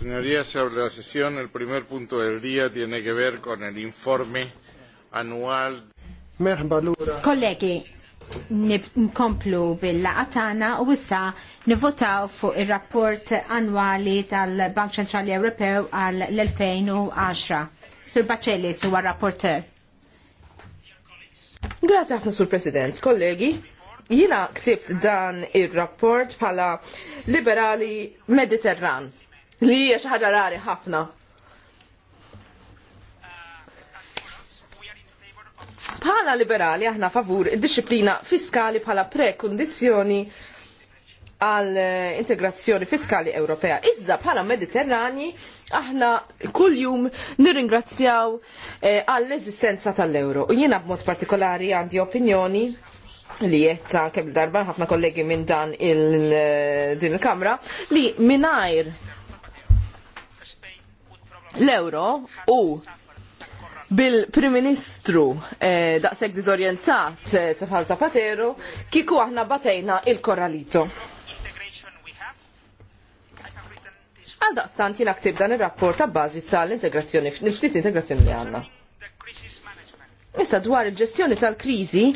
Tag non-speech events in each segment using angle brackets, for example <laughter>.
Señorías, se la sesión. El primer punto del día tiene que ver con el informe anual. Merħba Kollegi, nkomplu bil laqa tagħna u issa nivvotaw fuq ir rapport annwali tal-Bank Ċentrali Ewropew għal l-2010. Sur Bacelli, suwa rapporter. Grazie ħafna sur President, kollegi. Jina ktibt dan ir rapport bħala liberali mediterran li hija xi ħaġa rari ħafna. Bħala liberali aħna favur id-disciplina fiskali bħala prekondizzjoni għal eh, integrazzjoni fiskali Ewropea. Iżda bħala Mediterrani aħna kuljum nirringrazzjaw eh, għall eżistenza tal-euro. U jiena b'mod partikolari għandi opinjoni li jetta kemm darba ħafna kollegi minn dan il eh, din il-kamra li minajr l-euro u bil-Prim Ministru eh, daqshekk diżorjentat eh, tafal Zapatero kieku aħna batejna il-korralito. Għal daqstant jina ktib dan il-rapport ta' bażi l integrazzjoni nil ftit integrazzjoni li għanna. Issa dwar il-ġestjoni tal-krizi,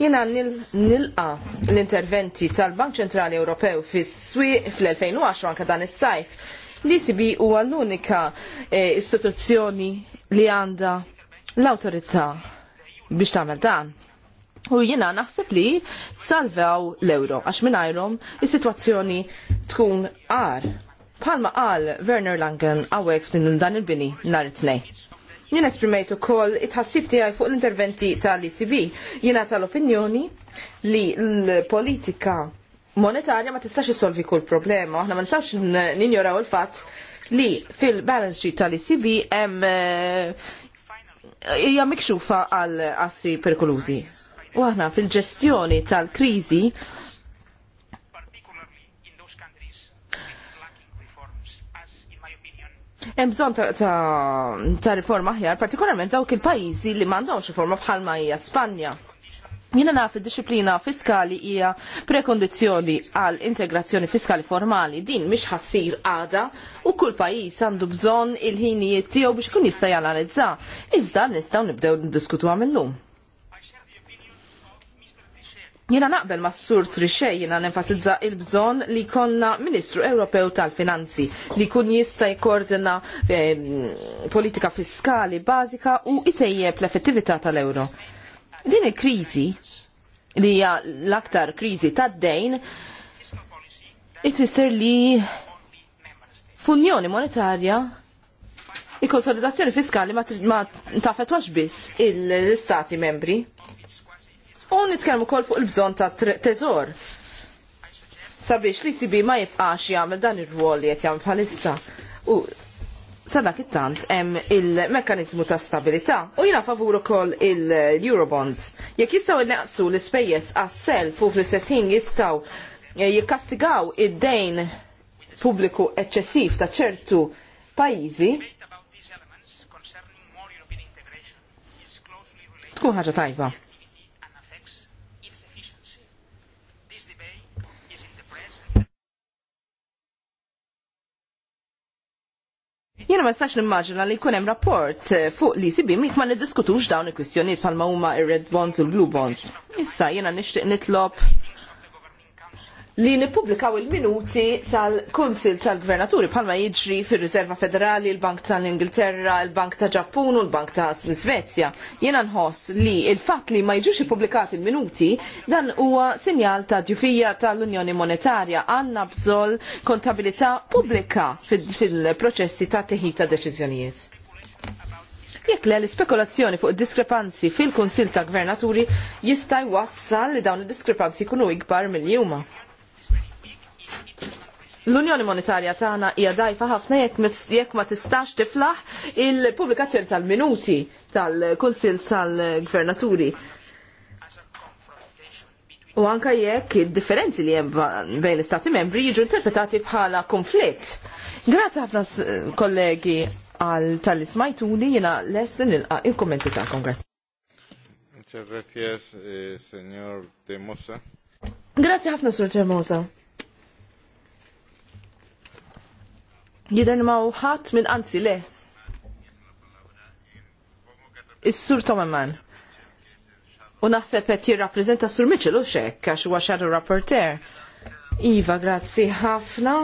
jina nilqa l-interventi tal-Bank Ċentrali Ewropew fis fl-2010 anka dan is-sajf L-ECB huwa l-unika eh, istituzzjoni li għandha l-awtorità biex tagħmel dan. U jina naħseb li salvaw l-euro, għax minnajrum il-situazzjoni tkun għar. Palma għal Werner Langen għawek f'din dan il-bini nar it-tnej. Jina esprimejtu kol it-ħassib tijaj fuq l-interventi tal-ECB. Jina tal-opinjoni li l-politika monetarja ma tistax issolvi kull problema. Aħna ma nistax ninjoraw il-fatt li fil-balance sheet tal-ECB hemm eh, hija mikxufa għal assi perikolużi. U aħna fil-ġestjoni tal-kriżi Hemm bżonn ta', ta, ta riforma aħjar, partikolarment dawk il-pajjiżi li m'għandhomx riforma bħalma hija Spanja. Jina naf id-disciplina fiskali hija prekondizzjoni għal integrazzjoni fiskali formali din mhix ħassir għada u kull pajjiż għandu bżonn il-ħinijiet tiegħu biex kun jista' janalizza. Iżda nistgħu nibdew niddiskutuha minnhom. Jina naqbel ma' sur Trixej jina nenfasizza il-bżon li konna Ministru Ewropew tal-Finanzi li kun jista' jkoordina ehm, politika fiskali bażika u itejjeb l-effettività tal-euro. Din il-krizi li hija l-aktar krizi tad-dejn ifisser li f'unjoni monetarja il-konsolidazzjoni fiskali ma tafetwax biss il-stati membri. U nitkellmu kol fuq il-bżon ta' teżor. Sabiex li sibi ma jibqax jagħmel dan ir-rwol li qed jagħmel bħalissa. U sadak it-tant hemm il-mekkanizmu ta' stabilità u jiena favur ukoll il-Eurobonds. Jekk jistgħu innaqsu l-ispejjeż għas-self u fl-istess ħin jistgħu eh, jikkastigaw id-dejn pubbliku eċċessiv ta' ċertu pajjiżi, tkun ħaġa tajba. Jiena ma nistax nimmaġina li jkun hemm rapport eh, fuq li sibi mik ma niddiskutux dawn il-kwistjonijiet bħalma huma ir-red bonds u l-blue bonds. Issa jiena nixtieq nitlob li nippubblikaw il-minuti tal-Kunsil tal-Gvernaturi bħalma jiġri fir-Riserva Federali, il-Bank tal-Ingilterra, il-Bank ta' Ġappun u l-Bank ta' Svezja. Jiena nħoss li il-fatt li ma jiġux ippubblikati il-minuti dan huwa sinjal ta' djufija tal-Unjoni Monetarja għandna bżol kontabilità pubblika fil-proċessi ta' teħid ta' deċiżjonijiet. Jekk le l-ispekulazzjoni fuq diskrepanzi fil-Kunsil ta' Gvernaturi jista' jwassal li dawn id-diskrepanzi jkunu ikbar mill jumma L-Unjoni Monetarja tagħna hija dajfa ħafna jekk ma tistax tiflaħ il-pubblikazzjoni tal-minuti tal-Kunsill tal-Gvernaturi. U anka jekk id-differenzi li hemm bejn l-Istati membri jiġu interpretati bħala konflitt. Grazzi ħafna kollegi għal tal-ismajtuni jiena les din il-kommenti tagħkom. Grazzi. Muchas eh, Temosa. Grazie ħafna, Sur Temosa. jidan ma ħadd minn anzi le. Is-Sur Tomeman. U naħseb qed jirrappreżenta Sur Mitchell u xekk għax huwa shadow rapporteur. Iva, grazzi ħafna.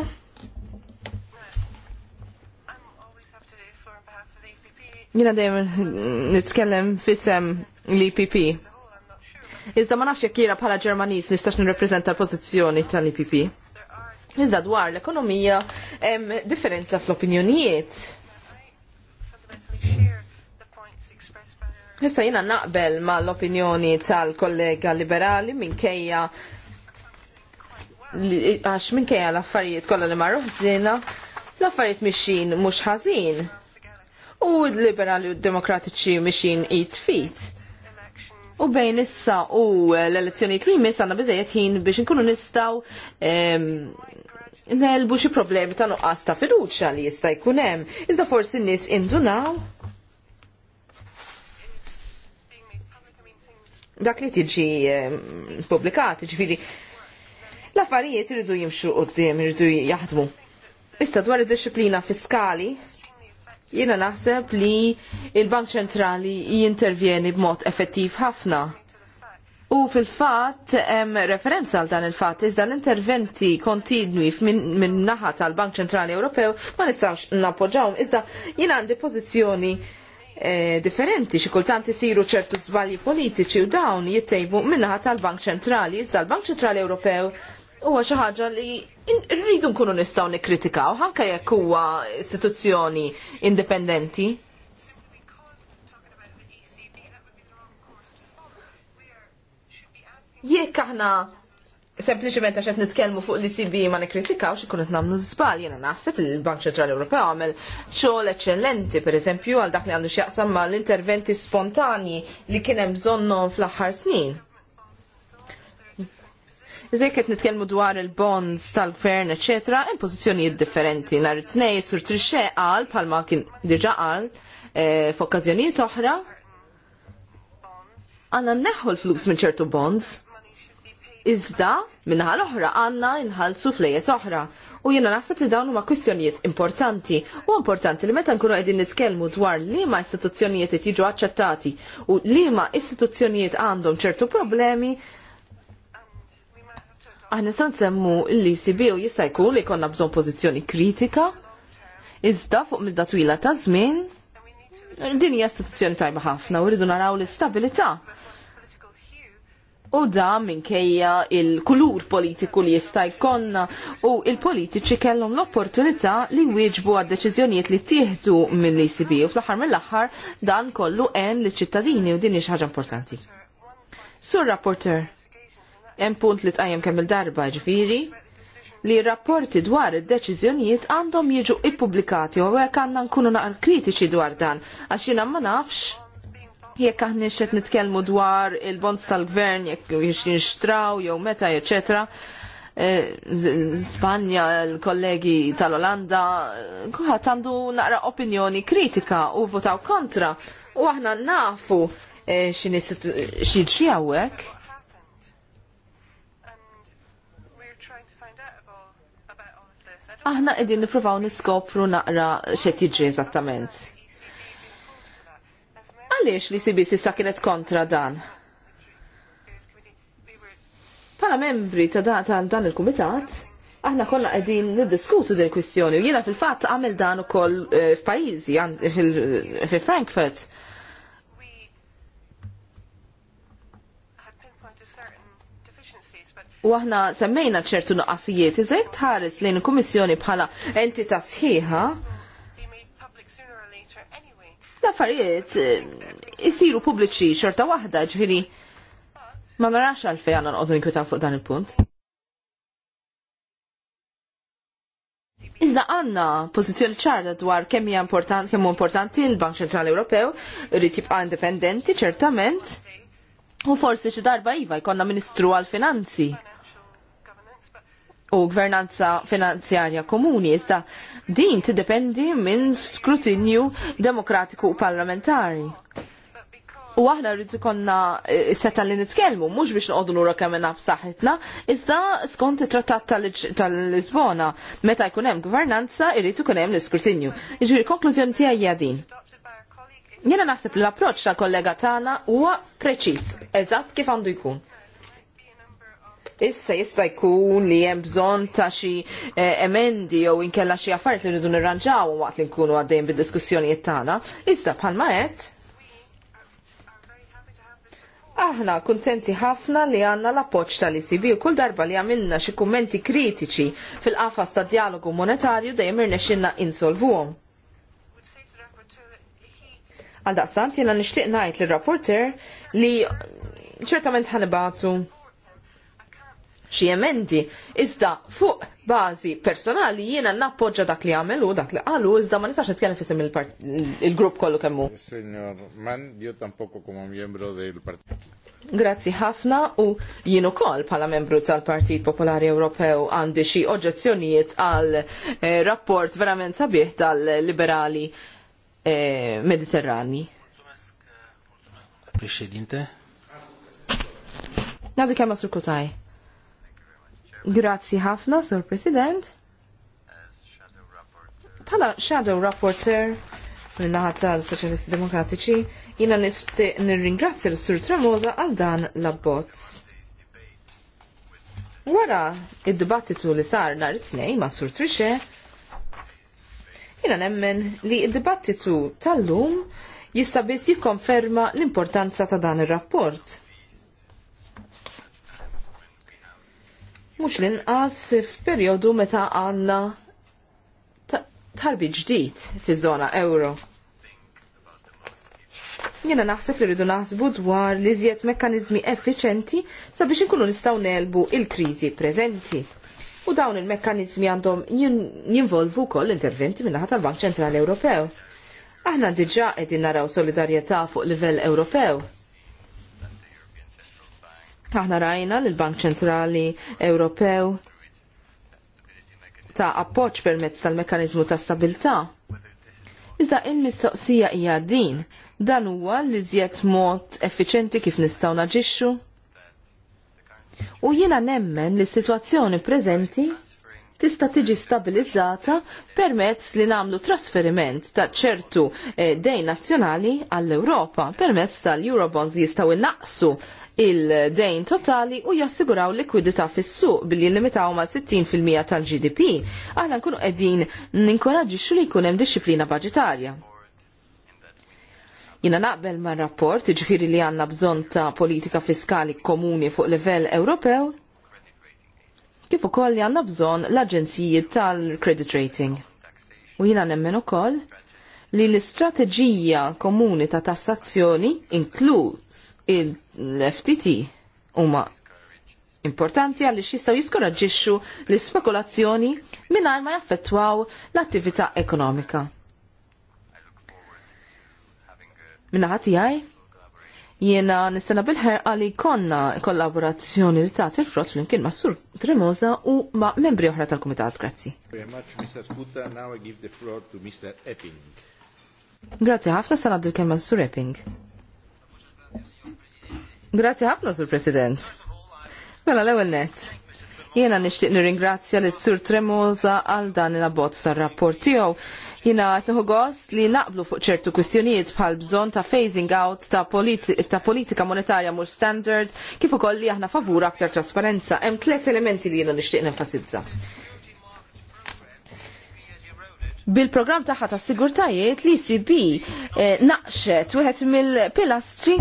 Jina dejjem nitkellem fisem l-IPP. Iżda ma nafx jekk jiena bħala Ġermaniż nistax nirrepreżenta l-pożizzjoni tal-IPP. Iżda dwar l-ekonomija hemm differenza fl-opinjonijiet. Issa jina naqbel ma l-opinjoni tal-kollega liberali minkejja għax minkejja l-affarijiet kollha li marruħ żina, l-affarijiet mixin mhux ħażin. U l-liberali u d-demokratiċi mixin it-fit. U bejn issa u l elezzjoni li jmiss għanna biżejjed ħin biex nkunu nistaw nelbu xi problemi ta' nuqqas ta' fiduċja li jista' jkun hemm. Iżda forsi n-nies indunaw dak li tiġi publikat, ġifiri, l-affarijiet iridu jimxu qoddim, irridu jaħdmu. Issa dwar id-disciplina fiskali, jiena naħseb li il-Bank Ċentrali jintervjeni b'mod effettiv ħafna U fil-fat, referenza għal dan il-fat, iżda l-interventi kontinwi minn naħa tal-Bank Ċentrali Ewropew ma nistax napoġawm, iżda jina għandi pozizjoni eh, differenti, xi kultant isiru ċertu żbalji politiċi u dawn jittejbu minn naħa tal-Bank Ċentrali, iżda l-Bank Ċentrali Ewropew huwa xi ħaġa li rridu nkunu nistgħu nikkritikaw, ħanka jekk huwa istituzzjoni indipendenti. jekk aħna sempliciment għax qed nitkellmu fuq l icb ma nikkritikawx ikun qed nagħmlu żball jiena naħseb li l-Bank Ċentrali Ewropew għamel xogħol eċċellenti pereżempju għal dak li għandu x'jaqsam ma l-interventi spontanji li kien hemm bżonnhom fl-aħħar snin. Iżej qed nitkellmu dwar il-bonds tal-gvern, eċetera, hemm pożizzjonijiet differenti. Nhar it tnejn sur trixxe qal bħalma kien diġà qal eh, f'okkażjonijiet oħra għandna neħħu l-flus minn ċertu bonds Iżda, minnaħa l-oħra għanna nħallsu f'lejjes oħra. U jiena naħseb li dawn huma kwistjonijiet importanti. U importanti li meta nkunu qegħdin nitkellmu dwar liema istituzzjonijiet qed jiġu aċċettati u liema istituzzjonijiet għandhom ċertu problemi, aħna nistgħu nsemmu l-ECB u jista' jkun li jkollna bżonn pożizzjoni kritika, iżda fuq milda twila ta' żmien, din hija istituzzjoni tajba ħafna u rridu naraw l-istabilità U da minkejja il-kulur politiku li jista' jkollna u il-politiċi kellhom l-opportunità li wieġbu għad deċiżjonijiet li tieħdu mill-ECB u fl-aħħar mill-aħħar dan kollu għen li ċittadini u din hija ħaġa importanti. Sur rapporter, hemm punt li tqajjem kemm il-darba ġifieri li rapporti dwar id-deċiżjonijiet għandhom jiġu ippubblikati u hekk għanna nkunu naqar kritiċi dwar dan, għax jiena ma nafx jekk aħni qed nitkellmu dwar il-bonds tal-gvern jekk jinxtraw jew meta eċetera. Eh, Spanja, l-kollegi tal-Olanda, kuħat għandu naqra opinjoni kritika u votaw kontra. U aħna nafu eh, xinġri għawek. Aħna edin niprofaw niskopru naqra xet eżattament. Għaliex li sibis issa kienet kontra dan? Pala membri ta' dan, dan il-kumitat, aħna konna qegħdin niddiskutu din kwistjoni u jiena fil-fatt għamel dan ukoll eh, f'pajjiżi fi Frankfurt. U aħna semmejna ċertu nuqqasijiet, iżek tħares lejn il-Kummissjoni bħala entita' sħiħa l-affarijiet eh, isiru pubbliċi xorta waħda ġifiri. Ma narax għalfej għanna nqodu nkwitaw fuq dan il-punt. Iżda għanna pozizjoni ċarda dwar kemm hija important, kemm importanti l-Bank Ċentrali Ewropew irid jibqa' indipendenti ċertament. U forsi xi darba iva jkollna Ministru għall-Finanzi u gvernanza finanzjarja komuni. Iżda din tiddependi minn skrutinju demokratiku u parlamentari. U aħna rridu konna eh, seta li nitkellmu, mhux biex noqogħdu lura kemm naf saħħitna, iżda skont it-trattat tal-Lisbona, meta jkun hemm gvernanza jrid ikun hemm l-iskrutinju. Jiġifieri konklużjoni tiegħi hija din. Jiena naħseb li l-approċċ tal-kollega tagħna huwa preċiż, eżatt kif għandu jkun. Issa jista' jkun li hemm bżonn ta' xi eh, emendi jew inkella xi affarijiet li rridu nirranġaw waqt li nkunu għaddejn bid-diskussjonijiet tagħna. Iżda bħalma qed Aħna kuntenti ħafna li għanna l-appoċ tal-ICB u kull darba li għamilna xi kummenti kritiċi fil-qafas ta' dialogu monetarju dejjem irnexxinna insolvuhom. Għaldaqstant jiena jena nixtieq ngħid lir rapporter li ċertament ħanibatu xi emendi, iżda fuq bażi personali jiena nappoġġa dak li għamel dak li qalu iżda ma nistax nitkellem fisem il-grupp kollu kemm hu. Signor Man, jo tampoko kumma miembro del partit. Grazzi ħafna u jien ukoll bħala membru tal-Partit Popolari Ewropew għandi xi oġġezzjonijiet għal eh, rapport verament sabiħ tal-liberali eh, mediterrani. Presidente. Nazi kemm ma' kutaj. Grazzi ħafna, Sur President. Pala Shadow Rapporteur naħata tal-Soċjalisti Demokratiċi, jina nir nirringrazzja l-Sur Tramoza għal dan l-abbozz. Wara id-dibattitu li sar nhar it-tnejn ma' Sur Trixe, jina nemmen li id-dibattitu tal-lum jista' biss jikkonferma l-importanza ta' dan ir-rapport mhux l-inqas f'perjodu meta għandna tarbi ġdid fiż-żona euro. Jiena naħseb li rridu naħsbu dwar li żjed mekkaniżmi effiċenti sabiex inkunu nistgħu nelbu il-kriżi preżenti. U dawn il-mekkaniżmi għandhom jinvolvu wkoll interventi min-naħa tal-Bank Ċentrali Ewropew. Aħna diġà qegħdin naraw solidarjetà fuq livell Ewropew Aħna rajna li l-Bank Ċentrali Ewropew ta' appoġġ permezz tal-mekkaniżmu ta' stabilità. Iżda il-mistoqsija hija din, dan huwa li żjed mod effiċenti kif nistgħu naġixxu? U jiena nemmen li s-sitwazzjoni preżenti tista' tiġi stabilizzata permezz li nagħmlu trasferiment ta' ċertu eh, dejn nazzjonali għall-Ewropa permezz tal-Eurobonds jistgħu naqsu il-dejn totali u jassiguraw likwidità fis-suq billi limitaw ma' 60% tal-GDP, aħna nkunu qegħdin ninkoraġġixxu li jkun hemm disċiplina budġetarja. Jina naqbel ma' rapport ġifiri li għanna bżon ta' politika fiskali komuni fuq livell Ewropew, kif ukoll li għanna bżon l-aġenzijiet tal-credit rating. U jina nemmen ukoll li l-istrateġija komuni ta' tassazzjoni inkluż il-FTT huma importanti għalli xistaw jiskoraġġixxu l-spekulazzjoni mingħajr ma jaffettwaw l-attività ekonomika. Minnaħat tiegħi jiena nistenna bil-ħerqa li konna kollaborazzjoni li tagħti il-frott flimkien ma' Sur Tremosa u ma' membri oħra tal-Kumitat. Grazzi. Very much, Mr. Kuta. Now I give the floor to Mr. Epping. Grazie ħafna sanad il kelma Sur Epping. Grazie ħafna, Sur President. Mela l-ewwel nett. Jiena nixtieq nirringrazzja lis sur Tremosa għal dan il-abbozz tar-rapport tiegħu. Jiena qed gost li naqblu fuq ċertu kwistjonijiet bħal bżonn ta' phasing out ta', politi ta politika monetarja mhux standard kif ukoll li aħna favur aktar trasparenza. Hemm tliet elementi li jiena nixtieq nenfasizza bil-programm tagħha tas-sigurtajiet li CB eh, naqxet wieħed mill-pilastri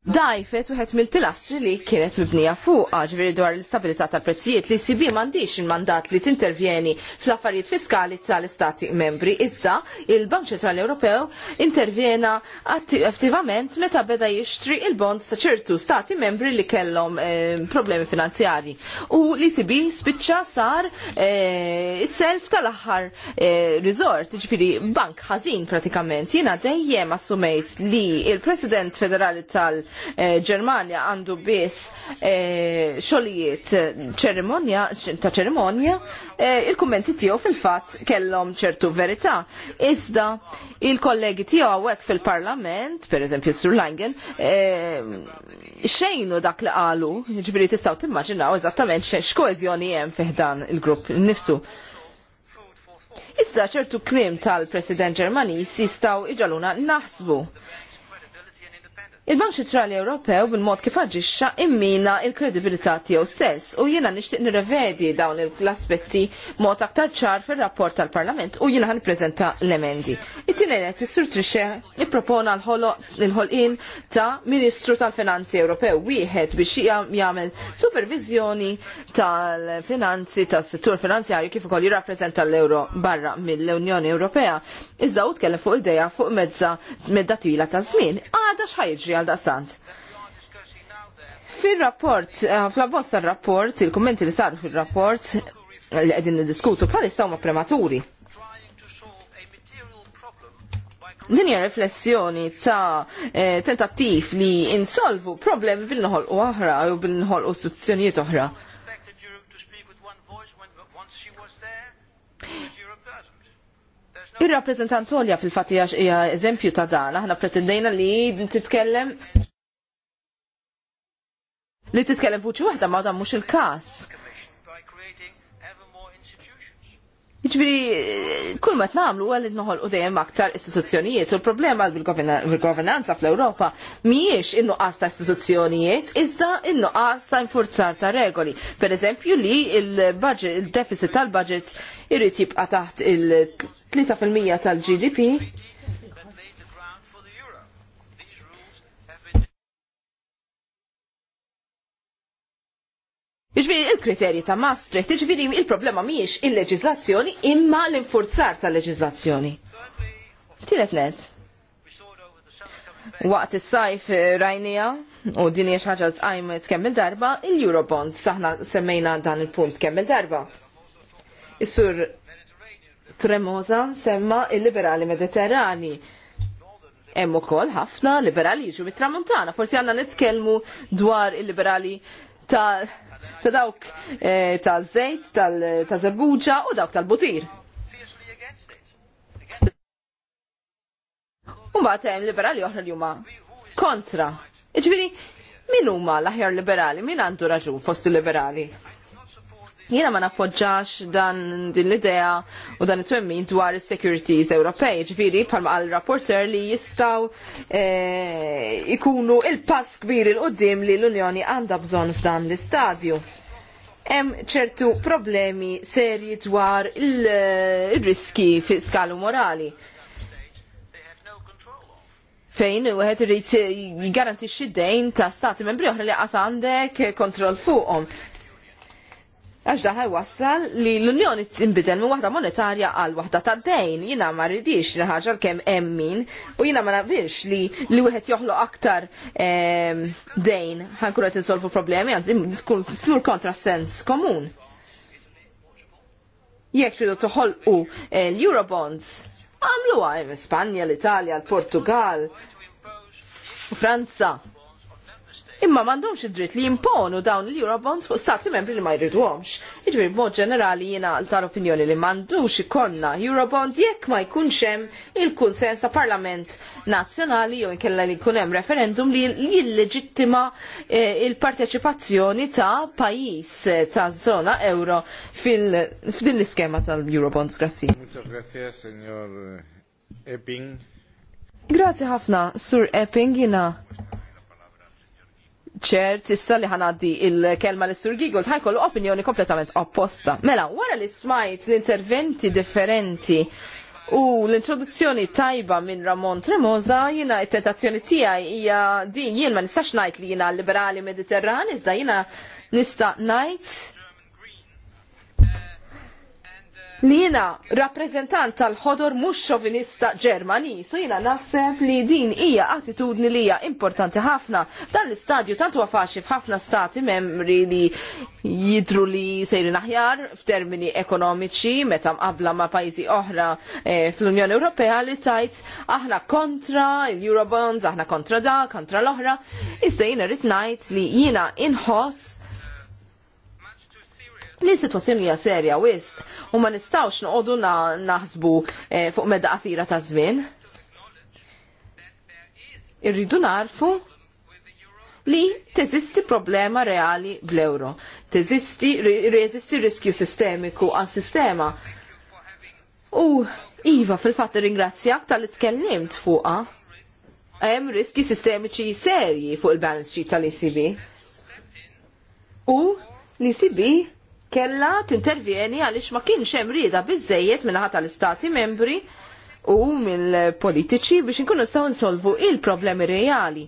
dajfet uħet mill-pilastri li kienet mibnija fuq ġveri dwar l-istabilità tal-prezzijiet li sibi mandiċ il-mandat li t-intervjeni fl-affarijiet fiskali tal-istati membri. Iżda il-Bank Ċentrali Ewropew intervjena attivament meta beda jixtri il-bonds ta' ċertu stati membri li kellhom eh, problemi finanzjari. U li sibi spiċċa sar eh, self tal-aħħar eh, resort, ġifiri bank ħażin pratikament. Jiena dejjem assumejt li il-President Federali tal- il-Ġermanja eh, għandu biss eh, xogħlijiet eh, ċerimonja ta' ċerimonja, il-kummenti tiegħu fil-fatt kellhom ċertu verità. Iżda il-kollegi tiegħu hawnhekk fil-Parlament, pereżempju Sur Langen, xejnu dak li qalu, ġifieri tistgħu timmaġinaw eżattament x'koeżjoni hemm fih dan il-grupp nifsu. Iżda ċertu kliem tal-President Ġermaniż jistgħu iġaluna naħsbu Il-Bank Ċentrali Ewropew bil-mod kif aġixxa immina l-kredibilità tiegħu stess u jiena nixtieq nirrevedi dawn l-aspetti mod aktar ċar fir-rapport tal-Parlament u jiena ħanippreżenta l-emendi. It-tieni qed is-Sur Trixxe ippropona l-ħolqien ta' Ministru tal-Finanzi Ewropew wieħed biex jagħmel supervizjoni tal-finanzi tas-settur finanzjarju kif ukoll jirrappreżenta l ewro barra mill-Unjoni Ewropea. Iżda u tkellem fuq idea fuq mezza medda twila ta' żmien. Għada x'ħajġri għal daqstant. Fil-rapport, eh, fl-abbozz rapport il-kommenti li saru fil-rapport, eh, li għedin diskutu bħalissa sawma prematuri. Din hija riflessjoni ta' eh, tentattiv li insolvu problemi bil-noħol u oħra u bil-noħol u istituzzjonijiet oħra. Ir-rappreżentant Olja fil-fatti hija eżempju ta' dan, aħna pretendejna li titkellem li titkellem vuċi waħda ma dan mhux il-każ. Iġviri, kull ma t-namlu għal u dejjem aktar istituzzjonijiet u l-problema bil-governanza fl-Europa miex innuqqas ta' istituzzjonijiet, iżda innuqqas ta' infurzar ta' regoli. Per eżempju li il-deficit tal-budget irrid jibqa' taħt il- 3% tal-GDP Iġbiri il-kriterji ta' Maastricht, iġbiri il-problema miex il-leġizlazzjoni imma l-infurzar ta' leġizlazzjoni. Tilet net. Waqt il sajf eh, rajnija u din hija ħaġa tqajmet kemm il-darba, il-Eurobonds saħna semmejna dan il-punt kemm il-darba. Is-sur Tremosa semma il-liberali mediterrani. Hemm ukoll ħafna liberali jiġu mit-tramuntana, forsi għandna nitkellmu dwar il-liberali ta' ta' dawk eh, ta' żejt, ta' zebbuġa u dawk tal-butir. Mbagħad hemm liberali oħra li huma kontra. Jiġifieri min huma l-aħjar liberali, min għandu raġun fost il-liberali? Jiena ma nappoġġax dan din l-idea u dan it-twemmin dwar is-securities Ewropej, ġifiri palma għal rapporter li jistaw eh, ikunu il-pass kbir il-qoddim li l-Unjoni għandha bżonn f'dan l-istadju. Hemm ċertu problemi serji dwar il-riski fiskalu morali fejn u għed rrit id dejn ta' stati membri oħra li għasandek għandek kontrol fuqom għax daħal wassal li l-Unjoni t-imbidel minn waħda monetarja għal waħda ta' dejn. Jina ma rridix li ħaġa kemm emmin u jina ma nabirx li li wieħed joħloq aktar ehm, dejn ħankun qed insolvu problemi għandix tkun tmur kontra sens komun. Jekk tridu toħolqu eh, l-Eurobonds, għamluha Spanja, l-Italja, l-Portugal, Franza imma m'għandhomx id-dritt li jimponu dawn l-Eurobonds fuq stati membri li ma jridhomx. Jiġri b'mod ġenerali jiena tal-opinjoni li m'għandux ikonna Eurobonds jekk ma jkunx hemm il-kunsens ta' Parlament Nazzjonali jew kella li jkun hemm referendum li jilleġittima eh, il-parteċipazzjoni ta' pajjiż eh, ta' żona euro f'din l-iskema tal-Eurobonds. Grazzi. Muchas gracias, Grazie ħafna, Sur Epping, jina ċert, issa li ħanaddi il-kelma l sur Gigol, ħajkol opinjoni kompletament opposta. Mela, wara li smajt l-interventi differenti u l-introduzzjoni tajba minn Ramon Tremosa, jina il tentazzjoni tijaj hija din, jien ma nistax najt li jina liberali mediterrani, iżda jina nista najt li jina rappresentant tal-ħodor mux xovinista ġermani, so jina naħseb li din hija attitudni li hija importanti ħafna. Dan l-istadju tant huwa faċli f'ħafna stati membri li jidru li sejrin aħjar f'termini ekonomiċi meta mqabla ma' pajjiżi oħra e, fl-Unjoni Ewropea li tajt aħna kontra il-Eurobonds, aħna kontra da, kontra l-oħra. Issa jina rid ngħid li jina inħoss li situazzjoni hija serja wisq u ma nistgħux noqogħdu naħsbu eh, fuq medda qasira ta' żmien. Irridu narfu li teżisti problema reali bl-euro. Teżisti, reżisti riskju sistemiku għas-sistema. U Iva, fil-fatt ringrazzjak tal itkellimt tkellimt fuqa. Hemm riski sistemiċi serji fuq il-balance sheet tal-ECB. U l-ECB kella tintervjeni għaliex ma kienx hemm bizzejiet minna ħata tal-istati membri u mill-politiċi biex inkunu staw nsolvu il-problemi reali.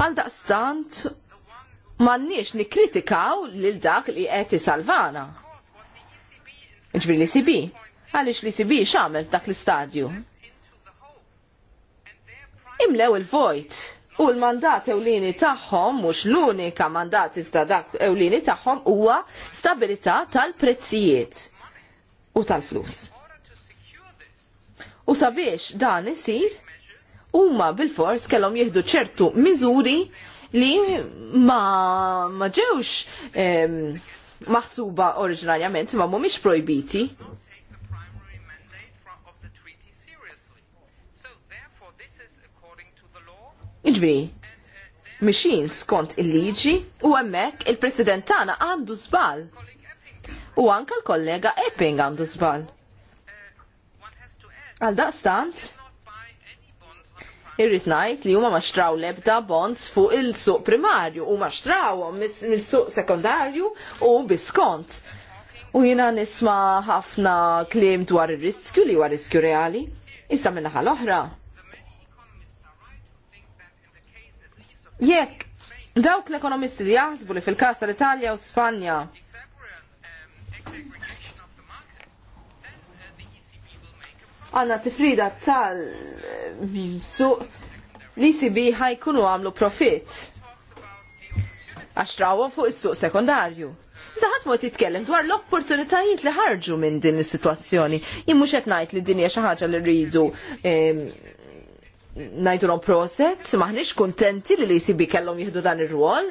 Għal daqstant, mannix nikritikaw lil dak li qed salvana. Ġbir li sibi, għaliex li sibi xamel dak l-istadju imlew il-vojt. U l-mandat ewlieni tagħhom mhux l-unika mandat iżda dak ewlieni tagħhom huwa stabilità tal-prezzijiet u tal-flus. U sabiex dan isir, huma bil-fors kellhom jieħdu ċertu miżuri li ma maġewx ġewx maħsuba oriġinarjament ma mhumiex projbiti. Iġbiri, mixin skont il-liġi u emmek il-president tagħna għandu zbal. U anka l-kollega Epping għandu zbal. Għal daqstant, irrit ngħid li huma ma xtraw lebda bonds fuq il-suq primarju u ma xtrawhom mill-suq sekundarju u biskont. U jina nisma ħafna klim dwar ir-riskju li huwa riskju reali. Iżda minnaħa l-oħra, Jekk dawk l-ekonomisti li jaħsbu li fil-kas tal-Italja u Spanja għanna tifrida tal suq l-ECB ħajkunu għamlu profit għax fuq is-suq sekundarju. Saħat mu titkellem dwar l-opportunitajiet li ħarġu minn din is-sitwazzjoni. Jien mhux qed ngħid li din hija xi ħaġa li rridu najdulom proset, maħniex kontenti li l jisibi kellhom jihdu dan ir-rwol.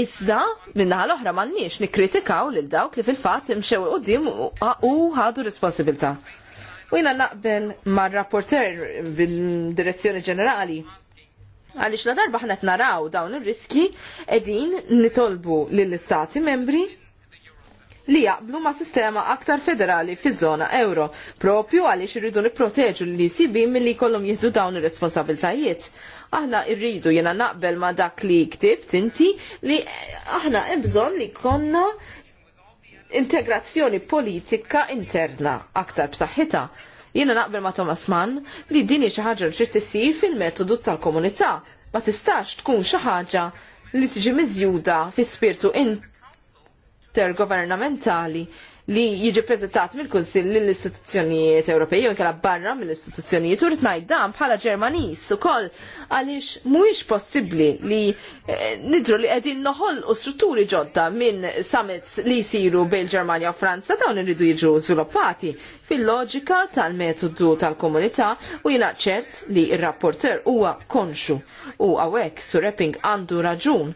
Iżda, minnaħa l-oħra mannix nikritikaw lil dawk li fil-fat imxew dim u ħadu responsibilta. U jina naqbel mar rapporter bil-direzzjoni ġenerali. Għalix la darba ħnet naraw dawn ir-riski edin nitolbu lill-istati membri li jaqblu ma' sistema aktar federali fi żona euro, propju għaliex irridu nipproteġu l mill milli jkollhom jieħdu dawn ir-responsabiltajiet aħna irridu jena naqbel ma dak li ktib inti li aħna ebżon li konna integrazzjoni politika interna aktar b'saħħitha. Jiena naqbel ma Thomas Mann li dini xi ħaġa li tissir fil-metodu tal-komunità. Ma tistax tkun xi ħaġa li tiġi miżjuda fi spirtu in intergovernamentali li jiġi prezentat mill-Kunsill lill-istituzzjonijiet Ewropej jew inkella barra mill-istituzzjonijiet u rrid ngħid dan bħala Ġermaniż ukoll għaliex mhuwiex possibbli li eh, nidru li qegħdin noħolqu strutturi ġodda minn summits li jsiru bejn Ġermanja u Franza dawn iridu jiġu żviluppati fil-loġika tal-metodu tal-komunità u jiena ċert li r rapporter huwa konxu u għawek su Epping għandu raġun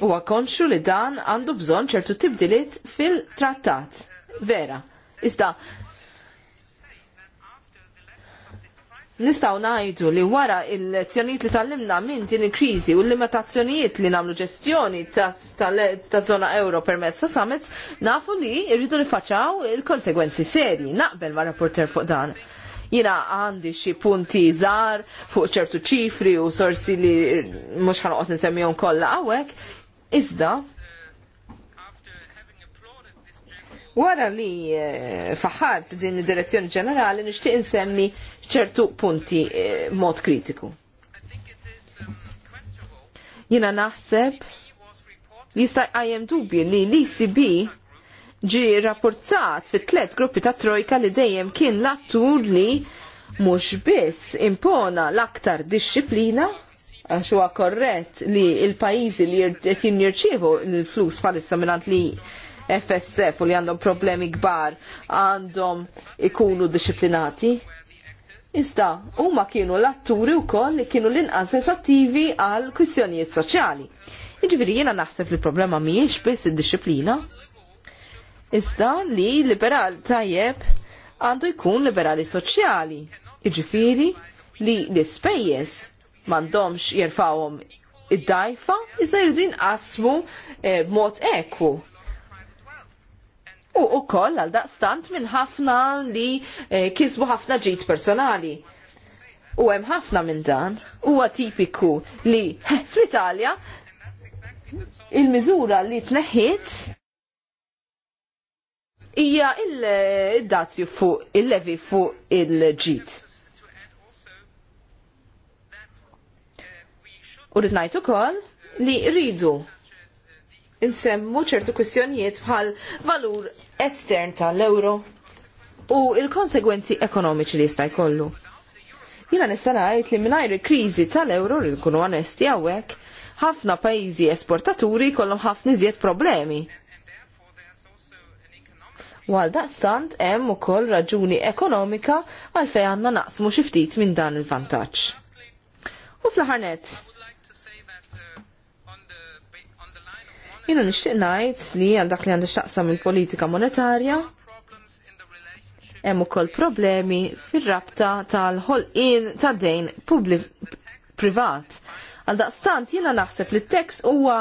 huwa konxu li dan għandu bżonn ċertu tibdiliet fil-trattat. Vera. Iżda, nistaw najdu li wara il-lezzjoniet li tal-limna minn din il-krizi u l-limitazzjonijiet li namlu ġestjoni ta' zona euro permezz ta' summits, nafu li irridu rifaċaw il-konsegwenzi seri. Naqbel ma' rapporter fuq dan. Jina għandi xi punti żgħar fuq ċertu ċifri u sorsi li mhux ħanoqgħod nsemmihom kollha għawek. Iżda, Wara li eh, faħart din id-direzzjoni ġenerali nixtieq insemmi ċertu punti eh, mod kritiku. Jina naħseb jista' għajem dubju li l-ECB ġi rapportat fit tlet gruppi ta' trojka li dejjem kien l-attur li mhux biss impona l-aktar disċiplina għax huwa korrett li l-pajjiżi li qed jirċievu l-flus bħalissa minn li FSF u li għandhom problemi kbar għandhom ikunu disciplinati. Iżda, huma kienu l-atturi wkoll li kienu l-inqas sensattivi għal kwistjonijiet soċjali. Jiġifieri jiena naħseb li l-problema mhijiex biss id-disciplina. Iżda li liberal tajjeb għandu jkun liberali soċjali. Jiġifieri li l-ispejjeż mandomx jirfawom id-dajfa, iżda jridu jinqasmu eh, b'mod eku. U U ukoll għal daqstant minn ħafna li eh, kisbu ħafna ġid personali. U hemm ħafna minn dan huwa tipiku li eh, fl-Italja il-miżura li tneħħiet hija il-dazju fuq il-levi fuq il-ġit. U rrid ngħid ukoll li rridu insemmu ċertu kwistjonijiet bħal valur estern tal-euro u il-konsegwenzi ekonomiċi li jista' jkollu. Jiena nista' ngħid li mingħajr il-kriżi tal-euro li nkunu onesti hawnhekk, ħafna pajjiżi esportaturi jkollhom ħafna iżjed problemi. U għal daqstant hemm ukoll raġuni ekonomika għalfejn għandna naqsmu xi ftit minn dan il-vantaġġ. U fl nett. Jiena nixtieq ngħid li għal dak li għandu x'taqsam il-politika monetarja hemm ukoll problemi fir-rabta tal-ħolqien ta' dejn pubblik privat. Għal daqstant jiena naħseb li t-tekst huwa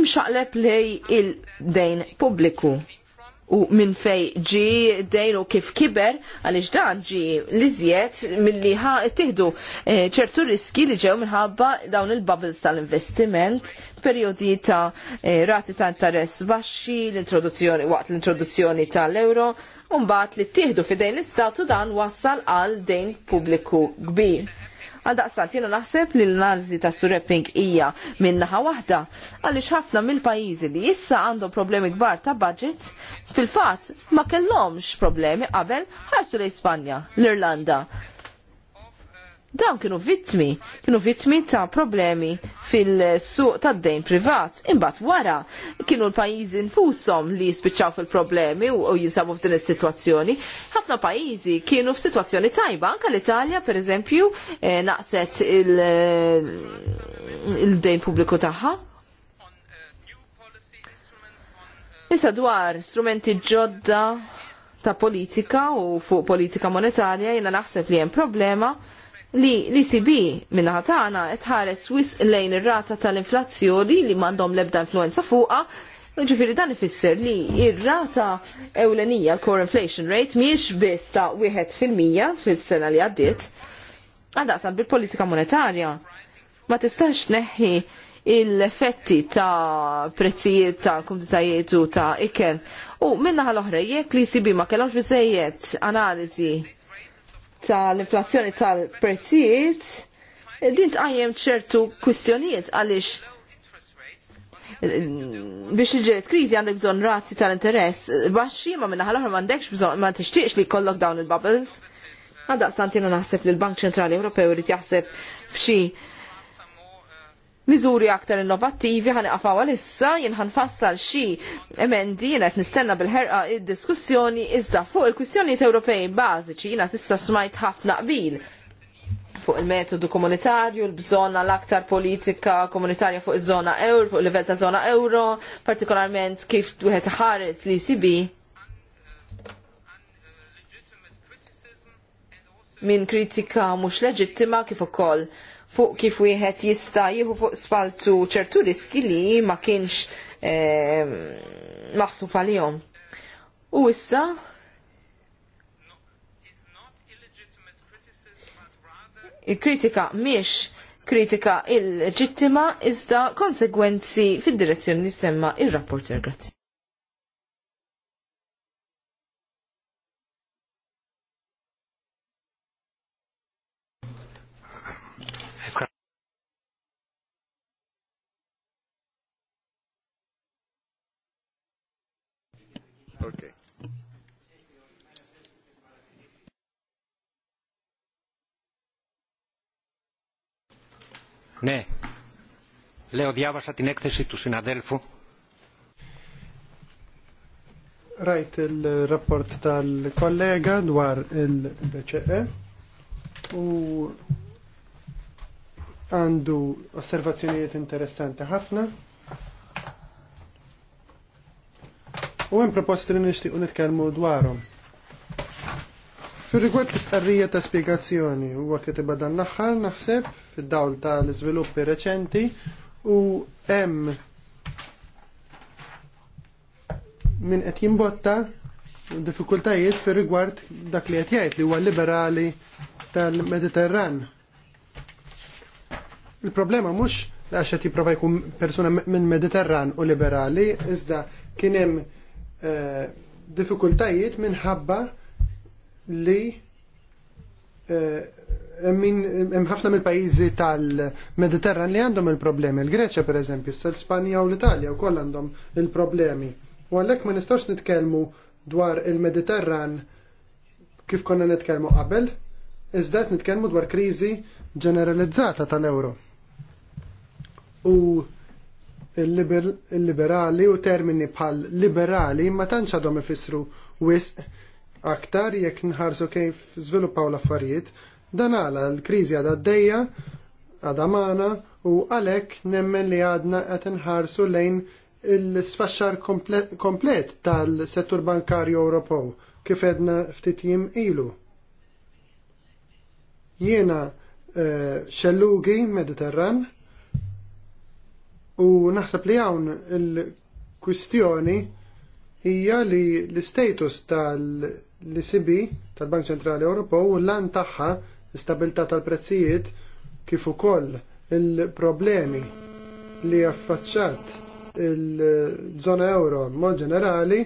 imxaqleb li il-dejn pubbliku u minn fej ġi dejn u kif kiber għalix dan ġi li zjed mill-li tiħdu eh, ċertu riski li ġew minħabba dawn il-bubbles tal-investiment periodi ta' eh, rati ta' interess baxxi, l-introduzzjoni waqt l-introduzzjoni tal-euro, mbagħad li ttieħdu fidejn l-istatu dan wassal għal dejn pubbliku kbir. Għal daqstant jena naħseb li l-analizi ta' surrepping hija naħa waħda għaliex ħafna mill-pajjiżi li issa għandhom problemi kbar ta' budget fil-fatt ma kellhomx problemi qabel ħarsu l-Ispanja, l-Irlanda, Dawn kienu vittmi, kienu vittmi ta' problemi fil-suq ta' dejn privat. Imbat wara, kienu l-pajizi nfusom li spiċċaw fil-problemi u jinsabu f'din is-sitwazzjoni. Ħafna pajizi kienu f'sitwazzjoni tajba, anka l-Italja per eżempju eh, naqset il-dejn il pubbliku tagħha. Issa dwar strumenti ġodda ta' politika u fuq politika monetarja jiena naħseb li hemm problema li l-ECB minna ħatana etħares wis lejn ir-rata tal-inflazzjoni li m'għandhom l-ebda influenza fuqha Ġifiri dan ifisser li ir-rata ewlenija, l core inflation rate, miex biss ta' 1% fil-sena li għaddiet, għandaqsan bil-politika monetarja. Ma tistax neħi l-effetti ta' prezzijiet ta' kumditajiet u ta' ikel. U minna ħal-oħra, jekk li sibi ma kellhomx biżejjed analiżi tal-inflazzjoni tal-prezzijiet, din tqajjem ċertu kwistjonijiet għaliex biex iġiet krizi għandek bżon razzi tal-interess, baxxi ma minna ħal-ħar għandekx bżon ma tixtieqx li kollok dawn il-bubbles. Għadda stantina naħseb li l-Bank Ċentrali Ewropew rrit jaħseb f'xi miżuri aktar innovattivi ħan iqafaw għalissa jien ħan fassal xi emendi jien qed nistenna bil-ħerqa id-diskussjoni iżda fuq il-kwistjonijiet Ewropej bażiċi jiena s'issa smajt ħafna qbil fuq il-metodu komunitarju, l-bżonna l-aktar politika komunitarja fuq iż-żona euro, fuq il level ta' żona euro, partikolarment kif wieħed ħares li sibi Min kritika mhux leġittima kif ukoll fuq kif wieħed jista' jieħu fuq spaltu ċertu riski li ma kienx ehm, maħsub għalihom. U issa il-kritika miex kritika il-ġittima iżda konsegwenzi fid-direzzjoni li semma ir rapporter Grazie. Okay. Ναι. Λέω, διάβασα την έκθεση του συναδέλφου. Rajt il-rapport tal-kollega dwar il-BCE u għandu osservazzjonijiet interessanti ħafna U hemm proposti li nixtiequ nitkellmu dwarhom. Fir-rigward l-istqarrija ta' spjegazzjoni huwa kif tibqa' dan l-aħħar naħseb fid-dawl ta' l-iżviluppi reċenti u hemm min qed jimbotta diffikultajiet fir rigward dak li qed jgħid li huwa liberali tal-Mediterran. Il-problema mhux għax qed jipprova jkun persuna minn Mediterran u liberali, iżda kien hemm Eh, diffikultajiet minħabba li eh, hemm ħafna mill-pajjiżi tal-Mediterran li għandhom il-problemi. Il-Greċja pereżempju, s-Spanja u l-Italja wkoll għandhom il-problemi. U għalhekk ma nistgħux nitkellmu dwar il-Mediterran kif konna nitkellmu qabel, iżda qed nitkellmu dwar kriżi ġeneralizzata tal-euro. U il-liberali u termini bħal liberali ma tantx għadhom ifissru wisq aktar jekk nħarsu kif żviluppaw l-affarijiet. Dan għala l-kriżi għadha d-dejja, għadha magħna u għalhekk nemmen li għadna qed inħarsu lejn il-sfaxxar komplet tal-settur bankarju Ewropew kif edna ftit jiem ilu. Jiena eh, xellugi Mediterran, U naħseb li hawn il-kwistjoni hija li l istatus tal-ECB, tal-Bank Ċentrali Ewropew, u l għan tagħha l-istabilità tal-prezzijiet kif ukoll il-problemi li affaċċat il-żona euro mod ġenerali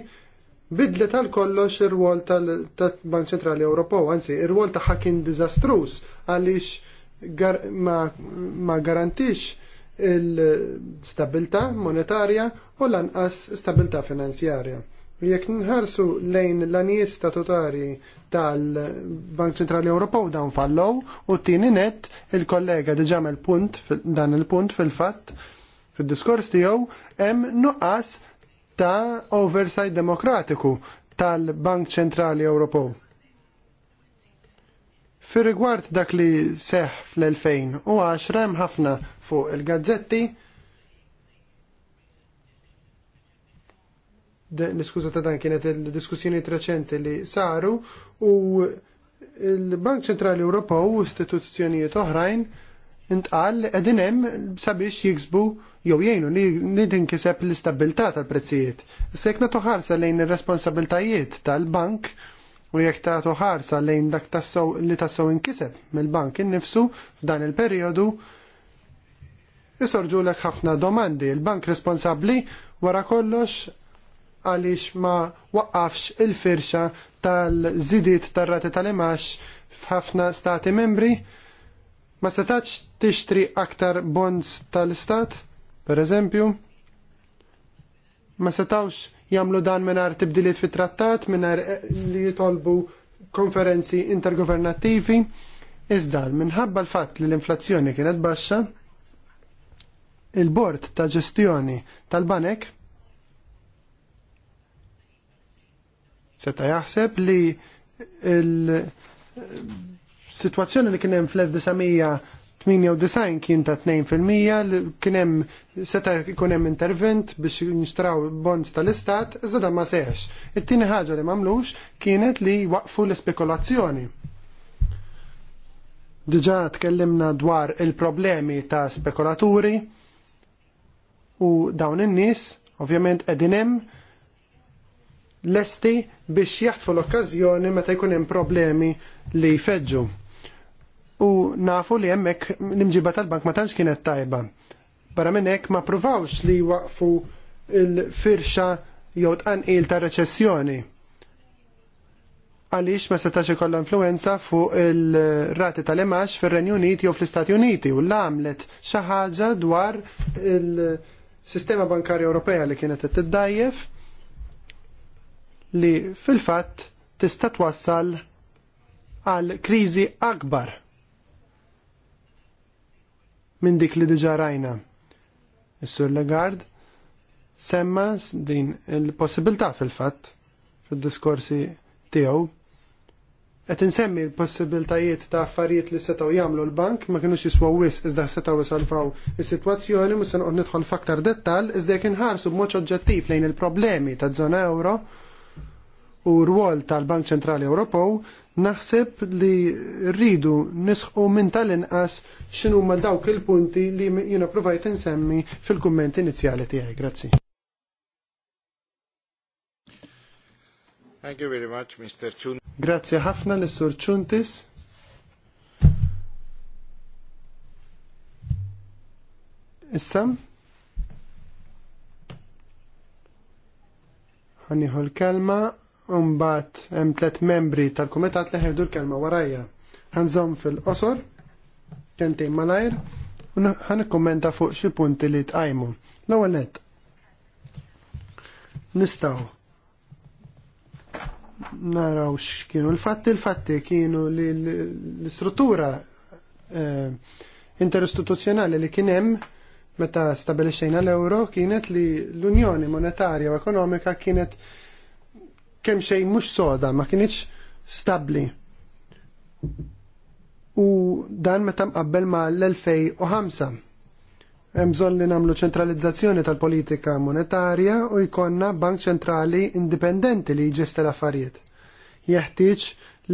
bidlet tal kollox ir-rwol tal-Bank Ċentrali Ewropew, anzi ir-rwol tagħha kien diżastruż għaliex ma garantix il-stabilta monetarja u lanqas stabilta finanzjarja. Jekk nħarsu lejn l-anijiet statutari tal-Bank Ċentrali Ewropew dawn fallow u t-tieni net il-kollega diġà punt dan il-punt fil-fatt fid-diskors tiegħu hemm nuqqas ta' oversight demokratiku tal-Bank Ċentrali Ewropew. Fi rigward dak li seħ fl-2010 hemm ħafna fuq il-gazzetti l iskuża ta' dan kienet il-diskussjoni reċenti li saru u il-Bank Ċentrali Ewropew u istituzzjonijiet oħrajn intqal qegħdin hemm sabiex jiksbu jew jgħinu li tinkiseb l-istabilità tal-prezzijiet. Sekna toħarsa lejn ir-responsabiltajiet tal-bank u jekk tagħtu ħarsa lejn dak tassow li tassew inkiseb mill-bank innifsu f'dan il-perjodu isorġu lek ħafna domandi. Il-bank responsabbli wara kollox għaliex ma waqqafx il-firxa tal-żidiet tar-rati tal-imax f'ħafna stati membri ma setax tixtri aktar bonds tal-istat, per eżempju, ma setawx Jamlu dan mingħajr tibdiliet fit-trattat mingħajr eh, li jitolbu konferenzi intergovernativi. Iżda minħabba l-fatt li l-inflazzjoni kienet baxxa, il-bord ta' ġestjoni tal-banek seta' jaħseb li il-situazzjoni eh, li kien hemm fl-1900 98 kien ta' 2% kien hemm seta' jkun hemm intervent biex jinxtraw bonds tal-istat, iżda dan ma sex It-tieni ħaġa li m'għamlux kienet li waqfu l ispekulazzjoni Diġà tkellimna dwar il-problemi ta' spekulaturi u dawn in-nies ovvjament qegħdin hemm lesti biex jaħtfu l okkażjoni meta jkun hemm problemi li jfeġġu u nafu li hemmhekk l imġibba tal-bank ma tantx kienet tajba. Barra minn hekk ma provawx li waqfu l-firxa jew il ta' reċessjoni għaliex ma setax ikollha influenza fuq il-rati tal-imax fir-Renju Uniti jew fl-Istati Uniti u l-għamlet xi ħaġa dwar il-sistema bankarja Ewropea li kienet tiddajjef li fil-fatt tista' twassal għal kriżi akbar minn dik li diġa rajna. Is-Sur Legard semma din il-possibilità fil-fatt fil-diskorsi tiegħu qed insemmi l-possibiltajiet ta' affarijiet li setgħu jagħmlu l-bank ma kinux jiswaw wis iżda setgħu isalvaw is-sitwazzjoni mhux se noqgħod nidħol f'aktar dettall iżda jekk inħarsu b'mod oġġettiv lejn il-problemi ta' żona euro u rwol tal-Bank Ċentrali Ewropew Naħseb li rridu nisħu minn tal-inqas xinu ma dawk il-punti li jiena provajt insemmi fil-kumment inizjali tiegħi. Grazzi. Thank you very much, Mr. Chuntis. Grazzi ħafna l sur Chuntis. Issa? ħanniħu l-kelma Umbat hemm tliet membri tal-kumitat li ħejdu l-kelma warajja. Ħanżom fil-qosor, kentejn malajr, u ħanikkummenta fuq xi punti li tqajmu. L-ewwel nett. Nistgħu naraw x'kienu l-fatti, l-fatti kienu li l-istruttura eh, interistituzzjonali li kien hemm meta stabilixxejna l-euro kienet li l-Unjoni Monetarja u Ekonomika kienet kemm xejn mhux soda, ma kienx stabbli. U dan meta mqabbel ma l-2005. Hemm bżonn li nagħmlu ċentralizzazzjoni tal-politika monetarja u jkollna bank ċentrali indipendenti li jġesti l-affarijiet. Jeħtieġ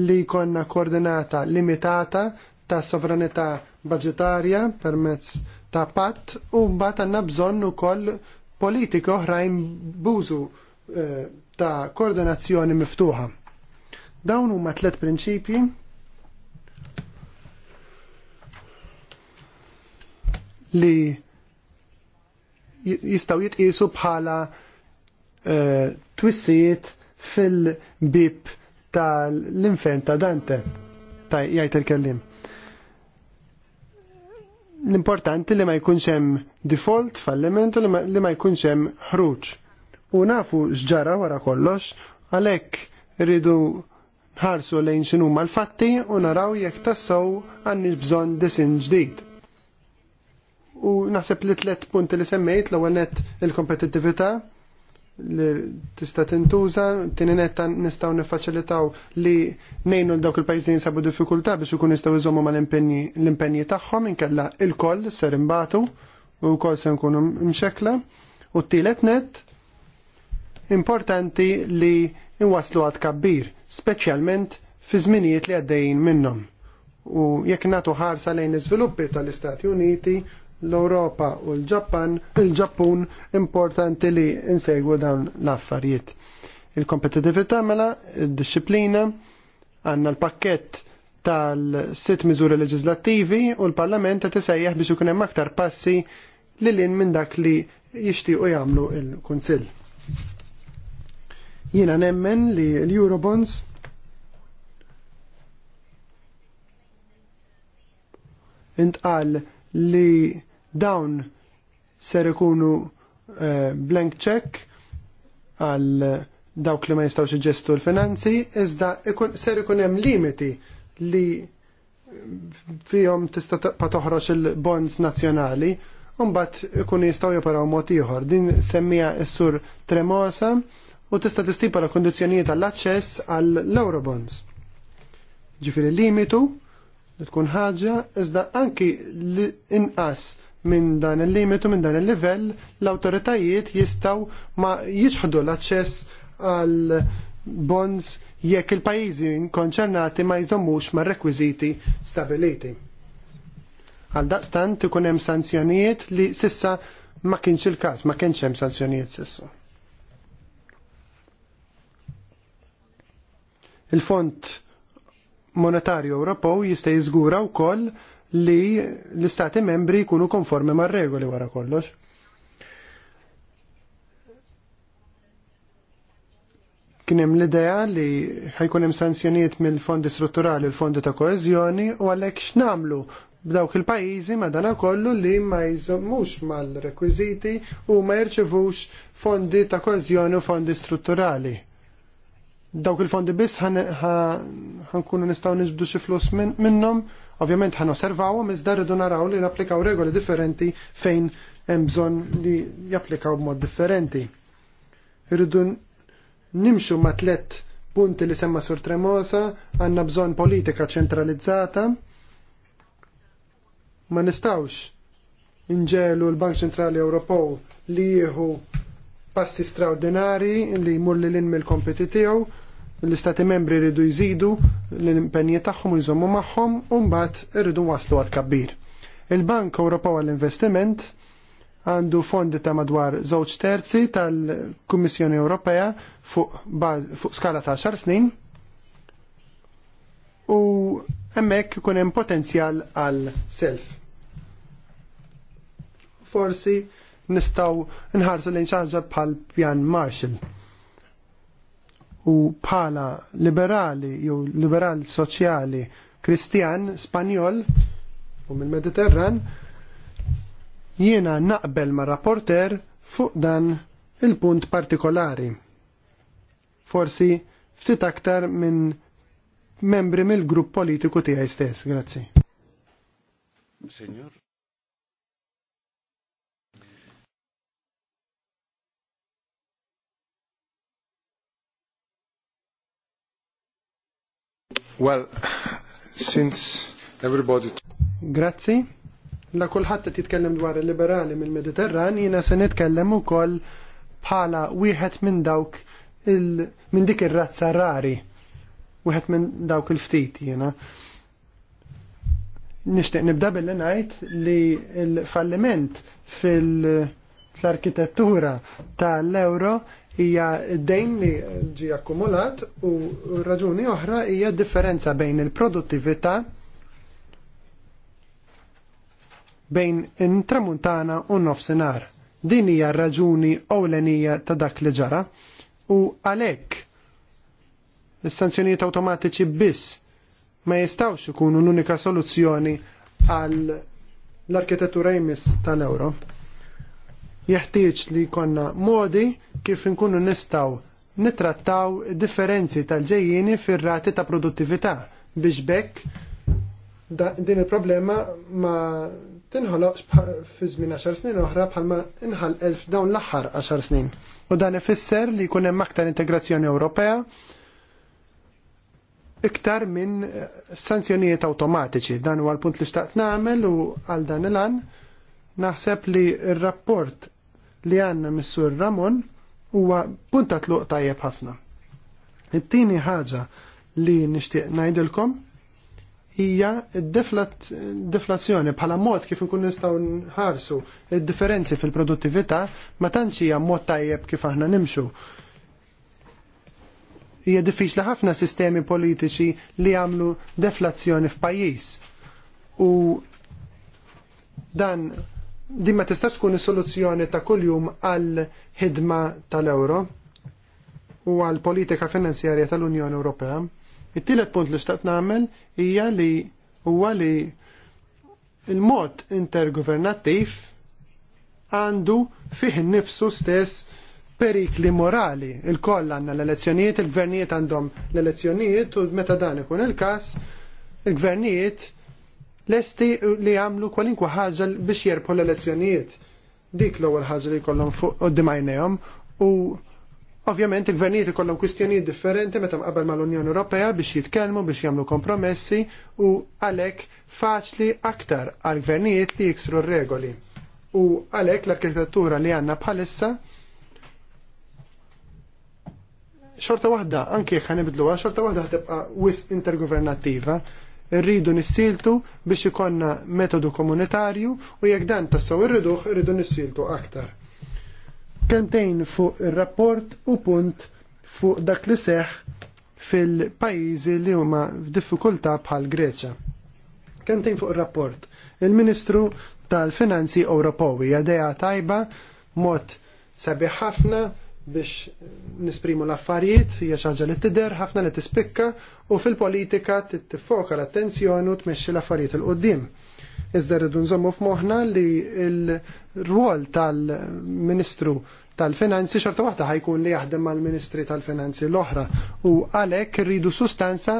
li jkollna koordinata limitata ta' sovranità budgetarja permezz ta' patt u mbagħad għandna bżonn ukoll politika oħrajn bużu eh, ta' koordinazzjoni miftuħa. Dawn huma tliet prinċipji li jistaw jitqisu bħala uh, twissijiet fil-bib tal-infern ta' Dante, ta' jgħajt il-kellim. L-importanti li ma jkunx hemm default fallimentu li ma jkunx hemm ħruġ u nafu x'ġara wara kollox, għalhekk rridu nħarsu lejn xinu mal-fatti u naraw jekk tassew għanni bżonn disin ġdid. U naħseb li tliet punti li semmejt l-ewwel il-kompetittività li tista' tintuża, tieni netta nistgħu niffaċilitaw li ngħinu l dawk il-pajjiżi jinsabu diffikulta biex ikun jistgħu jżommu mal-impenji l-impenji tagħhom inkella il-koll ser imbatu u wkoll se nkunu mxekla. U t-tielet nett importanti li nwaslu għad kabbir, speċjalment fi żminijiet li għaddejjin minnhom. U jekk nagħtu ħarsa lejn iżviluppi tal-Istati Uniti, l-Ewropa u l-Ġappan, il-Ġappun importanti li insegwu dawn l-affarijiet. Il-kompetitività mela, id-disciplina, għanna għandna l-pakket tal-sitt miżuri leġislattivi u l-Parlament qed isejjaħ biex ikun hemm aktar passi li lin minn dak li jixtiequ jagħmlu il-Kunsill. Jiena nemmen li l-Eurobonds intqal li dawn ser ikunu uh, blank check għal dawk li ma jistaw iġestu l-finanzi, iżda ser ikun hemm limiti li fihom tista' pa toħroġ il-bonds nazzjonali, bat ikun jistgħu joperaw mod ieħor. Din semmija s-sur Tremosa u tista' tistipara kondizzjonijiet għall-aċċess għall-Eurobonds. l limitu li tkun ħaġa iżda anki li inqas minn dan il-limitu minn dan il-livell l-awtoritajiet jistgħu ma jiġħdu l-aċċess għal bonds jekk il-pajjiżi konċernati ma jżommux mar rekwiżiti stabiliti. Għal daqstan ikun hemm sanzjonijiet li sissa ma kienx il-każ, ma kienx hemm sanzjonijiet sissa. Il-Fond Monetarju Ewropew jista' jiżgura wkoll li l-istati membri jkunu konformi mar regoli wara kollox. Kien hemm l-idea li ħajkun hemm sanzjonijiet mill-fondi strutturali l-fondi ta' koeżjoni u għalhekk x'namlu b'dawk il-pajjiżi madanakollu li ma jżommux mal-rekwiżiti u ma jirċevux fondi ta' koeżjoni u fondi strutturali dawk il-fondi biss ħankunu nistaw nġbdu xi flus minnhom, ovvjament ħan osservaw iżda rridu naraw li napplikaw regoli differenti fejn hemm bżonn li japplikaw b'mod differenti. Irridu nimxu ma' tlet punti li semma sur Tremosa, għandna bżonn politika ċentralizzata. Ma nistawx inġelu l-Bank Ċentrali Ewropew li jieħu passi straordinari li jmur li l-inmi l kompetitiju l-istati membri rridu jżidu l-impenji tagħhom u jżommu magħhom u mbagħad irridu waslu għad kabbir. Il-Bank Ewropew għall-Investiment għandu fondi ta' madwar żewġ terzi tal-Kummissjoni Ewropea fuq, fuq skala ta' xar snin u hemmhekk ikun hemm potenzjal għal self. Forsi nistgħu nħarsu lejn xi bħal pjan Marshall u bħala liberali jew liberal soċjali kristjan Spanjol u mill-Mediterran jiena naqbel ma' rapporter fuq dan il-punt partikolari. Forsi ftit aktar minn membri mill-grupp politiku tiegħi stess. Grazzi. Signor. Well, since everybody... Grazzi. La qed titkellem dwar il-liberali mill-Mediterran, jina se nitkellem u koll bħala wieħed minn dawk il, minn dik ir-razza rari. Wieħed minn dawk il-ftit jiena. Nishtiq nibda billi ngħid li l-falliment fil- arkitettura tal-euro hija dejn li ġi akkumulat u raġuni oħra hija differenza bejn il-produttività bejn intramuntana u nofsinhar. Din hija raġuni ewlenija ta' dak li ġara u għalhekk is-sanzjonijiet awtomatiċi biss ma jistawx ikunu l-unika soluzzjoni għal l-arkitettura jmiss tal-Ewrop jeħtieġ li jkollna modi kif inkunu nistgħu nitrattaw differenzi tal-ġejjini fir-rati ta' produttività biex bekk din il-problema ma tinħoloqx fi żmien 10 snin oħra bħalma inħal elf dawn l-aħħar 10 snin. U dan ifisser li jkun hemm aktar integrazzjoni Ewropea iktar minn sanzjonijiet awtomatiċi. Dan huwa l-punt li xtaqt nagħmel u għal dan il-an naħseb li r-rapport li għanna Missur Ramon huwa punta tluq tajjeb ħafna. It-tieni ħaġa li nixtieq ngħidilkom hija d deflazzjoni bħala mod kif nkun nistgħu nħarsu id-differenzi fil-produttività ma tantx hija mod tajjeb kif aħna nimxu. Hija diffiċli ħafna sistemi politiċi li jagħmlu deflazzjoni f'pajjiż. U dan din ma tista' tkun is-soluzzjoni ta' kuljum għal ħidma tal ewro u għal politika finanzjarja tal-Unjoni Ewropea. It-tielet punt li xtaqt nagħmel hija li huwa li il-mod intergovernattiv għandu fih nifsu stess perikli morali. Il-koll għanna l-elezzjonijiet, il-gvernijiet għandhom l-elezzjonijiet u meta dan ikun il-kas, il-gvernijiet lesti li jagħmlu kwalinkwa ħaġa biex jerbħu l-elezzjonijiet. Dik l-ewwel ħaġa li jkollhom fuq u Ovvjament il-gvernijiet ikollhom kwistjonijiet differenti meta mqabel mal-Unjoni Ewropea biex jitkellmu biex jagħmlu kompromessi u għalhekk faċli aktar għal gvernijiet li jiksru r-regoli. U għalhekk l-arkitettura li għandna bħalissa xorta waħda, anke jekk ħanibdluha, xorta waħda ħtibqa' wisq intergovernattiva rridu nissiltu biex ikonna metodu komunitarju u jekk dan tassaw irriduh rridu nissiltu aktar. Kentejn fuq ir-rapport u punt fuq dak li seħ fil-pajjiżi li huma f'diffikultà bħal Greċja. Kentejn fuq ir-rapport. Il-Ministru tal-Finanzi Ewropew idea tajba mod sabiħ ħafna biex nisprimu l-affarijiet, hija xi ħaġa li tidher ħafna li tispikka u fil-politika tiffoka l-attenzjoni u tmexxi l-affarijiet il qudiem Iżda rridu nżommu f'moħħna li l-rwol tal-Ministru tal-finanzi xorta waħda ħajkun li jaħdem mal-Ministri tal-Finanzi l-oħra u għalhekk rridu sustanza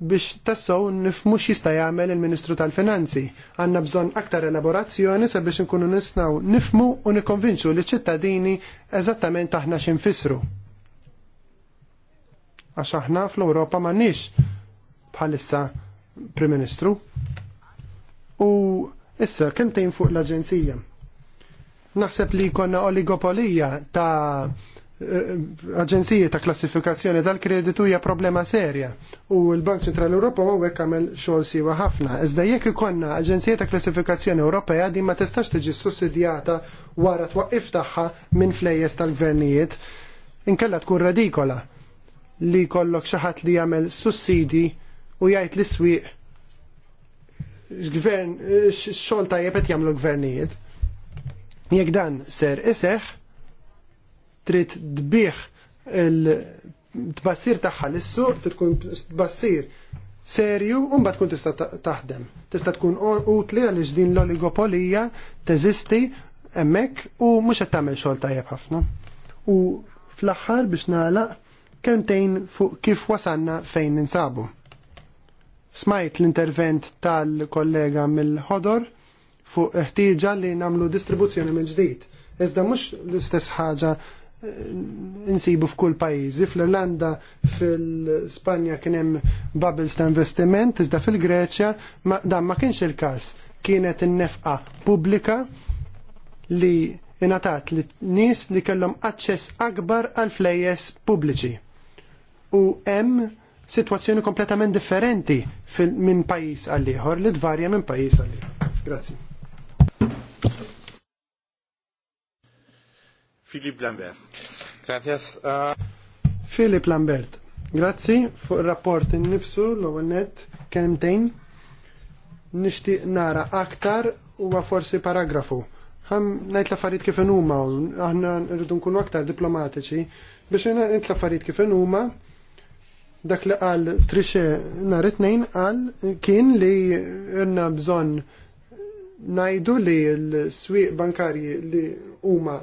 biex tassow nifmu x'jista' jagħmel il-Ministru tal-Finanzi. Għandna bżonn aktar elaborazzjoni sabiex inkunu nisnaw nifmu u nikkonvinċu li ċittadini eżattament aħna x'infissru. Għax aħna fl-Ewropa m'għandniex bħalissa Prim Ministru. U issa kentejn fuq l-Aġenzija. Naħseb li jkollna oligopolija ta' Eh, aġenziji ta' klassifikazzjoni tal-kreditu hija problema serja. U l-Bank Ċentrali Ewropa hekk għamel xogħol siewa ħafna. Iżda jekk ikollna aġenzija ta' klassifikazzjoni Ewropea din ma tistax tiġi sussidjata wara twaqqif tagħha minn flejjes tal-gvernijiet, inkella tkun radikola li jkollok xi ħadd li jagħmel sussidi u jgħid l swieq x'gvern eh, xogħol tajjeb qed jagħmlu gvernijiet. Jekk dan ser iseħħ, trid dbieħ il-tbassir tagħha l suq trid tkun tbassir serju u mbagħad tkun tista' taħdem. Tista' tkun utli għaliex din l-oligopolija teżisti hemmhekk u mhux qed tagħmel xogħol tajjeb ħafna. U fl-aħħar biex nagħlaq kemmtejn fuq kif wasanna fejn ninsabu. Smajt l-intervent tal-kollega mill-ħodor fuq ħtieġa li namlu distribuzzjoni mill-ġdid. Iżda mhux l-istess ħaġa insibu f'kull pajjiżi. Fl-Irlanda, fil-Spanja kien hemm bubbles ta' investiment, iżda fil-Greċja dan ma kienx il-każ. Kienet in-nefqa pubblika li ingħatat li nies li kellhom aċċess akbar għal flejjes pubbliċi. U hemm sitwazzjoni kompletament differenti minn pajjiż għal ieħor li tvarja minn pajjiż għal ieħor. Grazzi. Filip Lambert. Gracias. Uh... Ah, Filip Lambert. Grazzi fuq il-rapport innifsu l net kemmtejn Nixtieq nara aktar u forsi paragrafu. ngħid l-affarijiet kif huma u aħna rridu nkunu aktar diplomatiċi biex l affarijiet kif huma dak li qal trixe nar it tnejn għal kien li rna bżonn ngħidu li l swieq bankarji li huma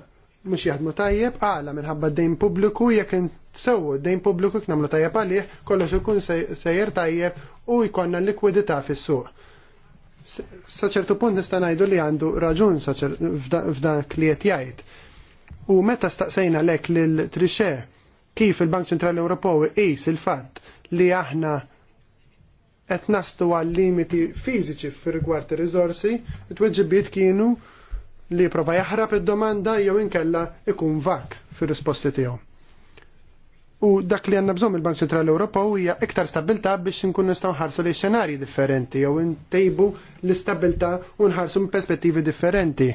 mhux jaħdmu tajjeb għala minħabba d-dejn pubbliku jekk sewu d-dejn pubbliku jekk namlu tajjeb għalih kollox ikun sejjer tajjeb u jkollna l-likwidità fis-suq. Saċertu punt nista' ngħidu li għandu raġun f'dak li qed jgħid. U meta staqsejna lek lil trixe kif il-Bank Ċentrali Ewropew qis il-fatt li aħna qed nastu għal limiti fiżiċi fir rigward ir-riżorsi, it-tweġibiet kienu li prova jaħrab id-domanda jew inkella ikun vak fir-risposti tiegħu. U dak li għanna bżom il-Bank Ċentrali Ewropew hija iktar stabilta biex nkun nistgħu nħarsu lejn xenarji differenti jew ntejbu l-istabilta u nħarsu minn perspettivi differenti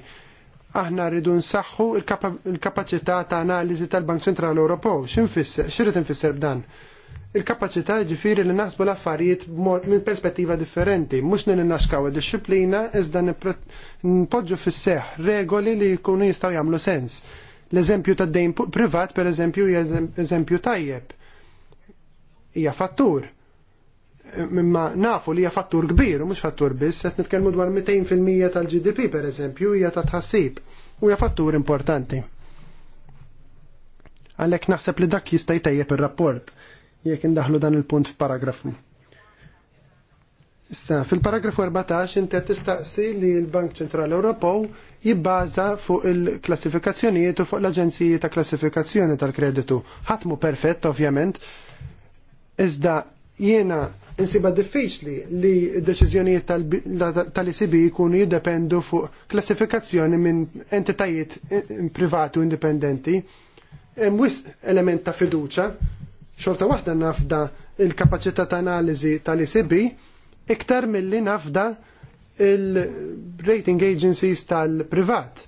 aħna rridu nsaħħu il kapaċità ta' analiżi tal-Bank Ċentrali Ewropew. X'infisser, x'irid infisser b'dan? il-kapacità ġifiri li naħsbu l-affarijiet minn perspettiva differenti. Mux naskaw il disciplina iżda nipoġġu fis-seħ regoli li jkunu jistaw jagħmlu sens. L-eżempju ta' dejn privat, per eżempju, eżempju tajjeb. Hija fattur. Imma nafu li hija fattur kbir, u mhux fattur biss, qed nitkellmu dwar 200% tal-GDP per eżempju, hija ta' tħassib u hija fattur importanti. Għalhekk naħseb li dak jista' jtejjeb ir-rapport jekk indaħlu dan il-punt f'paragrafu. Issa, fil-paragrafu 14 inti qed tistaqsi li l-Bank Ċentrali Ewropew jibbaża fuq il-klassifikazzjonijiet u fuq l-Aġenziji ta' Klassifikazzjoni tal-Kreditu. Ħatmu perfett, ovvjament, iżda jiena insiba diffiċli li d-deċiżjonijiet tal-ICB jkunu jiddependu fuq klassifikazzjoni minn entitajiet privati u indipendenti. Hemm wisq element ta' fiduċa xorta waħda nafda il-kapacità ta' analiżi tal-ECB iktar milli nafda il-rating agencies tal-privat.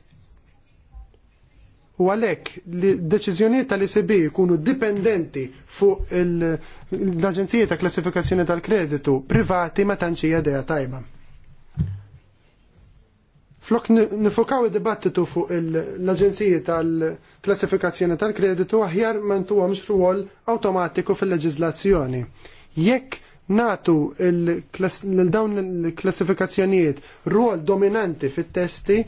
U għalek li deċizjoniet tal-ECB jkunu dipendenti fuq l-Aġenzija ta' Klassifikazzjoni tal-Kreditu privati ma tantx hija tajba. Flok nifokaw id-dibattitu fuq l-Aġenziji tal-Klassifikazzjoni tal-Kreditu aħjar mentu għamx mhux automatiku awtomatiku fil-leġiżlazzjoni. Jekk natu l-dawn il-klassifikazzjonijiet ruol dominanti fit-testi,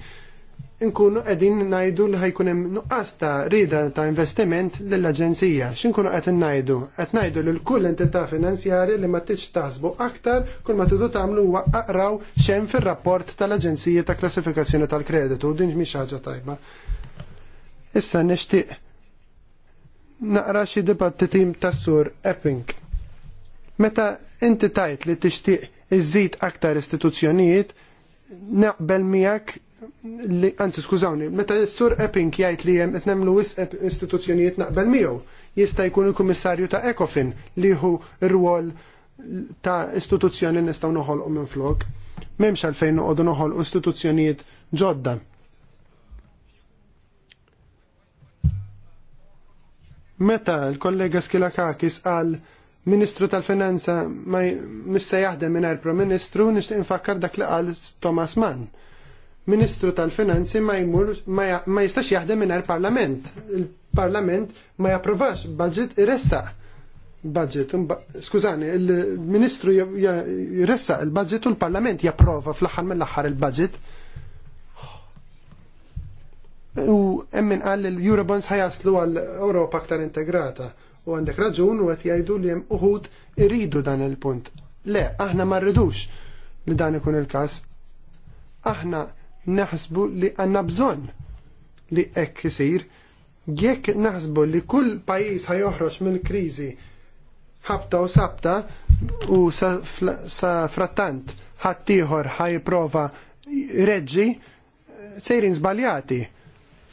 nkunu qegħdin ngħidu li ħajkun hemm nuqqas ta' rida ta' investiment lill-Aġenzija. X'inkunu qed ngħidu? Qed ngħidu lil kull entità finanzjari li ma tiġ taħsbu aktar kull ma tidu tagħmlu huwa aqraw xemm fir-rapport tal-Aġenzija ta' klassifikazzjoni tal-kreditu din mhix ħaġa tajba. Issa nixtieq naqra xi dibattitim tas-sur Epping. Meta inti tajt li tixtieq iżid aktar istituzzjonijiet, naqbel miegħek li, anzi skużawni, meta s-sur Epping jgħid li jem etnemlu wisq istituzzjonijiet naqbel miegħu, jista' jkun il-kummissarju ta' Ecofin li hu r-rwol ta' istituzzjoni nistgħu noħolqu minn flok. M'hemmx għalfejn noqogħdu noħolqu istituzzjonijiet ġodda. Meta l-kollega Skilakakis qal Ministru tal-Finanza ma missa jaħdem mingħajr Prim Ministru nixtieq infakkar dak li qal Thomas Mann Ministru tal-Finanzi ma jmur ma jistax jaħdem mingħajr Parlament. Il-Parlament ma japprovax budget iressaq budget. Skużani, il-Ministru jressa il-budget u l-Parlament japprova fl-aħħar mill-aħħar il-budget. U emmin għall il-Eurobonds ħajaslu għal europa aktar integrata. U għandek raġun u għet jgħidu li jem uħud irridu dan il-punt. Le, aħna ma rridux li dan ikun il-każ. Aħna naħsbu li għanna bżonn li hekk isir. Jekk naħsbu li kull pajjiż ħajoħroġ mill-kriżi ħabta u sabta u sa, sa frattant ħaddieħor ħajprova reġġi eh, sejrin żbaljati.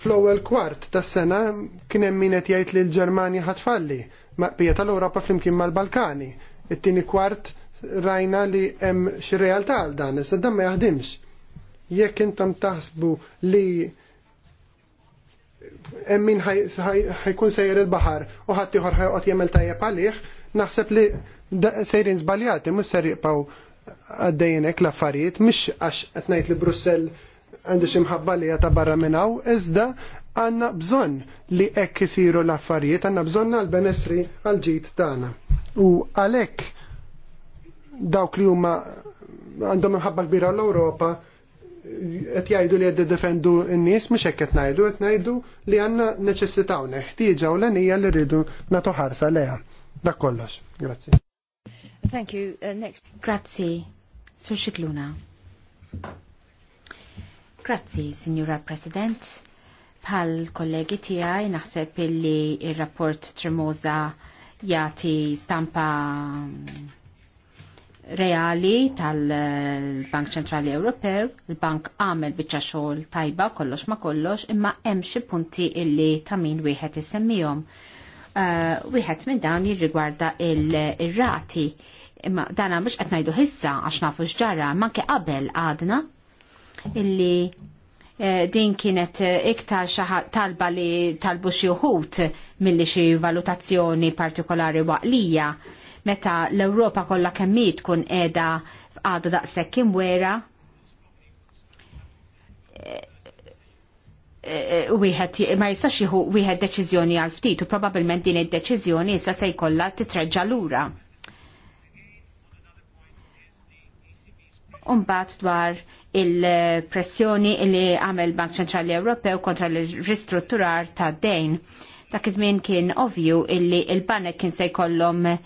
Fl-ewwel kwart tas-sena kien hemm min qed jgħid li l-Ġermanja ħatfalli qbija tal-Ewropa flimkien mal-Balkani. It-tieni kwart rajna li hemm xi realtà għal dan, iżda dan ma jaħdimx jekk intam taħsbu li emmin ħajkun sejr il-bahar u ħadd ieħor ħajqgħod jemel tajjeb għalih, naħseb li sejrin żbaljati mhux ser jibqgħu għaddejjinek l-affarijiet, mhix għax qed ngħid li Brussell għandu xi li ta' barra minnaw, iżda għandna bżonn li hekk isiru l-affarijiet, għandna bżonn għall-benessri għal-ġid tagħna. U għalhekk dawk li huma għandhom mħabba kbira l-Ewropa qed jgħidu li qed defendu n-nies mhux hekk qed ngħidu, qed ngħidu li għandna neċessitaw neħtieġa u l-għenija li rridu nagħtu ħarsa leha. Dak kollox. Grazzi. Thank you. Uh, next. Grazzi. Sur Xikluna. Grazzi, Signora President. Pal kollegi tiegħi naħseb illi ir-rapport Tremosa jagħti stampa reali tal-Bank Ċentrali Ewropew, il-bank għamel biċċa xogħol tajba kollox ma kollox, imma hemm xi punti illi ta' min wieħed isemmihom. Uh, wieħed minn dawn jirrigwarda il-rati. Imma dana mhux qed ngħidu ħissa għax nafu x'ġara, ma anke qabel għadna illi eh, din kienet eh, iktar xaħat talba li talbu xi wħud milli xi valutazzjoni partikolari waqlija meta l-Ewropa kollha kemm tkun qiegħda f'qagħda daqshekk imwera e, e, wieħed ma jistax jieħu wieħed deċiżjoni għal ftit u probabbilment din id-deċiżjoni issa se jkollha titreġġa' lura. Umbagħad dwar il-pressjoni li għamel Bank Ċentrali Ewropew kontra l-ristrutturar ta' dejn Dak iż-żmien kien ovvju illi il-banek kien se jkollhom eh,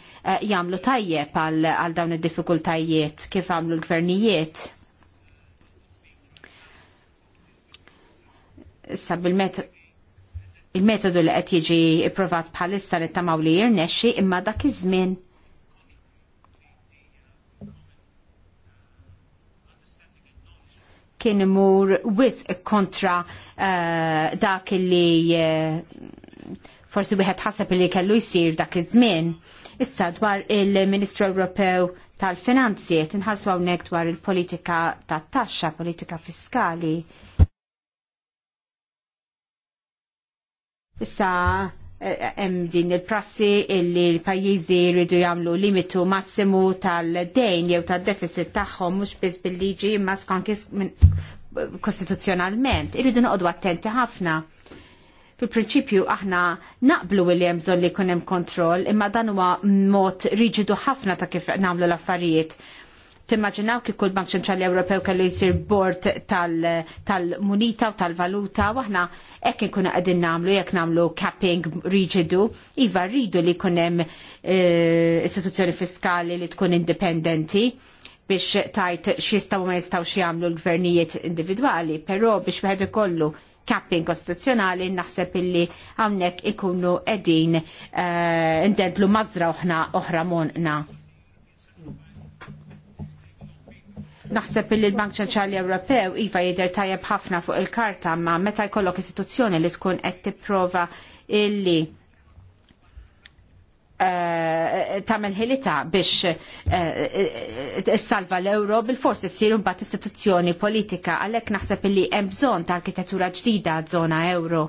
jagħmlu tajjeb għal dawn id-diffikultajiet kif għamlu l-gvernijiet. Issa bil-metodu il-metodu li qed jiġi ipprovat bħalissa li tamaw li jirnexxi imma dak iż-żmien kien imur wisq kontra uh, dak li uh, eh, forsi wieħed ħaseb li kellu jsir dak iż-żmien. Issa dwar il-Ministru Ewropew tal-Finanzi qed inħarsu hawnhekk dwar il-politika tat-taxxa, politika fiskali. Issa eh, eh, hemm din il-prassi illi l-pajjiżi jridu jagħmlu limitu massimu tal-dejn jew tad-deficit tagħhom mhux biss bil-liġi imma skont kostituzzjonalment. Irridu noqogħdu attenti ħafna. Fil-prinċipju aħna naqblu li hemm bżonn li jkun hemm kontroll, imma dan huwa mod riġidu ħafna ta' kif nagħmlu l-affarijiet. Timmaġinaw kif kull Bank Ċentrali Ewropew kellu jsir bord tal-munita u tal-valuta u aħna hekk inkunu qegħdin nagħmlu jekk nagħmlu capping riġidu, iva rridu li jkun hemm eh, istituzzjoni fiskali li tkun indipendenti biex tajt xistaw ma jistaw jagħmlu l-gvernijiet individuali, pero biex wieħed ikollu capping kostituzzjonali naħseb illi hawnhekk ikunu qegħdin eh, ndedlu mażra uħna oħra monqna. Naħseb illi l-Bank Ċentrali Ewropew iva jidher tajjeb ħafna fuq il-karta ma meta jkollok istituzzjoni li tkun qed tipprova illi Eh, tamel ħilita biex eh, eh, salva l-euro bil-fors issir mbagħad istituzzjoni politika għalhekk naħseb illi hemm bżonn ta' arkitettura ġdida żona euro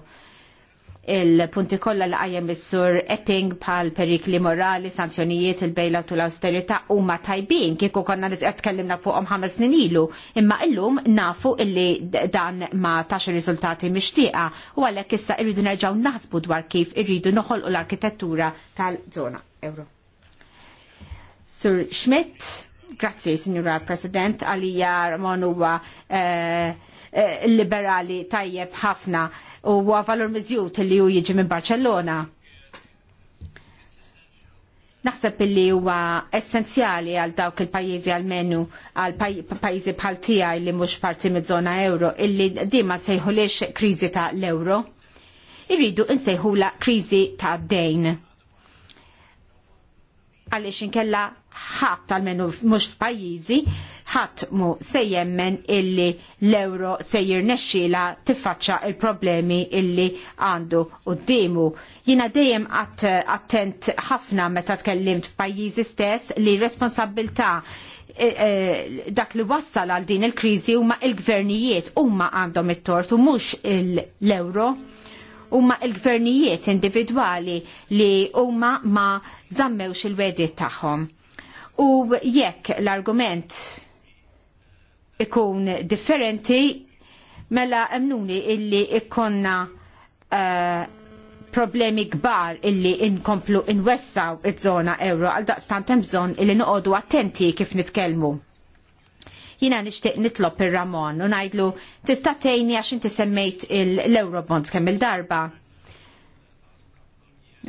il-punti kollha li qajjem is-sur Epping bħal perikli morali, sanzjonijiet il-bejlaw u l-austerità huma tajbin kieku konna tkellimna fuqhom ħames snin ilu, imma illum nafu illi dan ma tax riżultati mixtieqa u għalhekk issa irridu nerġgħu naħsbu dwar kif irridu noħolqu l-arkitettura tal-żona euro. Sur Schmidt, Grazzi, Signora President, għalija Ramon huwa eh, eh, liberali tajjeb ħafna u huwa valur miżjut li hu jiġi minn Barcellona. Naħseb illi huwa essenzjali għal dawk il-pajjiżi għal menu għal pajjiżi bħal tiegħi li mhux parti miż-żona euro illi dima sejħulix kriżi ta' l-euro. Irridu nsejħula kriżi ta' dejn. Għaliex inkella ħadd għalmenu mhux f'pajjiżi ħadd mu se jemmen illi l-euro se jirnexxiela tiffaċċa il-problemi illi għandu d-dimu. Jiena dejjem attent ħafna meta tkellimt f'pajjiżi stess li responsabilta e, e, dak li wassal għal din il-kriżi huma l il gvernijiet huma għandhom it-tort u mhux l-euro huma l-gvernijiet individwali li huma ma zammewx il wedi tagħhom U jekk l-argument ikun differenti, mela emnuni illi ikonna uh, eh, problemi kbar illi inkomplu inwessaw iż-żona euro għal daqstan hemm bżonn illi noqogħdu attenti kif nitkellmu. Jina nixtieq nitlob ir-Ramon u ngħidlu tista' tejni għax inti semmejt l-Eurobonds kemm il-darba.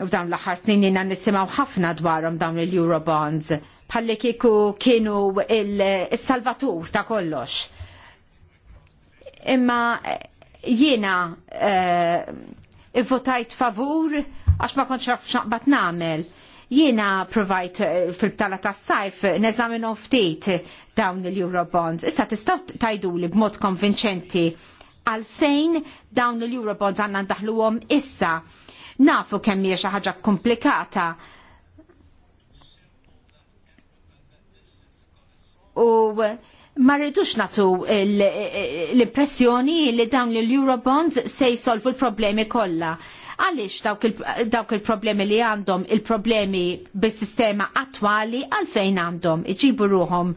U dawn l-aħħar snin jiena nisimgħu ħafna dwarhom dawn il-Eurobonds. il eurobonds bħalli kieku kienu il-salvatur ta' kollox. Imma eh, jiena eh, votajt favur għax ma konċa raf xaqbat namel. Jiena provajt eh, fil-btala tas sajf neżaminom ftit dawn il-Eurobonds. Issa tistaw tajdu li b'mod konvinċenti għalfejn dawn il-Eurobonds għanna ndaħluhom issa. Nafu kemm hija xi ħaġa komplikata u ma rridux natu l-impressjoni li dawn l-Eurobonds se jisolvu l-problemi kollha. Għaliex dawk il-problemi li għandhom il-problemi bis-sistema attwali għalfejn għandhom iġibu ruhom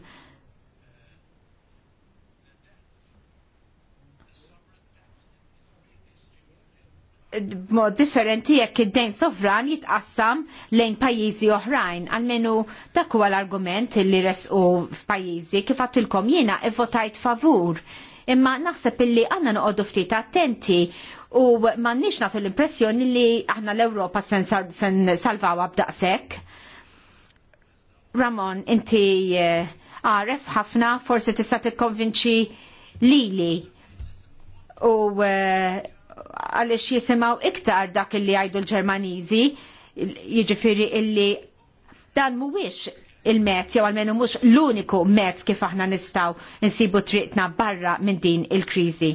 b'mod differenti jekk id-dejn sovran jitqassam lejn pajjiżi oħrajn. Almenu dak huwa l-argument li resqu f'pajjiżi kif għattilkom jiena votajt favur. Imma naħseb illi għandna noqogħdu ftit attenti u m'għandniex nagħtu l-impressjoni li aħna l-Ewropa sen, sen salvawa b'daqshekk. Ramon, inti eh, għaref uh, ħafna, forsi tista' tikkonvinċi lili u uh, għaliex jisimgħu iktar dak illi jgħidu l-Ġermaniżi, jiġifieri illi dan mhuwiex il-mezz jew għalmenu mhux l-uniku mezz kif aħna nistgħu nsibu triqtna barra minn din il-kriżi.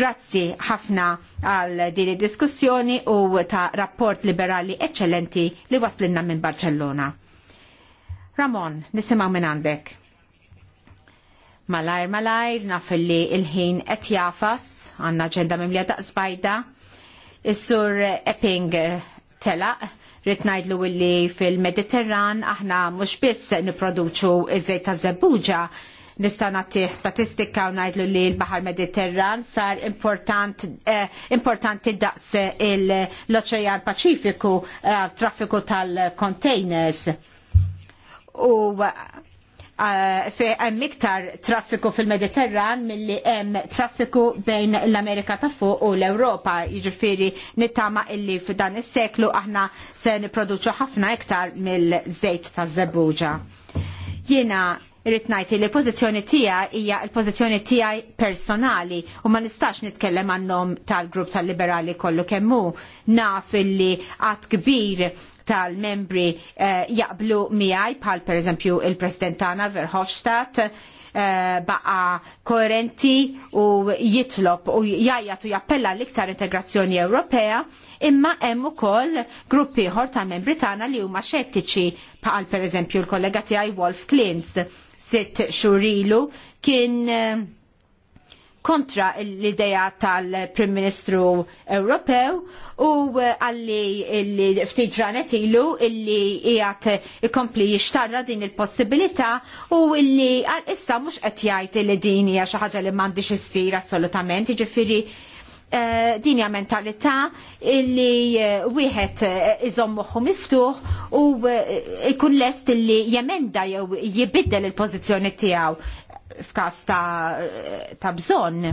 Grazzi ħafna għal din id-diskussjoni u ta' rapport liberali eccellenti li waslinna minn Barcellona. Ramon, nisimgħu minn għandek. Malajr, malajr, naf li il-ħin qed jafas, għandna ġenda mimlija ta' spajda. Is-sur Epping telaq, rrit ngħidlu fil-Mediterran aħna mhux biss nipproduċu iż-żejt ta' zebuġa, nista' nagħtih statistika u ngħidlu li l-Baħar Mediterran sar important, eh, importanti daqs l-Oċejan Paċifiku eh, traffiku tal-containers. U Eh, fe hemm traffiku fil-Mediterran milli hemm traffiku bejn l-Amerika ta' fuq u l-Ewropa. Jiġifieri nittama illi f'dan is-seklu aħna se nipproduċu ħafna iktar mill-żejt ta' żebbuġa. Jiena irrid li l-pożizzjoni tiegħi hija l-pożizzjoni tiegħi personali u ma nistax nitkellem għannom tal-grupp tal-liberali kollu kemm hu naf illi għat kbir tal-membri uh, jaqblu pal bħal pereżempju il-President Verhofstadt uh, baqa koerenti u Jitlop u jajjat u jappella l-iktar integrazzjoni Ewropea imma hemm ukoll gruppi ieħor ta' membri tagħna li huma xettiċi bħal pereżempju l-kollega tiegħi Wolf Klintz sitt xurilu kien eh, kontra l-ideja tal-Prim Ministru Ewropew u eh, għalli ftit ġranet ilu illi jgħat ikompli jixtarra din il-possibilità u illi għal issa mux qed jgħid li din hija xi ħaġa li m'għandix issir assolutament, jiġifieri eh, dinja mentalità illi eh, wieħed iżom moħħu miftuħ u ikun lest illi jemenda jew jibiddel il-pożizzjoni tiegħu f'każ ta', ta bżonn.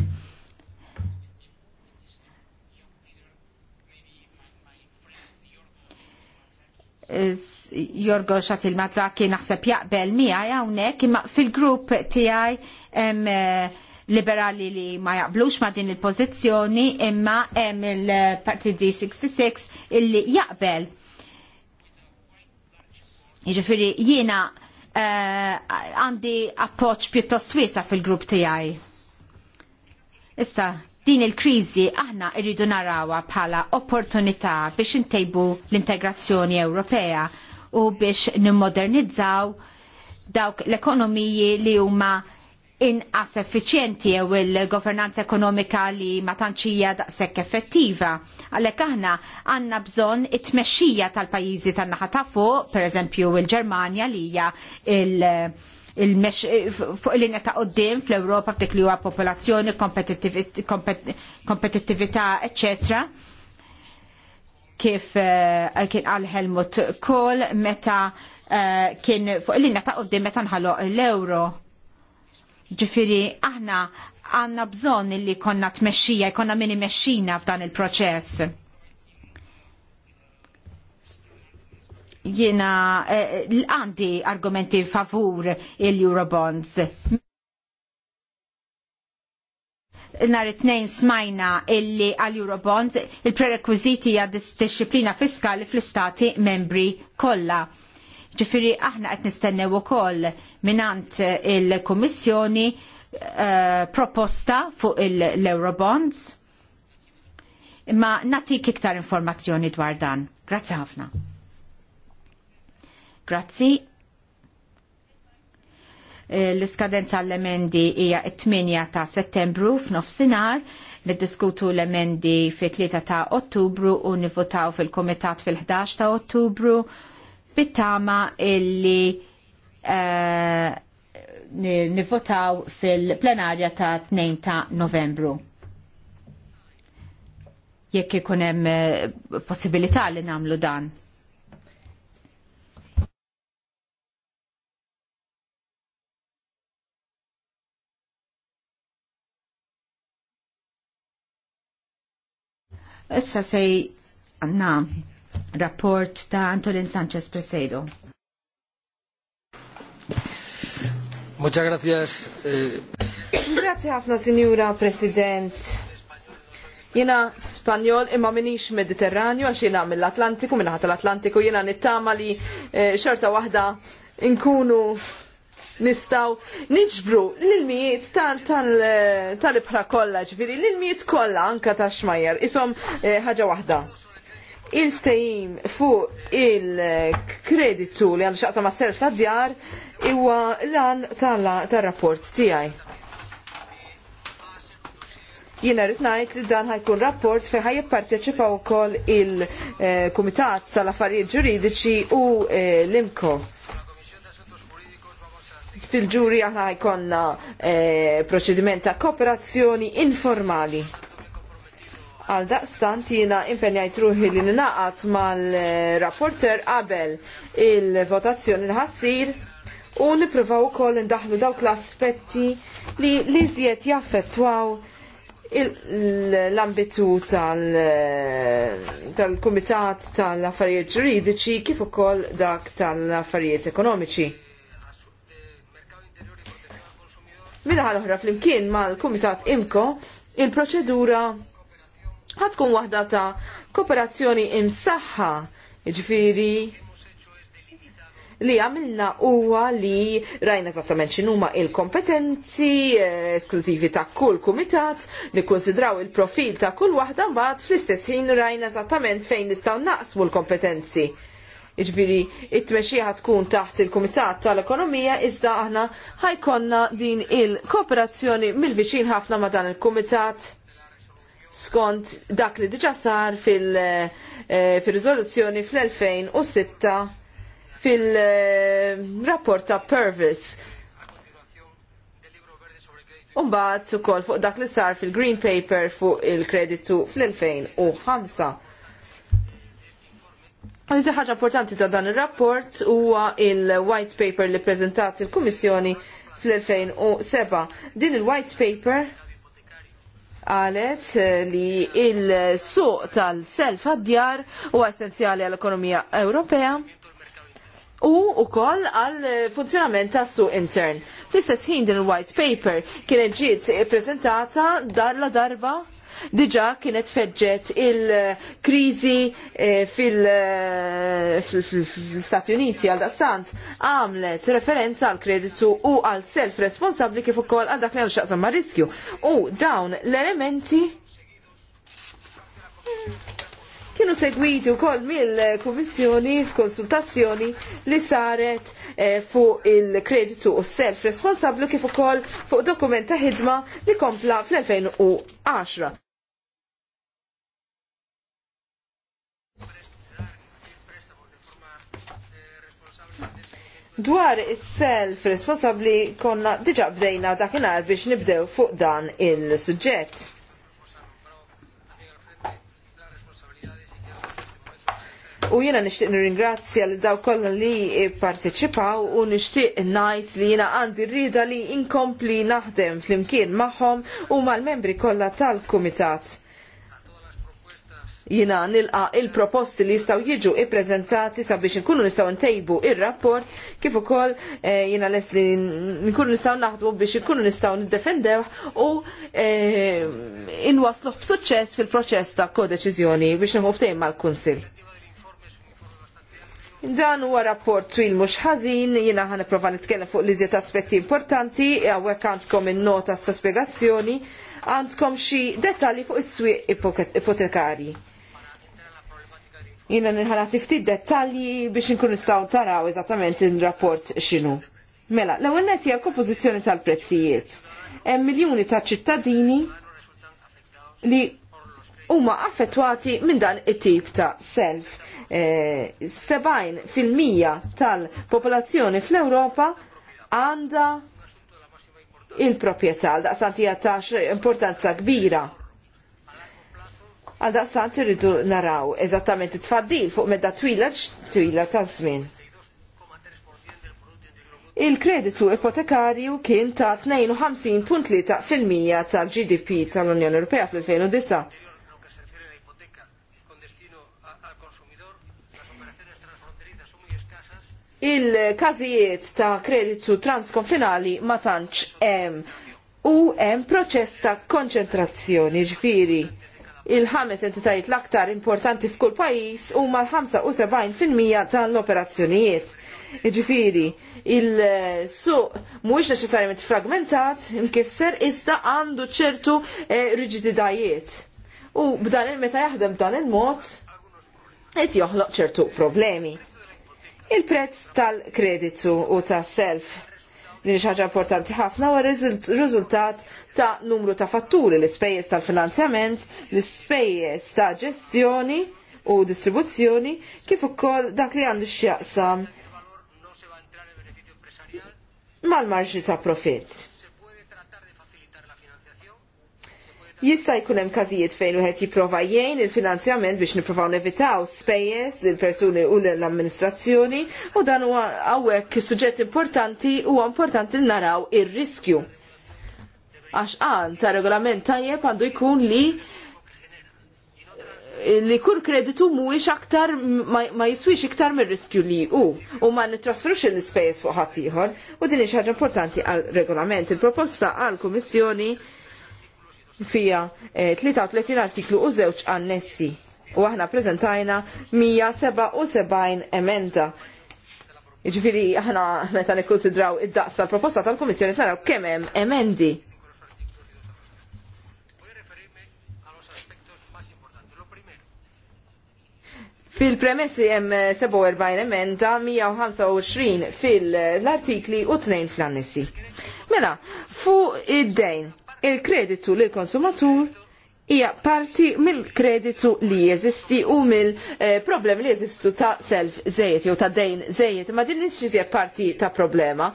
Jorgo Xatil Mazzaki naħseb jaqbel miegħi hawnhekk imma fil-grupp TI hemm eh, liberali li ma jaqblux ma din il-pożizzjoni imma hemm il d 66 illi jaqbel. Jiġifieri jiena Eh, għandi appoġġ pjuttost wiesa fil-grupp tiegħi. Issa, din il-kriżi aħna rridu narawha bħala opportunità biex intejbu l-integrazzjoni Ewropea u biex nimmodernizzaw dawk l-ekonomiji li huma inqas effiċjenti jew il-governanza ekonomika li ma tantx hija daqshekk effettiva. Għalhekk aħna għandna bżonn it-tmexxija tal-pajjiżi tan-naħa ta' fuq, pereżempju il-Ġermanja li hija il- fuq il-linja ta' qoddim fl-Ewropa f'dik li huwa popolazzjoni, kompetittività, eccetera kif eh, kien għal Helmut Kohl meta eh, kien fuq il-linja ta' qoddim meta nħalloq l-euro Ġifiri, aħna għanna bżon li konna tmexxija, jkonna minni mexxina f'dan il-proċess. Jiena eh, għandi eh, argumenti favur il-Eurobonds. Nar it-tnejn smajna illi għal-Eurobonds il-prerekwiziti għad disċiplina fiskali fl-istati membri kollha Ġifiri aħna qed nistennew ukoll minant il-Kummissjoni uh, proposta fuq l-Eurobonds. Imma natik iktar informazzjoni dwar dan. Grazzi ħafna. Grazzi eh, l-iskadenza l-emendi hija 8 ta' settembru f'nofsinhar, niddiskutu l-emendi fil 3 ta' ottubru u nivvotaw fil-komitat fil-11 ta' ottubru bittama illi uh, nivotaw fil-plenarja ta' 2 ta' novembru. Jekk ikun hemm eh, possibilità li nagħmlu dan. Issa sej għanna rapport ta' Antolin Sanchez Presedo. Muchas gracias. Eh... Grazie ħafna, Signora President. Jena Spanjol imma minix Mediterranju għax jena mill-Atlantiku, minna tal-Atlantiku jena nittama li eh, xorta wahda nkunu nistaw niġbru l-ilmijiet eh, tal-ibħra kolla ġviri, l-ilmijiet kolla anka ta' Xmajer Isom eh, ħaġa wahda il ftajim fuq il-kreditu li għandu xaqsa ma' serf ta' djar iwa lan tal-rapport tijaj. Jina rritnajt li dan ħajkun rapport fe ħaj jipparteċipaw kol il-Kumitat tal-Affarijiet Ġuridiċi u eh, l imko Fil-ġuri aħna ħajkonna eh, proċediment ta' kooperazzjoni informali. Għal daqstant jina impenjajt ruħi li ninaqat mal-rapporter qabel il-votazzjoni l-ħassir u niprofaw koll ndaħlu dawk l-aspetti li li zjed jaffettwaw l-ambitu tal-Kumitat tal-Affarijiet Ġuridiċi kif ukoll dak tal-Affarijiet Ekonomiċi. Minna ħal-oħra fl-imkien mal-Kumitat Imko il-proċedura ħatkun waħda ta' kooperazzjoni imsaħħa, ġifiri li għamilna huwa li rajna eżattament x'inhuma il-kompetenzi eh, esklużivi ta' kull kumitat, li konsidraw il-profil ta' kull waħda mbagħad fl-istess ħin rajna eżattament fejn nistgħu naqsmu l-kompetenzi. Iġbiri, it-tmexxija tkun taħt il-Kumitat tal-Ekonomija iżda aħna ħajkonna din il-kooperazzjoni mill-viċin ħafna ma' dan il-Kumitat skont dak li diġa sar fil-rizoluzzjoni fil eh, fl-2006 fil-rapport ta' Purvis. su ukoll fuq dak li sar fil-Green Paper fuq il-kreditu fl-2005. Għizja ħagħa importanti ta' dan il-rapport huwa il-white paper li prezentat il-Kummissjoni fl-2007. Din il-white paper qalet eh, li il-suq tal-self għaddjar u huwa essenzjali għall-ekonomija Ewropea u ukoll għal funzjonament tas suq intern. Fl-istess ħin din il-white paper kienet ġiet prezentata dalla darba diġa kienet feġġet il-krizi eh, eh, fil-Stati Uniti għal dastant għamlet referenza għal kreditu u għal self responsabli kif ukoll għal dak li għal xaqsam ma' riskju. U dawn l-elementi kienu segwiti wkoll mill-Kummissjoni f'konsultazzjoni li saret eh, fuq il-kreditu u self responsabbli kif ukoll fuq dokumenta ħidma li kompla fl-2010. Dwar is-self responsabbli konna diġa bdejna dakinhar biex nibdew fuq dan il-suġġett. U jiena nixtieq nirringrazzja lil daw kollha li pparteċipaw u nixtieq ngħid li jiena għandi rrida li inkompli naħdem flimkien magħhom u mal-membri kollha tal-kumitat jina nilqa il-proposti li jistaw jiġu i-prezentati sabiex nkunu nistaw ntejbu il-rapport kif ukoll e, jina les li nkunu nistaw naħdmu biex nkunu nistaw nindefendew u e, b'suċċess fil-proċess ta' kodeċiżjoni biex nħu ftejn mal-Kunsil. Dan huwa rapport twil mhux ħażin, jiena ħan nipprova nitkellem fuq liżiet aspetti importanti, hawnhekk għandkom in-nota ta' spjegazzjoni għandkom xi dettalji fuq is-swieq ipotekarji. Jina nħala ftit dettalji biex nkun nistaw taraw eżattament il-rapport xinu. Mela, l ewwel neti għal kompożizzjoni tal-prezzijiet. Hemm miljuni ta' ċittadini li huma affettwati minn dan it-tip ta' self. Eh, sebajn fil-mija tal-popolazzjoni fl-Ewropa għanda il-propieta għal daqsantija ta' importanza kbira. Għal daqsant irridu naraw eżattament it-tfaddil fuq medda twila twila ta' żmien. Il-kreditu ipotekarju kien ta' 52.3% tal-GDP tal-Unjoni Ewropea fl-2009. Il-każijiet ta' kreditu transkonfinali ma tantx hemm u hemm proċess ta' konċentrazzjoni ġifieri il-ħames entitajiet l-aktar importanti f'kull pajjiż huma l-75% tal-operazzjonijiet. Ġifiri, il-suq mhuwiex neċessarjament fragmentat, imkisser iżda għandu ċertu eh, riġididajiet. U b'dan il-meta jaħdem dan il-mod, qed joħloq ċertu problemi. Il-prezz tal-kreditu u tas-self din ħaġa importanti ħafna wara riżultat ta' numru ta' fatturi l-ispejjeż tal-finanzjament, l-ispejjeż ta' ġestjoni u distribuzzjoni kif ukoll dak li għandu x'jaqsam mal-marġi ta' profitt Jista' jkun hemm każijiet fejn wieħed jipprova jgħin il-finanzjament biex nippruvaw nevitaw spejjeż lil persuni u l-amministrazzjoni u dan huwa hawnhekk suġġett importanti huwa importanti naraw ir-riskju. Għax għan ta' regolament tajjeb għandu jkun li li kull kreditu mhuwiex aktar ma jiswix iktar mir-riskju li hu u ma nittrasferux l-ispejjeż fuq ħadd ieħor u din hija ħaġa importanti għal regolament. Il-proposta għal Kummissjoni fija 33 eh, artiklu u żewġ annessi u aħna prezentajna 177 emenda. Iġifiri, aħna meta nikkonsidraw id-daqs tal-proposta tal-Komissjoni naraw kemm hemm emendi. Fil-premessi hemm 47 emenda, 125 fil-artikli u 2 fl-annessi. Mela, fuq id-dejn il-kreditu lill konsumatur hija parti mill-kreditu li jeżisti u mill-problemi li jeżistu ta' self żejjed jew ta' dejn żejjed, ma din nix parti ta' problema.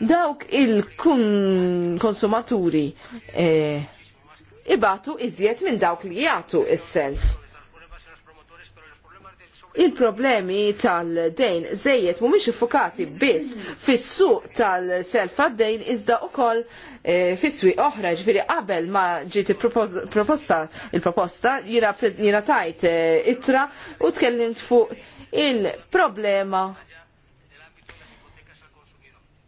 Dawk il-konsumaturi eh, ibatu iżjed minn dawk li jagħtu is-self. Il-problemi tal-dejn żejjed mhumiex iffokati biss fis-suq tal-self għad-dejn iżda wkoll Eh, fiswi oħra ġifiri qabel ma ġiet proposta il-proposta jira tajt eh, itra u tkellimt fuq il-problema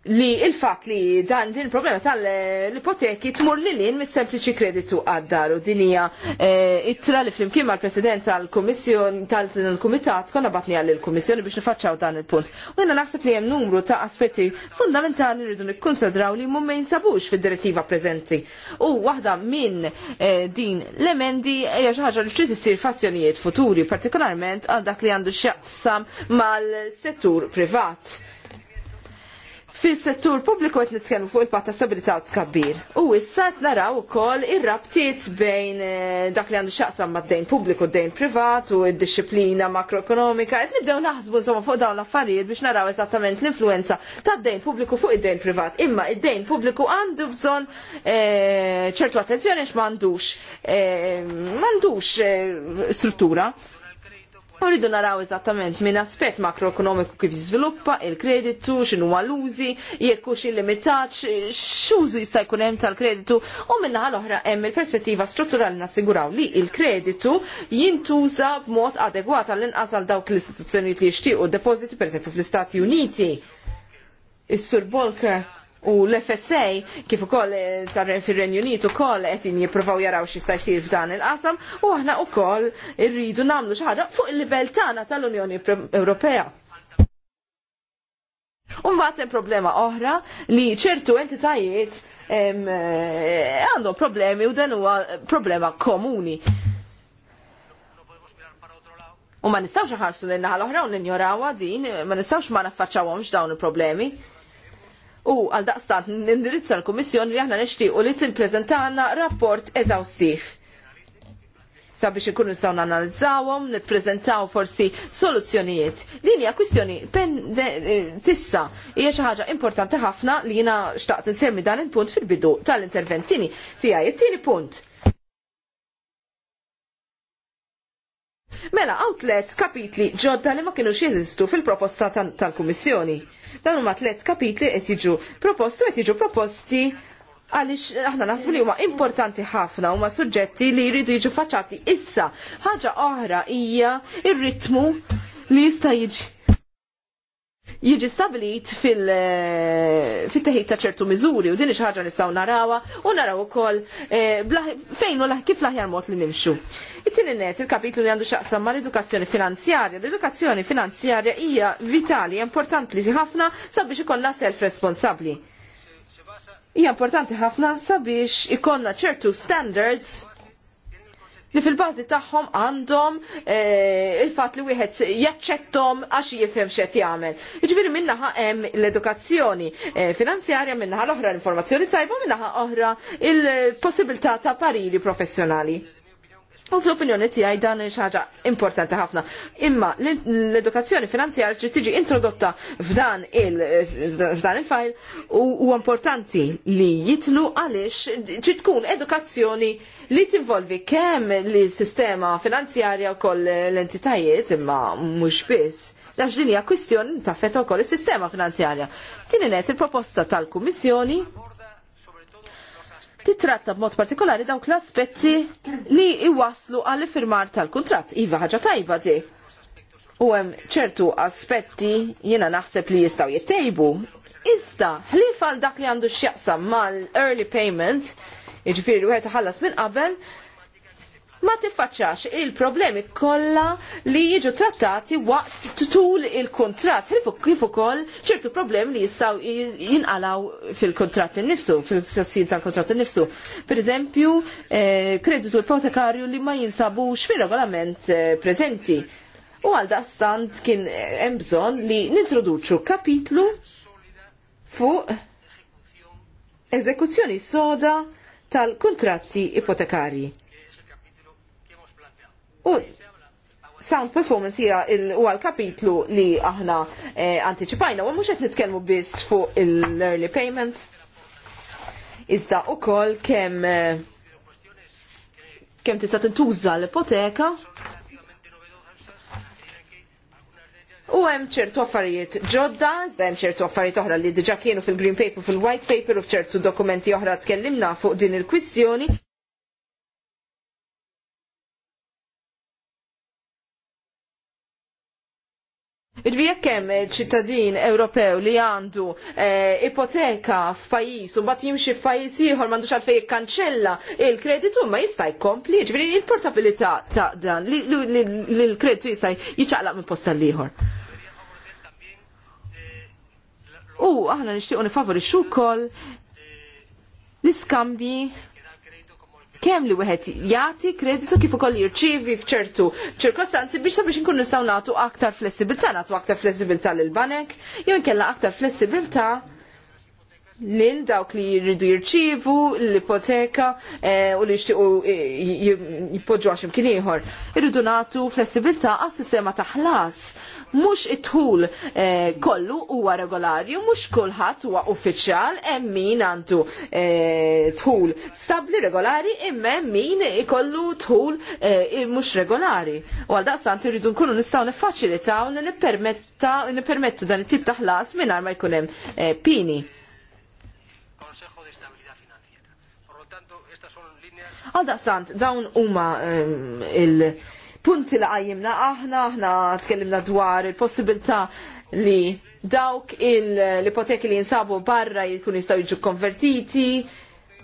li il-fat li dan din il-problema tal-ipoteki tmur li lin mis sempliċi kreditu għad-daru. Dinija eh, it-tra li flimkien mal president tal-Komissjon tal-Kumitat konna batni għall il-Komissjoni biex nifacċaw dan il-punt. U jena naħseb li hemm numru ta' aspetti fundamentali rridu nikkonsidraw li mumma ma jinsabux fid-direttiva preżenti. U waħda minn eh, din l-emendi hija xi ħaġa li trid issir fazzjonijiet futuri, partikolarment għal dak li għandu x'jaqsam mal-settur privat fis-settur pubbliku qed nitkellmu fuq il patta ta' stabilità u tkabbir. U issa qed naraw ukoll ir-rabtiet bejn eh, dak li għandu x'aqsam mad-dejn pubbliku d-dejn privat u d-disciplina makroekonomika qed nibdew naħsbu insomma fuq dawn l-affarijiet biex naraw eżattament l-influenza tad-dejn pubbliku fuq id-dejn privat. Imma id-dejn pubbliku għandu bżonn eh, ċertu attenzjoni x'mandux m'għandux eh, struttura U rridu naraw eżattament minn aspett makroekonomiku kif jiżviluppa il-kreditu, x'inhu għal użi jekk hux illimitat, x'użu jista' jkun hemm tal-kreditu u minnaħa l-oħra hemm il-perspettiva strutturali nassiguraw li il-kreditu jintuża b'mod adegwat għall-inqas għal dawk l-istituzzjonijiet li jixtiequ depożiti pereżempju fl-Istati Uniti. Is-Sur Bolker u l-FSA kif ukoll eh, tarren fir-Renju Unit ukoll qed jippruvaw jaraw x'jista' jsir f'dan il-qasam u aħna wkoll irridu nagħmlu xi ħaġa fuq il-livell tagħna tal-Unjoni Ewropea. Umbat hemm problema oħra li ċertu entitajiet eh, għandhom problemi u dan huwa problema komuni. U ma nistawx ħarsu l-naħal oħra u ninjorawha din, ma nistawx ma naffaċċawhomx dawn il-problemi u għal daqstant nindirizza l-Kummissjoni li aħna nixtiequ li tippreżentana rapport eżawstif sabiex ikunu nistgħu nanalizzawhom, nippreżentaw forsi soluzzjonijiet. Din hija kwistjoni eh, tissa hija xi ħaġa importanti ħafna li jiena xtaqt insemmi dan il-punt fil-bidu tal-interventini tiegħi. jittini tieni punt. Mela, outlet kapitli ġodda li ma kienu jeżistu fil-proposta tal-Kummissjoni. Tal Dan huma tliet kapitli qed jiġu proposti qed jiġu proposti għaliex aħna naħsbu li huma importanti ħafna huma suġġetti li jridu jiġu faċċati issa. Ħaġa oħra hija ir-ritmu li jista' jiġi jiġi stabilit fil-teħid eh, ta' ċertu miżuri u din xi ħaġa nistgħu narawha u naraw ukoll eh, fejn u kif l-aħjar mod li nimxu. It-tieni net il-kapitlu li għandu x'aqsam mal-edukazzjoni finanzjarja. L-edukazzjoni finanzjarja hija vitali, importanti ħafna sabiex ikollna self-responsabbli. Hija importanti ħafna sabiex ikollna ċertu standards li fil-bazi tagħhom għandhom eh, il-fatt li wieħed jaċċettom għax jifhem x'qed jagħmel. Jiġifieri minnaħa hemm l-edukazzjoni eh, finanzjarja, minnaħa l-oħra l-informazzjoni tajba, minnaħa oħra il-possibilità ta' pariri professjonali. U fl-opinjoni tiegħi dan xaġa importanti ħafna. Imma l-edukazzjoni finanzjarja ġi tiġi introdotta f'dan il-f'dan il-fajl u importanti li jitlu għaliex ġi tkun edukazzjoni li tinvolvi kemm l-sistema finanzjarja wkoll l-entitajiet imma mhux biss għax din hija kwistjoni taffet ukoll is-sistema finanzjarja. Tieni net il-proposta tal-Kummissjoni titratta b'mod partikolari dawk l-aspetti li iwaslu għall firmar tal-kuntratt. Iva ħaġa tajba di. U hemm ċertu aspetti jiena naħseb li jistgħu jittejbu. Iżda ħlief għal dak li għandu x'jaqsam mal-early payments Iġifieri wieħed ħallas minn qabel ma tiffaċċax il-problemi kollha li jiġu trattati waqt tul il-kontratt kif ukoll ċertu problemi li jistgħu jinqalaw fil-kontratt innifsu, fil-tfassil tal kontrat innifsu. Pereżempju, eh, kreditu ipotekarju li ma jinsabux fir-regolament eh, preżenti. U għal stand kien eh, hemm bżonn li nintroduċu kapitlu fuq eżekuzzjoni soda tal-kontratti ipotekarji. U sound performance hija huwa l-kapitlu li aħna eh, antiċipajna u mhux qed nitkellmu biss fuq il-early payment. Iżda ukoll kemm eh, kemm tista' tintuża l-ipoteka U hemm ċertu affarijiet ġodda, iżda hemm ċertu affarijiet oħra li diġà kienu fil-Green Paper, fil-White Paper u f'ċertu dokumenti oħra tkellimna fuq din il-kwistjoni. Irvi jekk hemm ċittadin Ewropew li għandu eh, ipoteka f'pajjiż u bat jimxi f'pajjiż ieħor m'għandux għalfejn jikkanċella il-kreditu ma jista' jkompli, ġifieri il-portabilità ta' dan li l-kreditu jista' jiċċaqlaq minn posta l-ieħor. U aħna nixtiequ nifavorixxu wkoll l-iskambji kemm li wieħed jagħti kreditu kif ukoll jirċievi f'ċertu ċirkostanzi biex sabiex inkun nistgħu nagħtu aktar flessibilità, nagħtu aktar flessibilità lil banek, jew inkella aktar flessibilità lil dawk li jridu jirċievu l-ipoteka eh, u li jixtiequ eh, jippoġġu għax imkien ieħor. Irridu nagħtu flessibilità għas-sistema ta' ħlas mhux it-tħul eh, kollu huwa regolarju, mhux kulħadd huwa uffiċjal hemm min għandu eh, tħul stabbli regolari imma hemm min ikollu tħul eh, mhux regolari. U għal daqstant irridu nkunu nistgħu niffaċilitaw li nippermettu dan it-tip ta' ħlas mingħajr ma jkun hemm pini. Għal daqsant dawn huma ehm, il- punti li għajimna aħna, aħna tkellimna dwar il-possibilità li dawk il-ipoteki li jinsabu barra jkun jistaw jiġu konvertiti,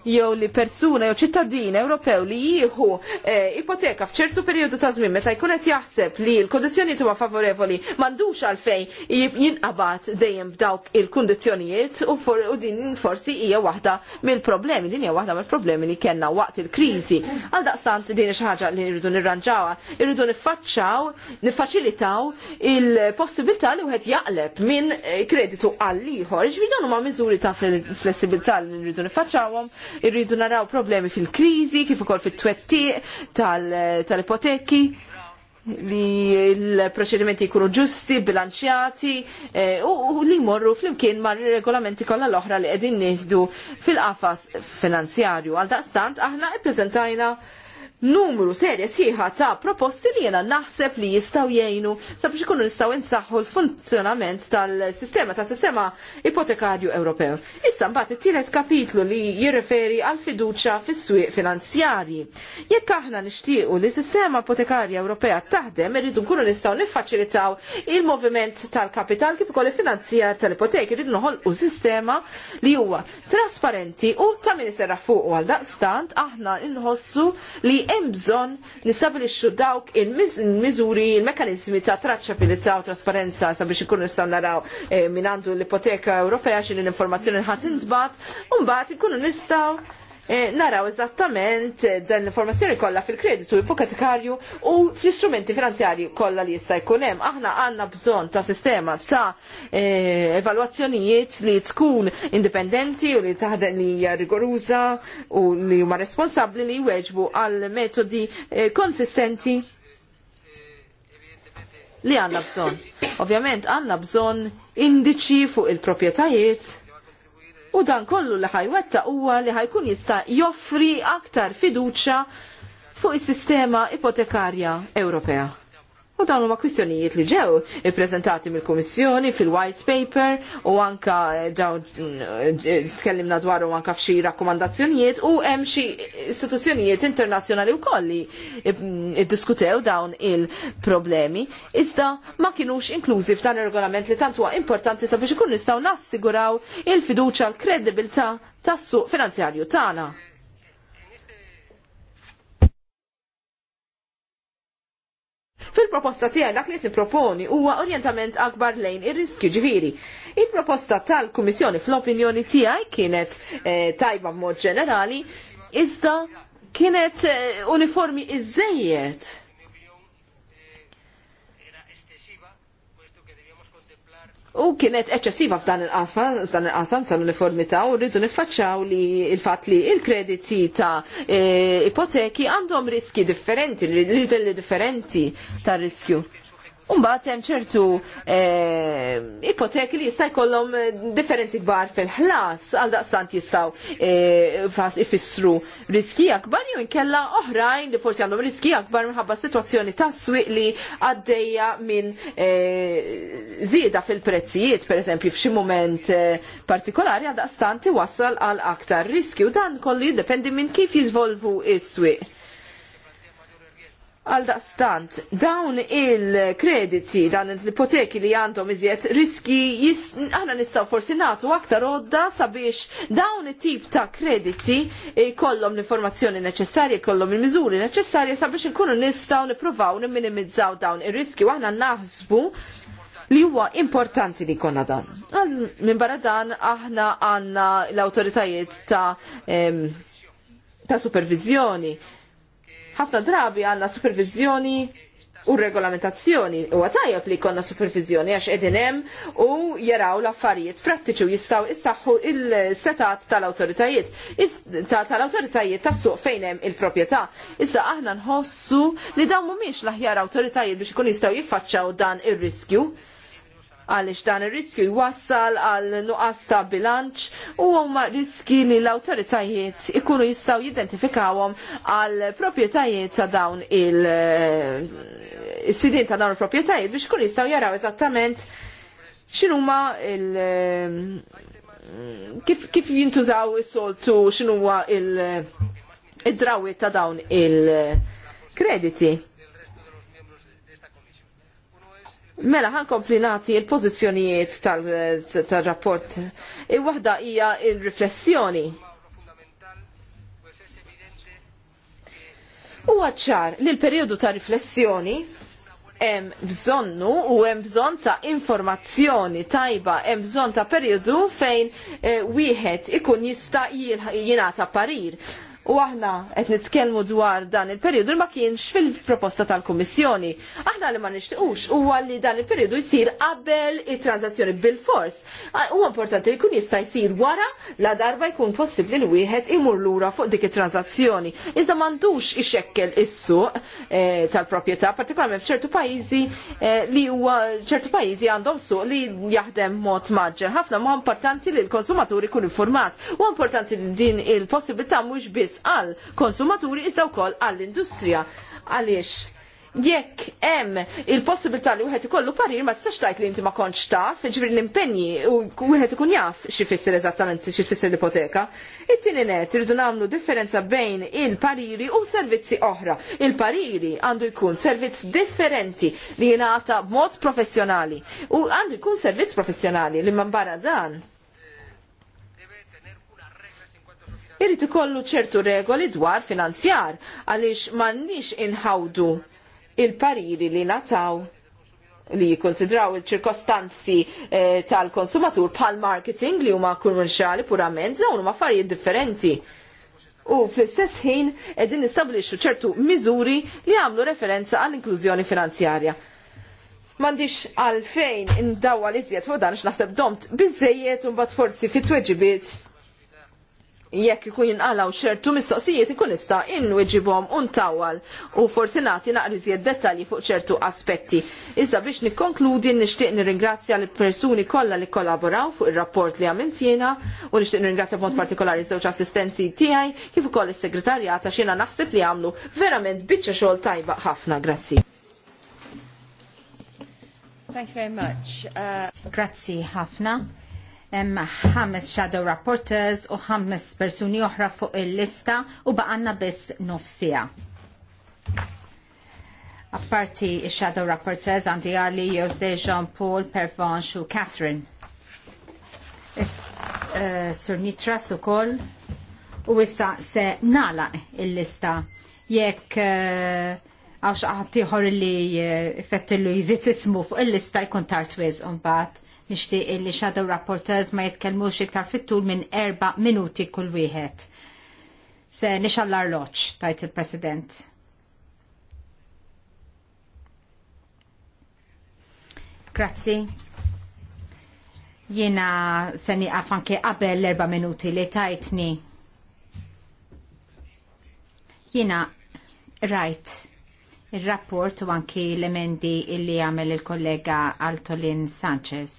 jew li persuna jew ċittadin Ewropew li jieħu eh, ipoteka f'ċertu perjodu ta' żmien meta jkun qed jaħseb li l-kondizzjonijiet huma favorevoli m'għandux għalfejn jinqabad dejjem b'dawk il-kundizzjonijiet u, for, u din forsi hija waħda mill-problemi, din hija waħda mill-problemi li kellna waqt il-kriżi. Għal daqstant din xi ħaġa li rridu nirranġawha, irridu niffaċċaw, niffaċilitaw il-possibilità li wieħed jaqleb minn eh, kreditu għal ieħor. Ġifieri dawn huma miżuri ta' flessibilità li rridu niffaċċawhom irridu naraw problemi fil-kriżi, kif ukoll fit-twettiq tal-ipoteki li l-proċedimenti jkunu ġusti, bilanċjati e, u, li jmorru flimkien mar regolamenti kollha l-oħra li qegħdin nieħdu fil-qafas finanzjarju. Għal daqstant aħna ippreżentajna numru serje sħiħa ta' proposti li jena naħseb li jistaw jgħinu sabiex ikunu nistaw insaħħu l-funzjonament tal-sistema ta' sistema ipotekarju Ewropew. Issa mbagħad it-tielet kapitlu li jirreferi għal fiduċa fis-swieq finanzjarji. Jekk aħna nixtiequ li sistema ipotekarja Ewropea taħdem irridu nkunu nistgħu niffaċilitaw il-moviment tal-kapital kif ukoll il-finanzjar tal ipotek irridu noħolqu sistema li huwa trasparenti u ta' min fuq għal daqstant aħna nħossu li hemm bżonn nistabilixxu dawk il-miżuri, il-mekkaniżmi ta' traċċabilità u trasparenza sabiex ikunu nistgħu naraw eh, minn għandu l-ipoteka Ewropea x'in l-informazzjoni ħadd intbagħat u mbagħad ikunu nistgħu Eh, naraw eżattament eh, dan l-informazzjoni kollha fil-kreditu ipokatikarju u fl-istrumenti finanzjarji kollha li jista' jkun hemm. Aħna għandna bżonn ta' sistema ta' eh, evalwazzjonijiet li tkun indipendenti u li taħdem li hija rigoruża u li huma responsabbli li jweġbu għal metodi konsistenti li għandna bżonn. Ovvjament għandna bżonn indiċi fuq il-propietajiet U dan kollu li ħajwetta huwa li ħajkun jista' joffri aktar fiduċja fuq is-sistema ipotekarja Ewropea. U dawn huma kwistjonijiet li ġew ippreżentati mill-Kummissjoni fil-White Paper u anka eh, dawn eh, tkellimna u anka f'xi rakkomandazzjonijiet u hemm xi istituzzjonijiet internazzjonali wkoll li iddiskutew dawn il-problemi. Iżda ma kinux inklużi f'dan ir-regolament li tant huwa importanti sabiex ikun nistgħu nassiguraw il-fiduċja l-kredibilità tas-suq finanzjarju tagħna. Fil-proposta tiegħi dak li qed nipproponi huwa orjentament akbar lejn ir-riskju ġifieri. Il-proposta tal-Kummissjoni fl-opinjoni tiegħi kienet eh, tajba mod ġenerali iżda kienet eh, uniformi iżejjed U kienet eċċessiva f'dan il-qasam tal-uniformità u rridu nifacċaw li il-fat li il-krediti ta' eh, ipoteki għandhom riski differenti, livelli differenti ta' riskju. Umbat hemm ċertu eh, ipoteki li jista' jkollhom eh, differenzi kbar fil-ħlas għal daqstant jistgħu eh, ifissru riski akbar jew inkella oħrajn li forsi għandhom riski akbar minħabba situazzjoni ta' swieq li għaddejja minn żieda fil-prezzijiet, pereżempju f'xi mument partikolari għal daqstant iwassal għal aktar riski u dan kollu jiddependi minn kif jiżvolvu is-swieq Għal daqstant, dawn il-krediti, dan l-ipoteki li għandhom iżjed riski, aħna nistaw forsi natu aktar odda sabiex dawn it-tip ta' krediti kollom l-informazzjoni neċessarja, kollom il-mizuri neċessarja sabiex nkunu nistaw niprovaw nimminimizzaw dawn il-riski, għana naħsbu li huwa importanti li konna dan. Minn barra dan aħna għanna l-autoritajiet ta' ta' supervizjoni ħafna drabi għandna supervizjoni u regolamentazzjoni. U għatajab li konna supervizjoni għax edinem u jaraw l-affarijiet prattiċi u jistaw jissaxħu il-setat tal-autoritajiet. Tal-autoritajiet tassuq fejnem il-propieta. Iżda aħna nħossu li dawn miex laħjar autoritajiet biex ikun jistaw jiffaċċaw dan il-riskju għaliex dan ir-riskju jwassal għal nuqqas ta' bilanċ u huma riski li l-awtoritajiet ikunu jistgħu jidentifikawhom għal proprjetajiet ta' dawn il-sidin eh, ta' dawn il-proprjetajiet biex kun jistgħu jaraw eżattament x'inhuma il- eh, kif, kif jintużaw is-soltu x'inhuwa il-drawiet eh, ta' dawn il-krediti. Mela, ħan komplinati il-pozizjonijiet tal-rapport. Il-wahda hija il-riflessjoni. U għadċar li l-periodu ta' riflessjoni hemm bżonnu u hemm bżonn ta' informazzjoni tajba, hemm bżonn ta' periodu fejn eh, wieħed ikun jista' jingħata parir U aħna qed nitkellmu dwar dan il-perjodu ma kienx fil-proposta tal-Kummissjoni. Aħna li ma nixtiqux huwa li dan il-perjodu jsir qabel it-transazzjoni bil-fors. Ah, huwa importanti li jkun jista' jsir wara la darba jkun possibbli li wieħed imur lura fuq dik it-transazzjoni. Iżda m'għandux ixekkel is-suq eh, tal-proprjetà, partikolarment f'ċertu pajjiżi eh, li huwa ċertu pajjiżi għandhom suq li jaħdem mod maġġel. Ħafna ma importanti li l-konsumatur ikun informat. Huwa importanti li din il-possibilità mhux biss biss għal konsumaturi iżda wkoll għall-industrija. Għaliex jekk hemm il-possibilità li wieħed ikollu parir ma tistax tajt li inti ma kontx taf, ġifieri l-impenji u wieħed ikun jaf xi fisser eżattament xi tfisser l-ipoteka. It-tieni net irridu nagħmlu differenza bejn il-pariri u servizzi oħra. Il-pariri għandu jkun servizz differenti li jingħata b'mod professjonali u għandu jkun servizz professjonali li man barra dan irrid ikollu ċertu regoli dwar finanzjar għaliex m'għandniex inħawdu il-pariri li nataw li jikonsidraw il-ċirkostanzi eh, tal-konsumatur bħal marketing li huma kummerċjali purament dawn huma affarijiet differenti. U fl-istess ħin qegħdin nistabliċu ċertu miżuri li għamlu referenza għall-inklużjoni finanzjarja. M'għandix għalfejn indawwa li zjed fuq dan x'naħseb domt biżejjed u mbagħad forsi fit-tweġibiet jekk ikun jinqalaw ċertu mistoqsijiet ikun nista' inwiġibhom untawal u forsi nagħti naqriżjed dettalji fuq ċertu aspetti. Iżda biex nikkonkludi nixtieq nirringrazzja l persuni kollha li kollaboraw fuq ir-rapport li għamilt jiena u nixtieq nirringrazzja b'mod partikolari żewġ assistenzi tiegħi kif ukoll is-segretarjat għax jiena naħseb li għamlu verament biċċa xogħol tajba ħafna. Grazzi. Thank you very much. Uh... Grazzi ħafna hemm ħames shadow rapporters u ħames persuni oħra fuq il-lista u baqanna biss nofsija. Apparti il-shadow rapporters għandi għali Jose Jean Paul, Pervanche u Catherine. Is, uh, sur nitra u kol u issa se nala il-lista jekk eh, għax uh, għatiħor li uh, eh, fettillu jizit ismu fuq il-lista jkun tartwiz un bat nixtieq illi shadow rapporteurs ma jitkellmux iktar fit-tul minn erba minuti kull wieħed. Se nixallar roċ, tajt il-President. Grazzi. Jiena se nieqaf anke qabel l-erba' minuti li tajtni. Jiena rajt il-rapport u anki l-emendi illi għamel il-kollega Altolin Sanchez.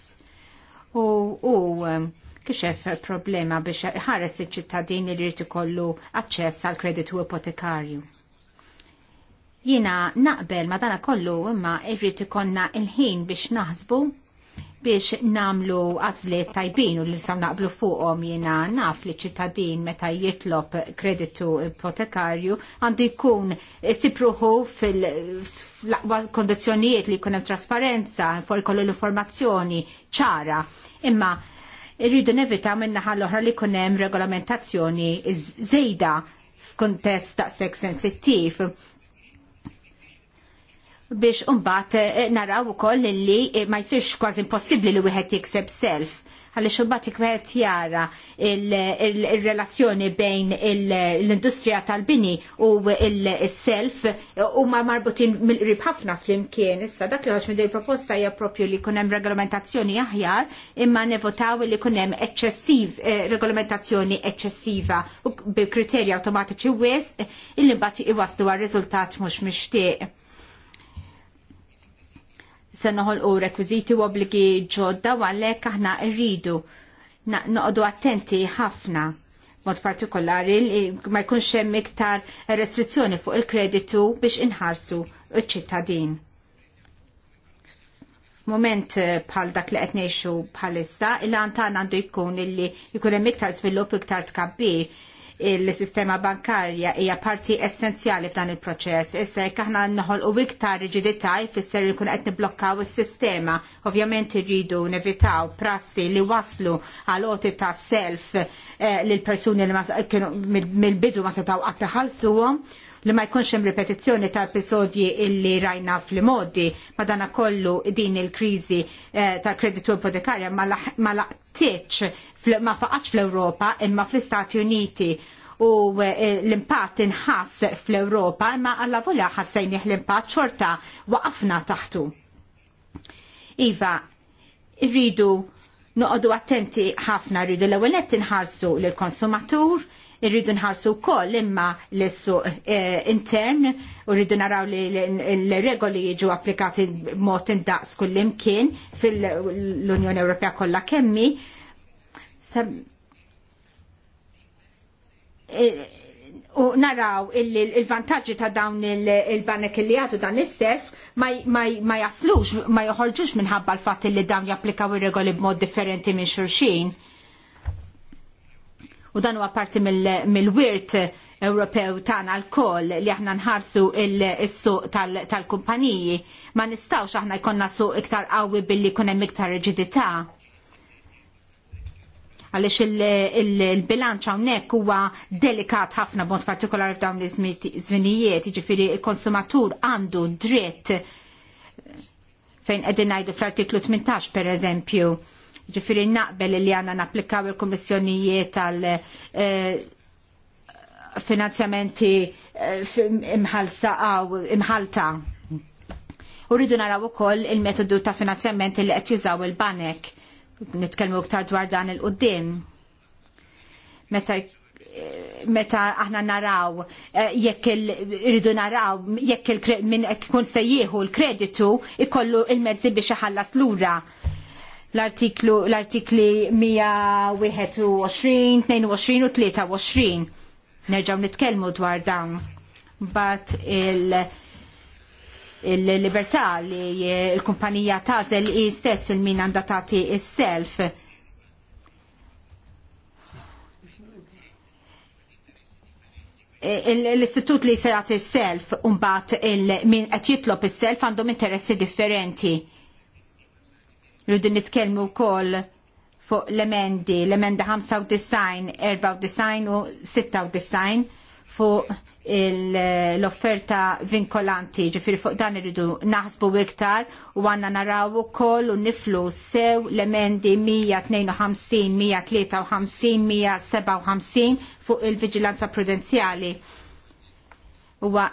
U, u um, kiexef problema biex ħares il-ċittadini li rritu ikollu aċċess għal kreditu ipotekarju. Jina naqbel ma dana kollu imma irrit konna il-ħin biex naħsbu biex namlu għazliet tajbin u li sam naqblu fuqom jena naf li ċittadin meta jitlob kreditu ipotekarju għandu jkun sipruħu fil-laqwa kondizjonijiet li jkunem trasparenza, for kollu l-informazzjoni ċara. Imma irridu nevita minnaħa l-oħra li kunem regolamentazzjoni zejda f'kuntest daqshekk sensittiv biex umbat eh, naraw ukoll li ma jsirx kważi impossibbli li wieħed jikseb self għalli xumbat ikwet jara il-relazzjoni bejn l-industrija tal-bini u il-self u ma marbutin mill ħafna fl-imkien. Issa dak li ħoċ minn proposta hija propju li kunem regolamentazzjoni aħjar imma nevotaw li kunem eccessiv, eh, regolamentazzjoni eccessiva u bi kriterji automatiċi wis il-li bat iwaslu għal riżultat mux mixtieq se noħolqu rekwiżiti u obbligi ġodda u għalhekk aħna rridu noqogħdu attenti ħafna mod partikolari li ma jkunx hemm iktar restrizzjoni fuq il-kreditu biex inħarsu ċ-ċittadin moment eh, bħal dak li qed ngħixu bħalissa, il għantan għandu jkun illi jkun hemm iktar żvilupp iktar tkabbir il-sistema bankarja hija parti essenzjali f'dan il-proċess. Issa jekk aħna noħolqu iktar riġidità jfisser li kun qed niblokkaw is-sistema. Ovvjament irridu nevitaw prassi li waslu għal qoti ta' self eh, lill persuni li kienu mill-bidu ma setgħu qatt taħallsuhom li ma jkunx hemm ripetizzjoni ta' episodji illi rajna fl-modi madanakollu kollu din il-kriżi eh, ta' kreditu ipotekarja ma laqtitx ma faqax fl-Ewropa imma fl-Istati Uniti u eh, l-impatt inħass fl-Ewropa imma għalla volja ħassejnieh l-impatt xorta waqafna taħtu. Iva, rridu noqogħdu attenti ħafna rridu l-ewwel inħarsu lill-konsumatur, irridu nħarsu wkoll imma l-suq eh, intern u rridu naraw li l-regoli jiġu applikati b'mod indaqs kullimkien fil-Unjoni Ewropea kollha kemmi Eh, u naraw il-vantaġġi ta' dawn il-banek il li għatu dan is sef ma jaslux, ma joħorġux minħabba l fat li dawn japplikaw ir-regoli b'mod differenti minn xurxin. U dan huwa parti mill-wirt Ewropew tagħna l-koll li aħna nħarsu il-suq tal-kumpaniji. ma nistawx aħna jkollna suq iktar qawwi billi jkun hemm iktar riġidità għaliex il-bilanċ hawnhekk huwa delikat ħafna bont partikolari f'dawn iż-żminijiet, ġifiri il-konsumatur għandu dritt fejn qegħdin ngħidu fl-artiklu 18 pereżempju, jiġifieri naqbel li għandna napplikaw il-kummissjonijiet għal eh, finanzjamenti eh, imħalsa għaw imħalta. U rridu naraw ukoll il-metodu ta' finanzjamenti li qed jużaw il-banek nitkellmu iktar dwar dan il-qoddim. Meta meta aħna naraw eh, jekk irridu naraw jekk minn kun se jieħu l-kreditu ikollu il-mezzi biex iħallas lura l-artiklu l-artikli 121, 22 u 23. Nerġgħu nitkellmu dwar dawn. Bat il- il-libertà li l-kumpanija tażel i stess il-min għandatati il self L-istitut li se jagħti s-self mbagħad il-min qed jitlob is-self għandhom interessi differenti. Rudin nitkellmu wkoll fuq l-emendi, l-emenda 95, 94 u 96 fuq l-offerta vinkolanti ġifiri fuq dan irridu naħsbu iktar u għanna naraw ukoll u niflu sew l-emendi 152, 153, 157 fuq il-vigilanza prudenzjali. Huwa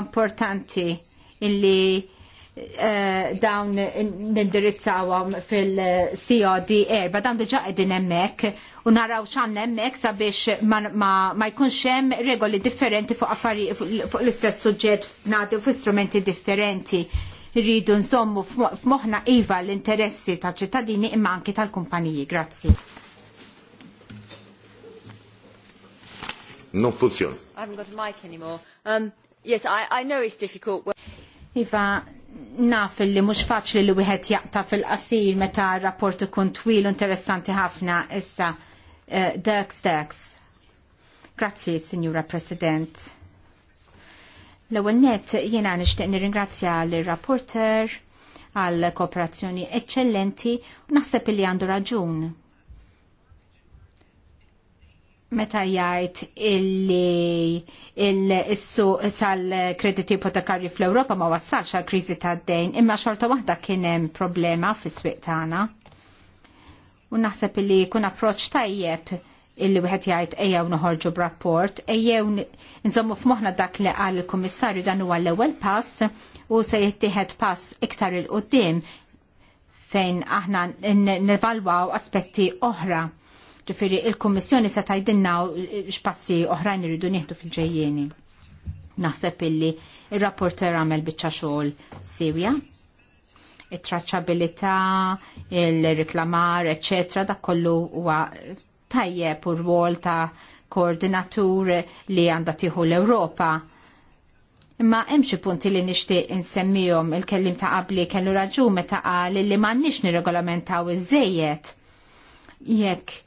importanti illi Eh, dawn nindirizzawam fil-COD erba dawn diġà qegħdin hemmhekk u naraw x'għandna hemmhekk sabiex ma jkunx hemm regoli differenti fuq affarijiet fuq l-istess suġġett f'nadi fuq strumenti differenti. Rridu nżommu f'moħħna iva l-interessi ta' ċittadini imma anki tal-kumpaniji. Grazzi. Non funzjon. I haven't got a mic anymore. Um, yes, I, I know it's difficult. Iva, naf li mhux faċli li wieħed jaqta fil-qasir meta r-rapport ikun twil interessanti ħafna issa uh, eh, Dirks Grazzi, Signora President. L-ewwel nett jiena nixtieq nirringrazzja l-rapporter għal kooperazzjoni eccellenti u naħseb li għandu raġun meta jgħid illi il-suq tal-krediti ipotekarju fl-Ewropa ma wassalx għal kriżi tad-dejn, imma xorta waħda kien hemm problema fis-swieq tagħna. U naħseb illi jkun approċċ tajjeb illi wieħed jgħid ejjew noħorġu b'rapport, ejjew nżommu f'moħħna dak li qal il-Kummissarju dan huwa l-ewwel pass u se jittieħed pass iktar il qudiem fejn aħna nevalwaw aspetti oħra Ġifiri, il-Kommissjoni se tajdinna eh, x'passi oħrajn irridu nieħdu fil-ġejjeni. Naħseb illi il-rapporter għamel biċċa xogħol sewja it-traċabilità, il-reklamar, eccetera, da kollu huwa tajjeb u rwol ta' koordinatur li għandha tieħu l-Ewropa. Imma hemm xi punti li nixtieq insemmihom il-kellim ta' qabli kellu raġun meta qal li m'għandniex nirregolamentaw iż-żejjed jekk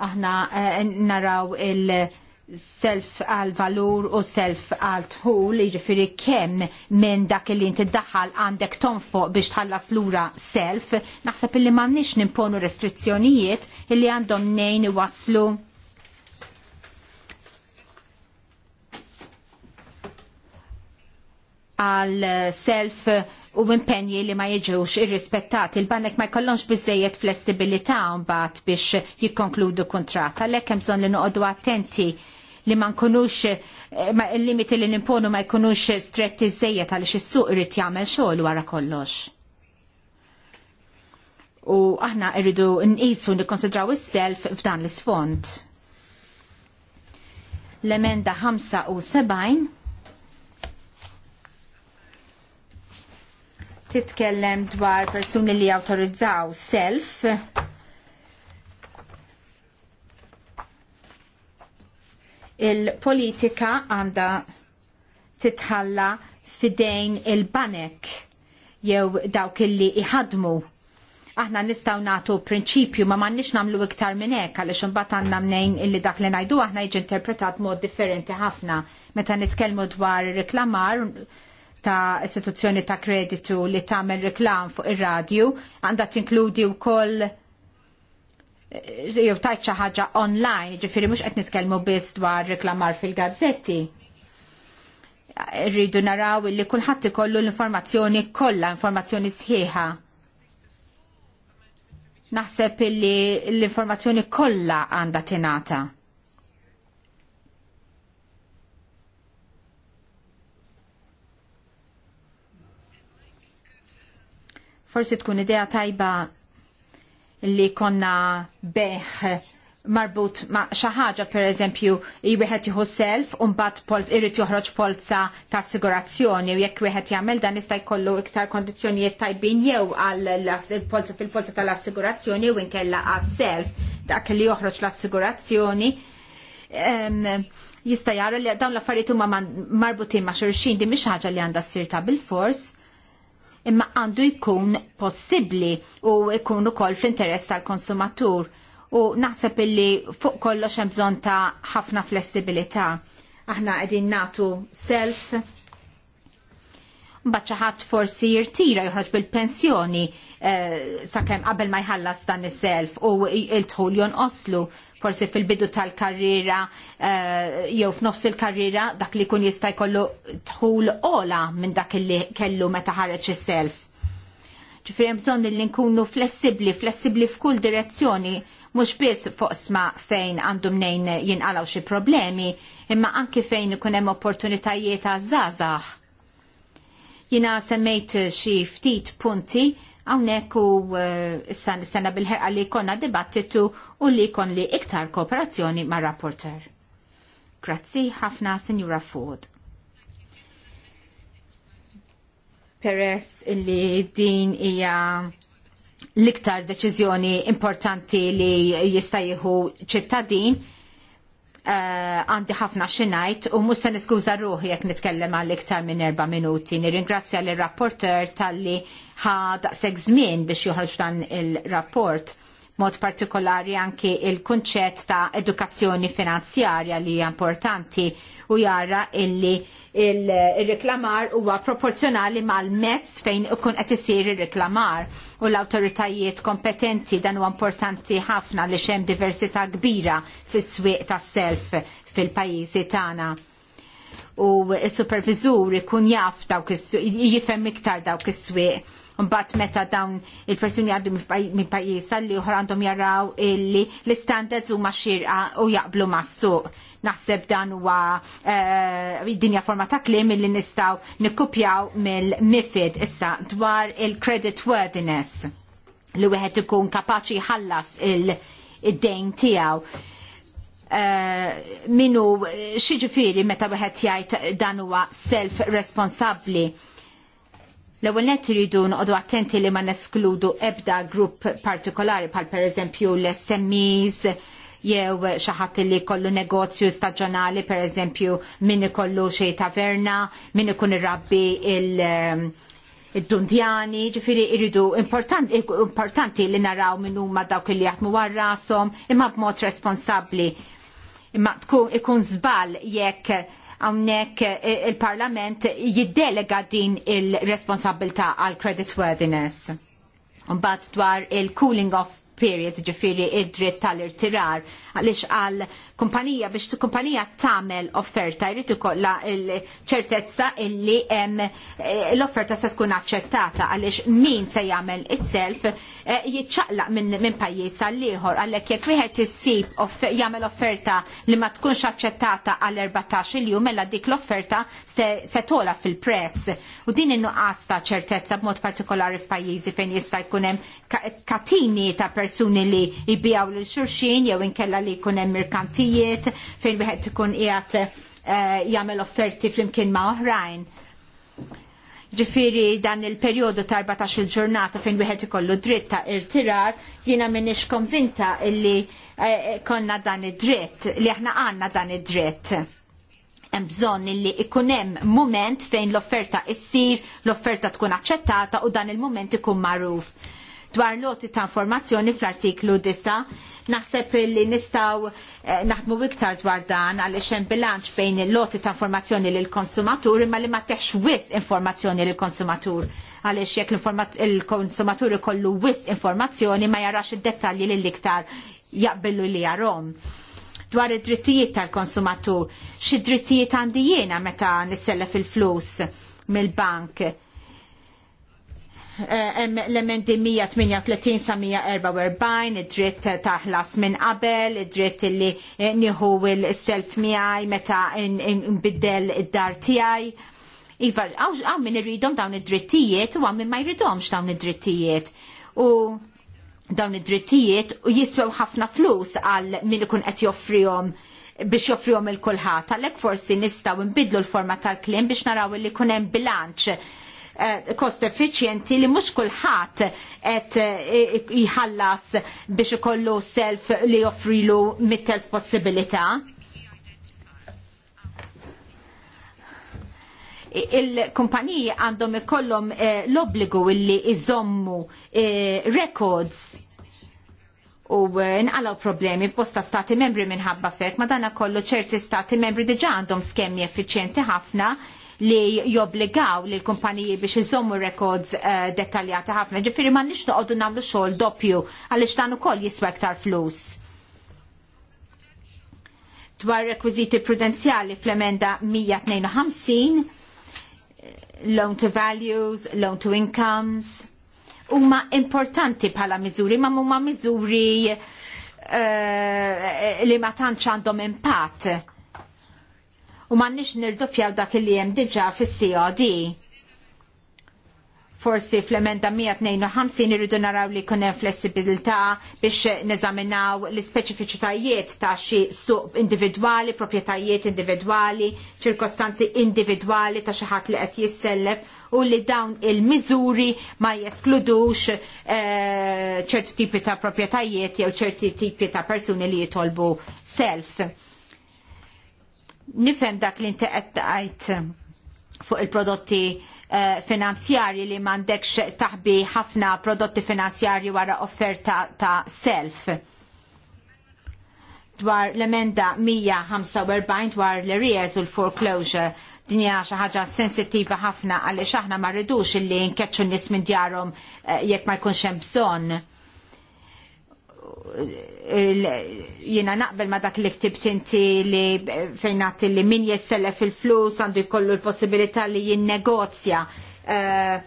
Aħna eh, naraw il- self għal valur u self għal tħul, jiġifieri kemm minn dak li inti daħal għandek tonfoq biex tħallas lura self, naħseb illi m'għandniex nimponu restrizzjonijiet illi għandhom nejn waslu. għal self u impenji li ma jiġux irrispettati. Il-banek ma jkollhomx biżejjed flessibilità mbagħad biex jikkonkludu kuntratt. Għalhekk hemm bżonn li noqogħdu attenti li ma nkunux eh, il-limiti li nimponu ma jkunux stretti żejjed għaliex is-suq irid jagħmel xogħol wara kollox. U aħna rridu nqisu nikkonsidraw is-self f'dan l-isfond. L-emenda 75 titkellem dwar persuni li autorizzaw self il-politika għanda titħalla fidejn il-banek jew dawk illi iħadmu. Aħna nistaw natu prinċipju ma mannix namlu iktar minn hekk għaliex imbagħad għandna mnejn illi dak li ngħidu aħna jiġi interpretat mod differenti ħafna meta nitkellmu dwar reklamar ta' istituzzjoni ta' kreditu li tagħmel reklam fuq ir-radju għandha tinkludi wkoll eh, jew tajt xi ħaġa online, ġifieri mhux qed nitkellmu biss dwar reklamar fil-gazzetti. Rridu naraw li kulħadd ikollu l-informazzjoni kollha, informazzjoni sħiħa. Naħseb li l-informazzjoni kollha għandha tingħata Forsi tkun idea tajba li konna beħ marbut ma' xaħġa per eżempju jibħet jieħu self u mbagħad irrit joħroġ polza ta' assigurazzjoni u jekk wieħed jagħmel dan jista' jkollu iktar kondizzjonijiet tajbin jew għal polza fil-polza tal-assigurazzjoni u inkella għas self dak li joħroġ l-assigurazzjoni jista' jara li dawn l-affarijiet huma marbutin ma' xurxin di mhix ħaġa li għandha ssir ta' bil-fors imma għandu jkun possibbli u jkun ukoll fl-interess tal-konsumatur u naħseb illi fuq kollox hemm bżonn ta' ħafna flessibilità. Aħna qegħdin natu self Mbagħad xi ħadd forsi jirtira joħroġ bil-pensjoni eh, sakemm qabel ma jħallas dan is-self u l tħul jonqoslu forsi fil-bidu tal-karriera eh, jew f'nofs il-karriera dak li kun jista' jkollu tħul ola minn dak li kellu meta ħareġ is-self. Ġifieri hemm bżonn li nkunu flessibbli, flessibbli f'kull direzzjoni mhux biss fuq sma fejn għandu mnejn jinqalaw xi problemi, imma anke fejn ikun hemm opportunitajiet għaż-żgħażagħ. Jina semmejt xi ftit punti Hawnhekk u eh, issa nistenna bil-ħerqa li jkollna dibattitu u li kon li iktar kooperazzjoni mar rapporter. Grazzi ħafna, Sinjura Ford. Peress illi din hija l-iktar deċiżjoni importanti li jista' jieħu ċittadin, Eh, għandi ħafna xinajt u mhux se niskuża ruħi jekk nitkellem għal iktar minn erba' minuti. Nirringrazzja lir rapporter talli ħad daqshekk żmien biex joħroġ dan il-rapport mod partikolari anki il-kunċett ta' edukazzjoni finanzjarja li hija importanti u jara illi il-reklamar huwa proporzjonali mal-mezz fejn ikun qed isir ir-reklamar u l awtoritajiet kompetenti dan huwa importanti ħafna li xem diversità kbira fis-swieq tas-self fil-pajjiżi tagħna u s superviżur ikun jaf dawk jifhem iktar dawk is-swieq Mbagħad meta dawn il-persuni għaddu minn pajjiż li oħra għandhom jaraw illi l-istandards huma xirqa u jaqblu mas-suq. Naħseb dan huwa eh, dinja forma ta' klim illi nistgħu nikkupjaw mill-MIFID issa dwar il-credit worthiness li wieħed ikun kapaċi jħallas il-dejn tiegħu. Uh, minu eh, xieġifiri meta wieħed jgħid dan huwa self responsabbli L-ewwel nett iridu noqogħdu attenti li ma neskludu ebda grupp partikolari bħal pereżempju l-SMEs jew xi ħadd li jkollu negozju staġjonali pereżempju min ikollu xi taverna, min ikun irrabbi il- ehm, id-dundjani, ġifiri irridu importanti, importanti li naraw minn huma dawk li jaħdmu wara rashom imma b'mod responsabbli. Imma tkun ikun żball jekk hawnhekk eh, eh, il-Parlament jiddelega din il-responsabilità għal credit worthiness. Mbagħad dwar il-cooling off period, ġifiri id-dritt tal-irtirar, għalix għal kumpanija biex kumpanija tamel offerta, jrid kolla ċertezza illi eh, l-offerta se tkun aċċettata għalix min se jagħmel is-self eh, jiċċaqlaq minn pajjiż liħor, għalek għalhekk jekk wieħed issib jagħmel offerta li ma tkunx aċċettata għal 14 il jum mela dik l-offerta se tola fil-prezz. U din innuqas ta' ċertezza b'mod partikolari f'pajjiżi fejn jista' jkun hemm katini ta' persi persuni li jibijaw lil xulxin jew inkella li jkun hemm merkantijiet fejn wieħed ikun qiegħed eh, jagħmel offerti flimkien ma' oħrajn ġifiri dan il-periodu ta' 14 il-ġurnata fejn wieħed ikollu dritt ta' irtirar, jiena minix konvinta illi eh, konna dan id-dritt, li aħna għanna dan id-dritt. Hemm bżonn illi ikun hemm mument fejn l-offerta issir, l-offerta tkun aċċettata u dan il mument ikun magħruf dwar loti ta' informazzjoni fl-artiklu 9. Naħseb li nistaw eh, naħdmu iktar dwar dan għaliex hemm bilanċ bejn il-loti ta' informazzjoni l konsumatur imma li ma teħx wis informazzjoni l konsumatur għaliex jekk il-konsumatur ikollu wis informazzjoni ma jarax id-dettalji li l-iktar jaqbillu li jarom dwar id-drittijiet tal-konsumatur, xi drittijiet għandi jiena meta nissellef il-flus mill-bank Eh, l-emendi 138 sa 144, id-dritt taħlas minn qabel, id-dritt li eh, nieħu il-self miegħi meta nbiddel id-dar tiegħi. Iva, għaw minn irridom dawn id-drittijiet u għaw minn ma jridhomx dawn id-drittijiet. U dawn id-drittijiet jiswew ħafna flus għal minn ikun qed joffrihom biex joffrihom il kulħat għalhekk forsi nistgħu nbidlu l-forma tal-klim biex naraw li jkun hemm bilanċ kost eh, effiċjenti li mhux kulħadd qed eh, jħallas biex ikollu self li joffrilu mit-telf possibilità. il-kumpaniji għandhom ikollhom eh, l-obbligu illi iżommu records u nqalgħu nqalaw problemi f'bosta stati membri minħabba fek, ma dana kollu ċerti stati membri diġa għandhom skemmi effiċjenti ħafna li jobligaw li l-kumpaniji biex iżommu records uh, eh, dettaljati ħafna. Ġifiri ma nix noqogħdu nagħmlu xogħol doppju għaliex dan ukoll jiswa iktar flus. Dwar rekwiżiti prudenzjali fl-emenda 152 loan to values, loan to incomes, huma importanti bħala miżuri, ma huma miżuri uh, li ma tantx għandhom impatt u m'għandniex nirdupjaw dak li hemm diġà fis-COD. Forsi fl-emenda 152 irridu naraw li jkun hemm flessibilità biex neżaminaw l-ispeċifiċitajiet ta' xi suq individwali, proprjetajiet individwali, ċirkostanzi individwali ta' xi ħadd li qed jissellef u li dawn il-miżuri ma jeskludux eh, ċerti tipi ta' proprjetajiet jew ċerti tipi ta' persuni li jitolbu self nifhem dak li inti qed tgħid fuq il-prodotti eh, finanzjarji li m'għandekx taħbi ħafna prodotti finanzjarji wara offerta ta' self dwar l-emenda 145 dwar l rijez u l-foreclosure dinja xi ħaġa sensittiva ħafna għaliex aħna ma rridux illi nkeċċu n-nies minn djarhom eh, jekk ma jkunx hemm bżonn jiena naqbel ma dak li ktib inti li fejn nagħti li min jessellef il-flus għandu jkollu l-possibilità li jinnegozja eh,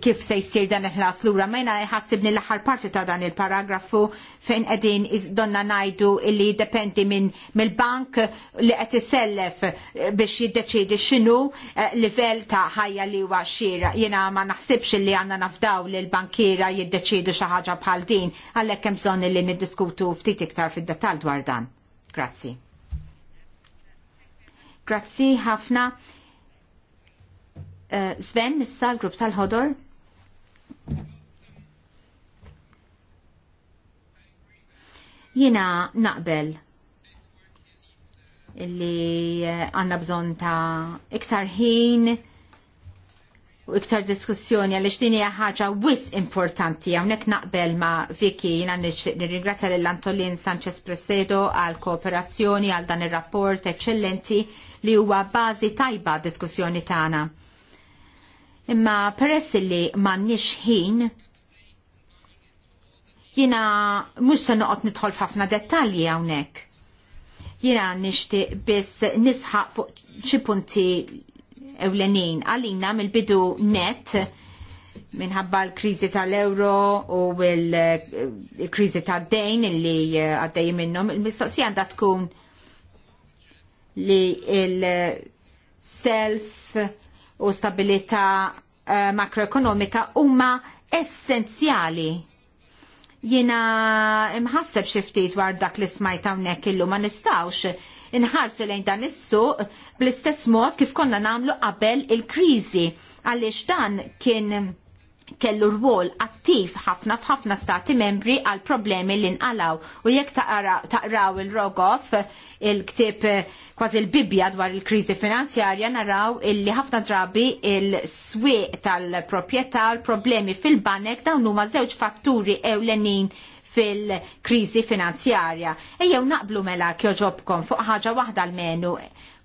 kif se jsir dan il-ħlas lura. Mejna ħassibni l-aħħar parti ta' dan il-paragrafu fejn qegħdin donna ngħidu illi dependi minn mill-bank li qed isellef eh, biex jiddeċiedi x'inhu eh, livell ta' ħajja li huwa xira. Jiena ma naħsibx li għandna nafdaw li l-bankiera jiddeċidi xi ħaġa bħal din għalhekk hemm bżonn li niddiskutu ftit iktar fid-dettall dwar dan. Grazzi. Grazzi ħafna Eh, Sven, nissa l-grupp tal-ħodor. Jina naqbel illi eh, għanna bżon ta' iktar ħin u iktar diskussjoni għal xtini ħaġa wis importanti għawnek naqbel ma' Viki jina nirringrazzja l-Antolin Sanchez Presedo għal kooperazzjoni għal dan il-rapport eccellenti li huwa bazi tajba diskussjoni tagħna. Imma peress li m'għandniex ħin jiena mhux se noqgħod nidħol f'ħafna dettalji hawnhekk. Jiena nixtieq biss nisħaq fuq xi punti ewlenin għalina mill-bidu net minħabba l-krizi tal-euro u l-krizi tad-dejn li eh, għaddej minnhom, il-mistoqsija għandha tkun li il-self u stabilità eh, makroekonomika huma essenzjali. Jiena imħasseb xi ftit dwar dak li smajt hawnhekk illum ma nistgħux inħarsu lejn dan is-suq bl-istess mod kif konna nagħmlu qabel il-kriżi għaliex dan kien kellu rwol attiv ħafna f'ħafna stati membri għal problemi li nqalaw. U jekk taqraw il-Rogoff, il-ktib eh, kważi il-bibja dwar il-kriżi finanzjarja, naraw illi ħafna drabi il-swieq tal-proprjetà, l-problemi fil-banek dawn huma żewġ fatturi ewlenin fil-kriżi finanzjarja. Ejjew naqblu mela kjoġobkom fuq ħaġa waħda l-menu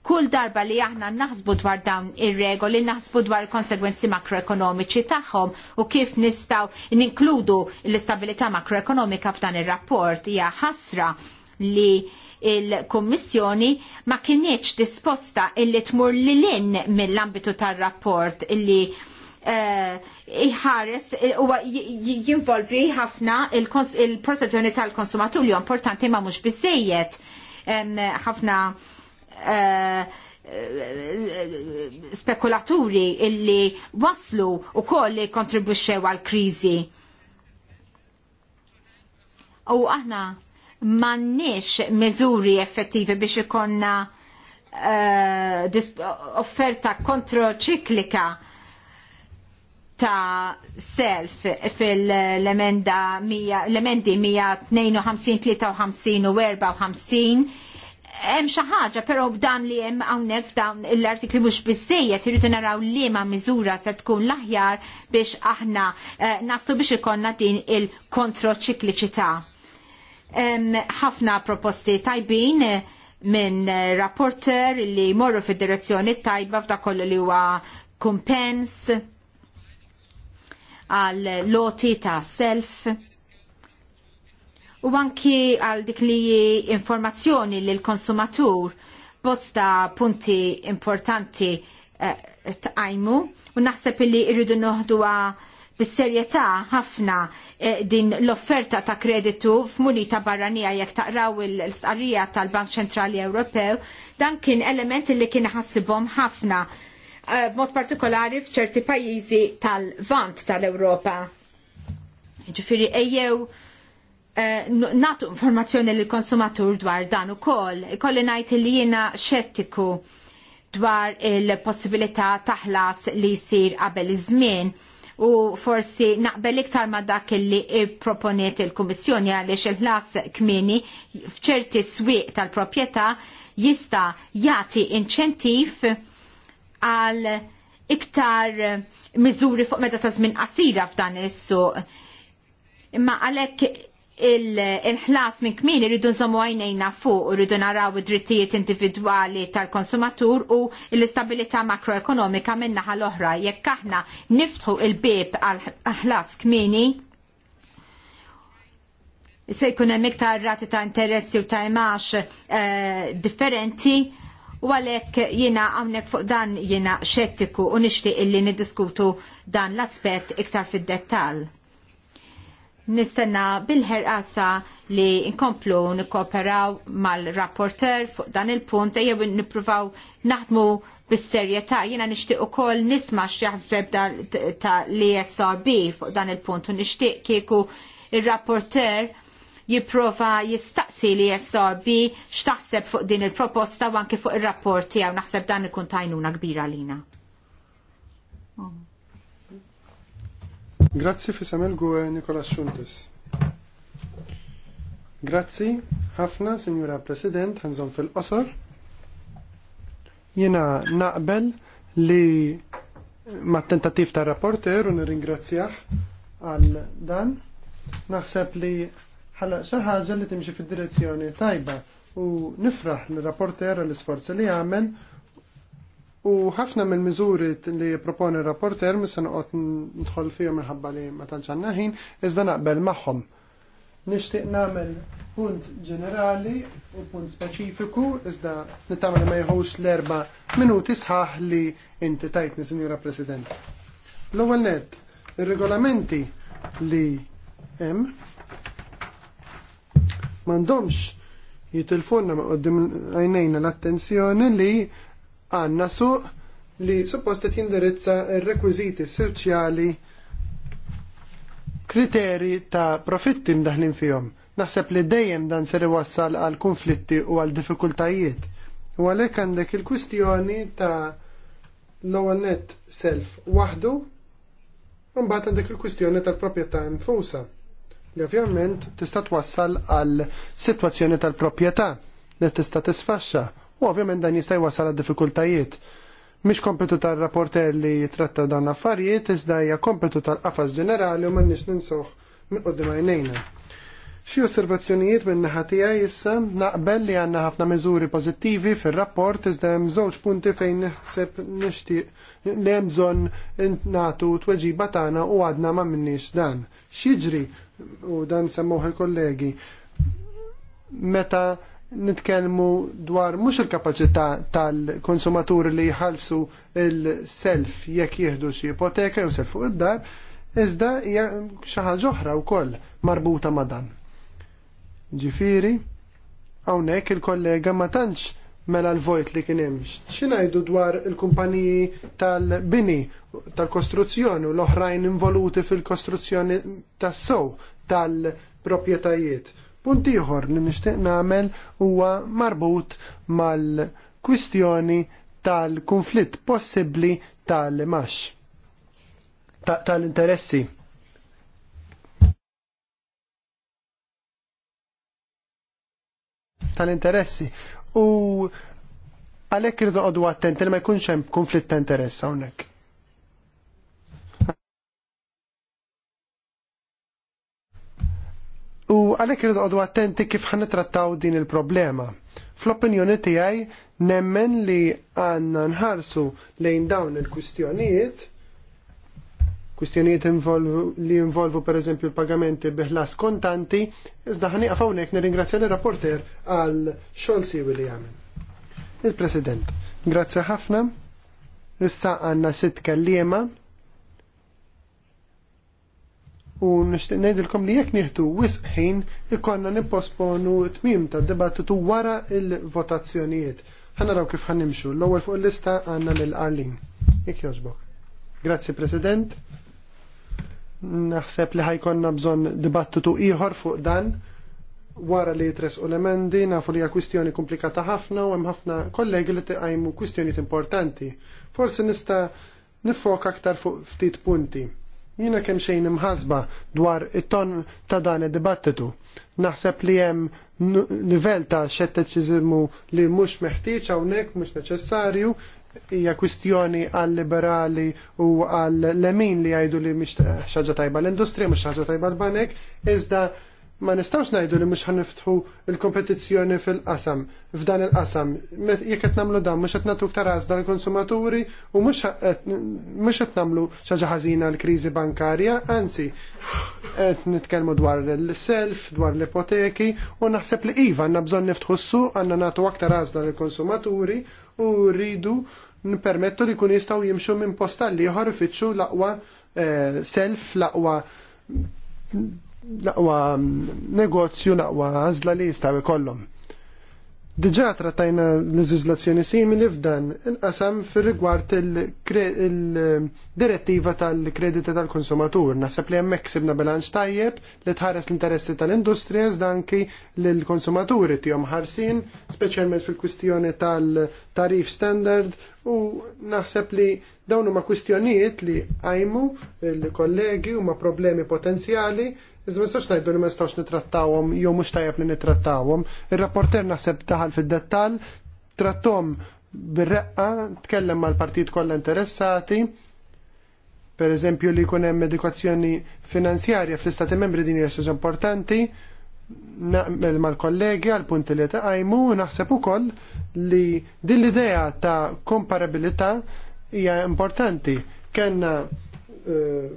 Kull darba li aħna naħsbu dwar dawn ir-regoli, naħsbu dwar konsegwenzi makroekonomiċi tagħhom u kif nistgħu ninkludu l-istabilità makroekonomika f'dan ir-rapport hija ħasra li il-Kommissjoni ma kienieċ disposta illi tmur li in mill-ambitu tar-rapport illi eh, iħares eh, u jinvolvi ħafna il-protezzjoni tal-konsumatur li importanti ma mhux biżejjed ħafna um, Eh, spekulaturi illi waslu u koll li kontribuxxew għal kriżi U aħna mannix mezuri effettivi biex ikonna uh, offerta kontroċiklika ta' self fil-emendi 152, 53 u 54 hemm xi ħaġa però b'dan li hemm hawnhekk f'dawn l-artikli mhux bissejjed iridu naraw liema miżura se tkun l-aħjar biex aħna eh, naslu biex ikonna din il-kontroċikliċità. Ħafna proposti tajbin eh, minn rapporter li morru fid-direzzjoni tajba f'da kollu li huwa kumpens għal loti ta' self u anki għal dik li informazzjoni l konsumatur bosta punti importanti eh, tqajmu u naħseb li irridu noħduha bis-serjetà ħafna eh, din l-offerta ta' kreditu f'munita barranija jekk taqraw il-sqarrija tal-Bank Ċentrali Ewropew, dan kien element li kien ħassibhom ħafna eh, mod partikolari f'ċerti pajjiżi tal-vant tal-Ewropa. Ġifieri ejjew Eh, natu informazzjoni lill konsumatur dwar dan ukoll. Ikolli ngħid li jiena xettiku dwar il-possibilità taħlas li jsir qabel iż-żmien u forsi naqbel iktar ma dak li proponiet il-Kummissjoni għaliex il-ħlas kmieni fċerti swieq tal-proprjetà jista' jagħti inċentiv għal iktar miżuri fuq meta ta' żmien qasira f'dan is-suq. Imma għalhekk il-ħlas minn kmin irridu nżommu għajnejna fuq, irridu naraw id-drittijiet individwali tal-konsumatur u l-istabilità makroekonomika min-naħa l-oħra. Jekk aħna niftħu il-bib għal-ħlas kmini, se jkun hemm iktar rati ta' interessi u ta' imax eh, differenti u għalhekk jiena hawnhekk fuq dan jiena xettiku u nixtieq illi niddiskutu dan l-aspett iktar fid-dettall nistenna bil-ħerqasa li nkomplu nikoperaw mal-rapporter fuq dan il-punt jew nippruvaw naħdmu bis-serjetà jiena nixtieq ukoll nisma' x'jaħsbeb ta' l-ESRB fuq dan il-punt u nixtieq kieku ir-rapporter jipprova jistaqsi li SRB x'taħseb fuq din il-proposta u anke fuq ir-rapport tiegħu naħseb dan ikun tajnuna kbira lina. Oh. Grazzi fisem il-gwe Nikolas Xuntis. Grazzi, ħafna, Signora President, ħanżon fil-qosor. Jena naqbel li ma' tentativ ta' rapporter u nirringrazzjah għal dan. Naħseb li ħalla xaħġa li timxi fid-direzzjoni tajba u nifraħ l-rapporter għal isforzi li għamel U ħafna mill-miżuri li proponi rapporter mis noqgħod ndħol fihom minħabba li ma tanċanna ħin iżda naqbel magħhom. Nixtieq nagħmel punt ġenerali u punt speċifiku iżda nittama li ma jħux l-erba' minuti sħaħ li inti tajtni, Sinjura President. L-ewwel nett, ir-regolamenti li hemm m'għandhomx ma' qudiem għajnejna l-attenzjoni li għanna suq li suppost qed jindirizza r-rekwiżiti soċjali kriteri ta' profitti mdaħlin fihom. Naħseb li dejjem dan ser iwassal għal konflitti u għal diffikultajiet. U għalhekk għandek il-kwistjoni ta' l-ewwel net self waħdu, u mbagħad għandek il-kwistjoni tal-proprjetà infusa li ovvjament tista' twassal għal sitwazzjoni tal-proprjetà li tista' tisfaxxa U ovvjament dan jista' jwasal diffikultajiet. Mhix kompetu tar-rapporter li jitratta dan l-affarijiet, iżda hija kompetu tal-qafas ġenerali u m'għandniex ninsuh minn qudiem għajnejna. Xi osservazzjonijiet minn naħa tiegħi issa naqbel li għandna ħafna miżuri pożittivi fir-rapport iżda hemm żewġ punti fejn neħseb nixtieq li hemm bżonn nagħtu tweġiba tagħna u għadna ma minniex dan. X'jiġri u dan semmuh il-kollegi meta nitkellmu dwar mhux il-kapaċità tal-konsumaturi li jħallsu il-self jekk jieħdu xi ipoteka jew self id-dar, iżda hija xi ħaġa oħra wkoll marbuta ma' dan. Ġifieri, hawnhekk il-kollega ma tantx mela l-vojt li kien hemm. ngħidu dwar il-kumpaniji tal-bini, tal-kostruzzjoni u l-oħrajn involuti fil-kostruzzjoni tas-sow tal-proprjetajiet. Punt ieħor li nixtieq nagħmel huwa marbut mal-kwistjoni tal-konflitt possibbli tal mash tal-interessi. tal-interessi. U għalhekk rridu għadu attenti li ma jkunx hemm konflitt ta' interess hawnhekk. U għalhekk irid għodu attenti kif ħanitrattaw din il-problema. Fl-opinjoni tiegħi nemmen li għandna nħarsu lejn dawn il-kwistjonijiet kustjonijiet li involvu per eżempju pagamenti biħlas kontanti, iżda ħani għafawnek nirringrazzja ingrazzja l-rapporter għal xol siwi li għamil. Il-President, grazzi ħafna, issa għanna sitt kelliema u nishtiq ngħidilkom li jekk nieħdu wisq ħin ikollna nipposponu t-tmiem tad-dibattitu wara il-votazzjonijiet. raw kif ħanimxu. L-ewwel fuq il-lista għandna lil Arlin. Jekk jogħġbok. Grazzi President. Naħseb li ħajkonna bżonn dibattitu ieħor fuq dan wara li jitres u l-emendi, nafu li hija kwistjoni komplikata ħafna u hemm ħafna kollegi li tiqajmu kwistjonijiet importanti. Forsi nista' nifok aktar fuq ftit punti. Jina kemm xejn imħasba dwar it-ton ta' dan id-dibattitu. Naħseb li hemm livell ta' xetteċiżmu li mhux meħtieġ hawnhekk mhux neċessarju hija kwistjoni għal liberali u għal lemin li jgħidu li mhix xaġa tajba l-industrija, mhux ħaġa tajba l-banek, iżda ma nistawx najdu li mux ħanniftħu il-kompetizjoni fil-qasam, f'dan il-qasam. Jek qed namlu dan, mux qed natu ktar għażda l-konsumaturi u mux qed namlu xaġa ħażina l-kriżi bankarja, anzi qed nitkellmu dwar l-self, dwar l-ipoteki u naħseb li iva għandna bżonn niftħu s-suq, għandna natu aktar għażda l-konsumaturi u rridu nipermettu li kun jistgħu jimxu minn postalli li ifittxu l-aqwa eh, self, l-aqwa laqwa mm, negozju, laqwa għażla li jistgħu kollom. Diġà trattajna leżiżlazzjoni simili f'dan inqasam fir-rigward il-direttiva tal-krediti tal-konsumatur. Naħseb li hemmhekk sibna bilanċ tajjeb li tħares l-interessi tal-industrija zdanki l lill-konsumaturi tijom ħarsin, speċjalment fil-kwistjoni tal-tarif standard u naħseb li dawn huma kwistjonijiet li għajmu l-kollegi huma problemi potenzjali Iżda ma nistax ngħidu li ma nistgħux nitrattawhom jew mhux tajjeb li nittrattawhom. Ir-rapporter naħseb daħal fid-dettall, trattom bir-reqqa, tkellem mal-partit kollha interessati, per eżempju li jkun hemm edukazzjoni finanzjarja fl-istati membri din hija importanti, naqmel mal-kollegi għal punti li taqajmu, naħseb ukoll li din l-idea ta' komparabilità hija importanti. Kenna uh,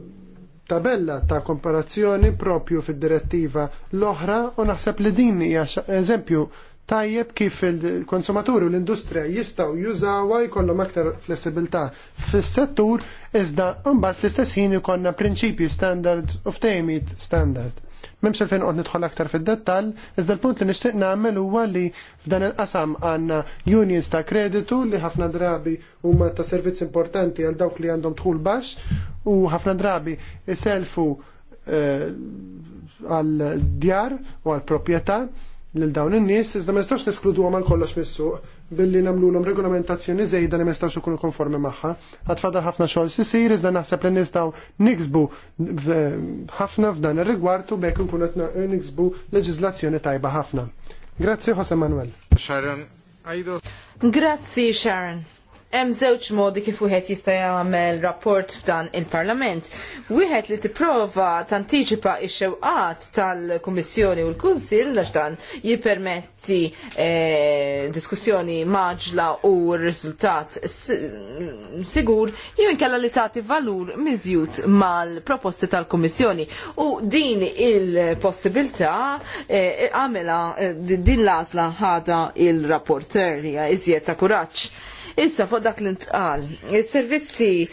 tabella ta' komparazzjoni propju fid-direttiva l-oħra u naħseb li din hija eżempju tajjeb kif il-konsumaturi u l-industrija jistaw jużawa jkollhom aktar flessibilità fis-settur iżda mbagħad fl-istess ħin ikollna prinċipji standard u ftehimiet standard. Memx il-fejn għod nidħol aktar fid-dettall, iżda l-punt li nixtieq nagħmel huwa li f'dan il-qasam għandna unions ta' kreditu li ħafna drabi huma ta' servizz importanti għal dawk li għandhom tħul baxx u ħafna drabi iselfu eh, għal djar u għal proprjetà lil dawn in-nies, iżda ma nistax niskludu għal kollox mis-suq billi namlulhom regolamentazzjoni żejda li ma xukun konformi magħha. Għatfadar ħafna xogħol sisir iżda naħseb li nistaw niksbu ħafna f'dan il-rigwartu bekk niksbu leġiżlazzjoni tajba ħafna. Grazzi Jose Manuel. Sharon, Grazzi Sharon. Hemm żewġ modi kif wieħed jista' jagħmel rapport f'dan il-Parlament. Wieħed li tipprova tantiċipa x-xewqat tal-Kummissjoni u l-Kunsill għax dan jippermetti eh, diskussjoni maġla u r-riżultat sigur jew inkella li tagħti valur miżjud mal-proposti tal-Kummissjoni. U din il-possibilità eh, għamela eh, din l-għażla ħada il-rapporter li iżjed ta' kuraġġ. Issa fuq dak l-intqal, il servizzi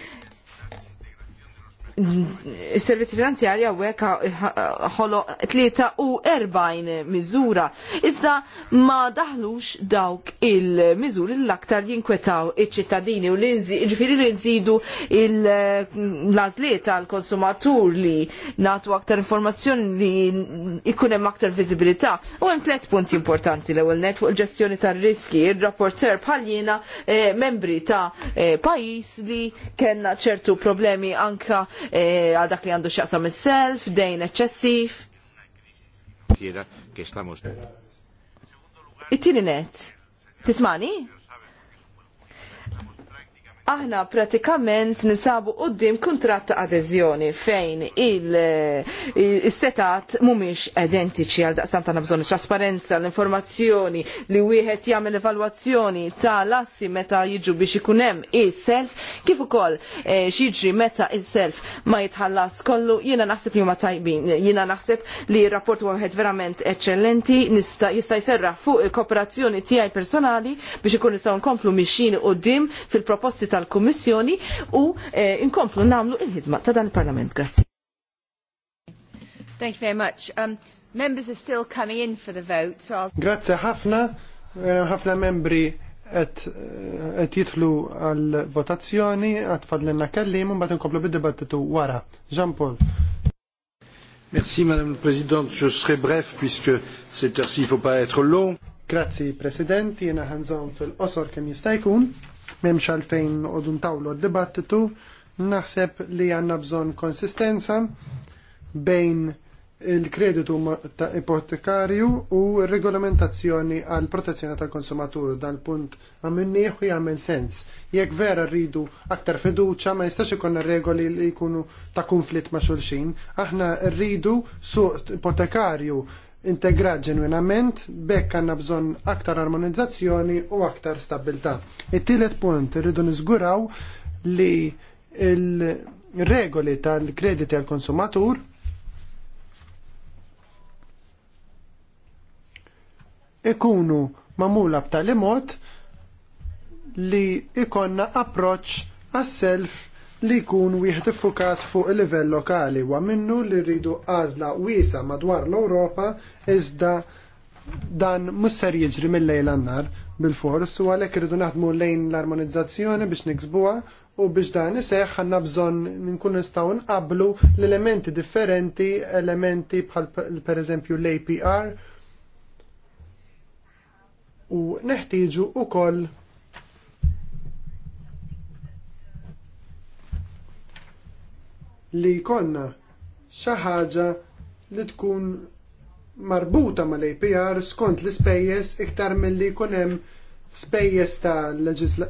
Is-servizzi finanzjarja wek ħolo 43 miżura. Iżda ma daħlux dawk il-miżuri l-aktar jinkwetaw iċ-ċittadini u ġifiri li nżidu l-għażliet għall konsumatur li nagħtu aktar informazzjoni li ikun hemm aktar vizibilità. U hemm tliet punti importanti l-ewwel net il-ġestjoni tar-riski. Ir-rapporter bħal jiena eh, membri ta' eh, pajjiż li kellna ċertu problemi anka Eh, għal dak li għandu x'jaqsam is-self, dejn eċċessiv. it tini net. Tismani? aħna pratikament ninsabu qoddim kuntratt ta' adeżjoni fejn il-setat il mumiex identiċi għal daqsam ta' bżonn trasparenza, l-informazzjoni li wieħed jagħmel evalwazzjoni ta' lassi meta jiġu biex ikun hemm is-self kif ukoll e, eh, jiġri meta is-self ma jitħallas kollu jiena naħseb li huma tajbin, jiena naħseb li r-rapport huwa wieħed verament eċċellenti nista' jista' jserraħ fuq il-kooperazzjoni tiegħi personali biex ikun nistgħu nkomplu mixin qudiem fil-proposti tal kommissjoni u eh, inkomplu namlu il-ħidma ta' dan il-Parlament. Grazie. Thank you very much. Um, members are still coming in for the vote. So I'll... Grazie ħafna. Eh, ħafna membri qed eh, jitlu għal votazzjoni għad fadlenna kellim u mbagħad inkomplu bid-dibattitu wara. Jean Paul. Merci Madame la Présidente, je serai bref puisque cette heure-ci il ne faut pas être long. Grazie Presidente, jena ħanżon fil-qosor kemm jista' jkun memx għalfejn għodun tawlu d-dibattitu, naħseb li għanna bżon konsistenza bejn il-kreditu ipotekarju u regolamentazzjoni għal protezzjoni tal-konsumatur dan punt għamminniħ u jgħamil sens. Jekk vera rridu aktar fiduċa ma jistax ikonna regoli li jkunu ta' konflitt ma' xulxin, aħna rridu suq ipotekarju integrat ġenwinament, bekk għanna bżon aktar armonizzazzjoni u aktar stabilta. It-tielet punt, rridu nizguraw li il-regoli tal-krediti għal konsumatur ikunu mamula b'tali mod li ikonna approċ għas-self li jkun wieħed iffukat fuq il-livell lokali wa minnu li rridu għażla wiesa madwar l-Ewropa iżda dan musser jiġri mill-lejl għannar bil-fors u għalhekk irridu naħdmu lejn l-armonizzazzjoni biex niksbuha u biex dan iseħħ għandna bżonn nkunu nistgħu nqablu l-elementi differenti, elementi bħal pereżempju l-APR u neħtieġu wkoll. li jkollna xi ħaġa li tkun marbuta mal-APR skont l-ispejjeż iktar milli jkun hemm spejjeż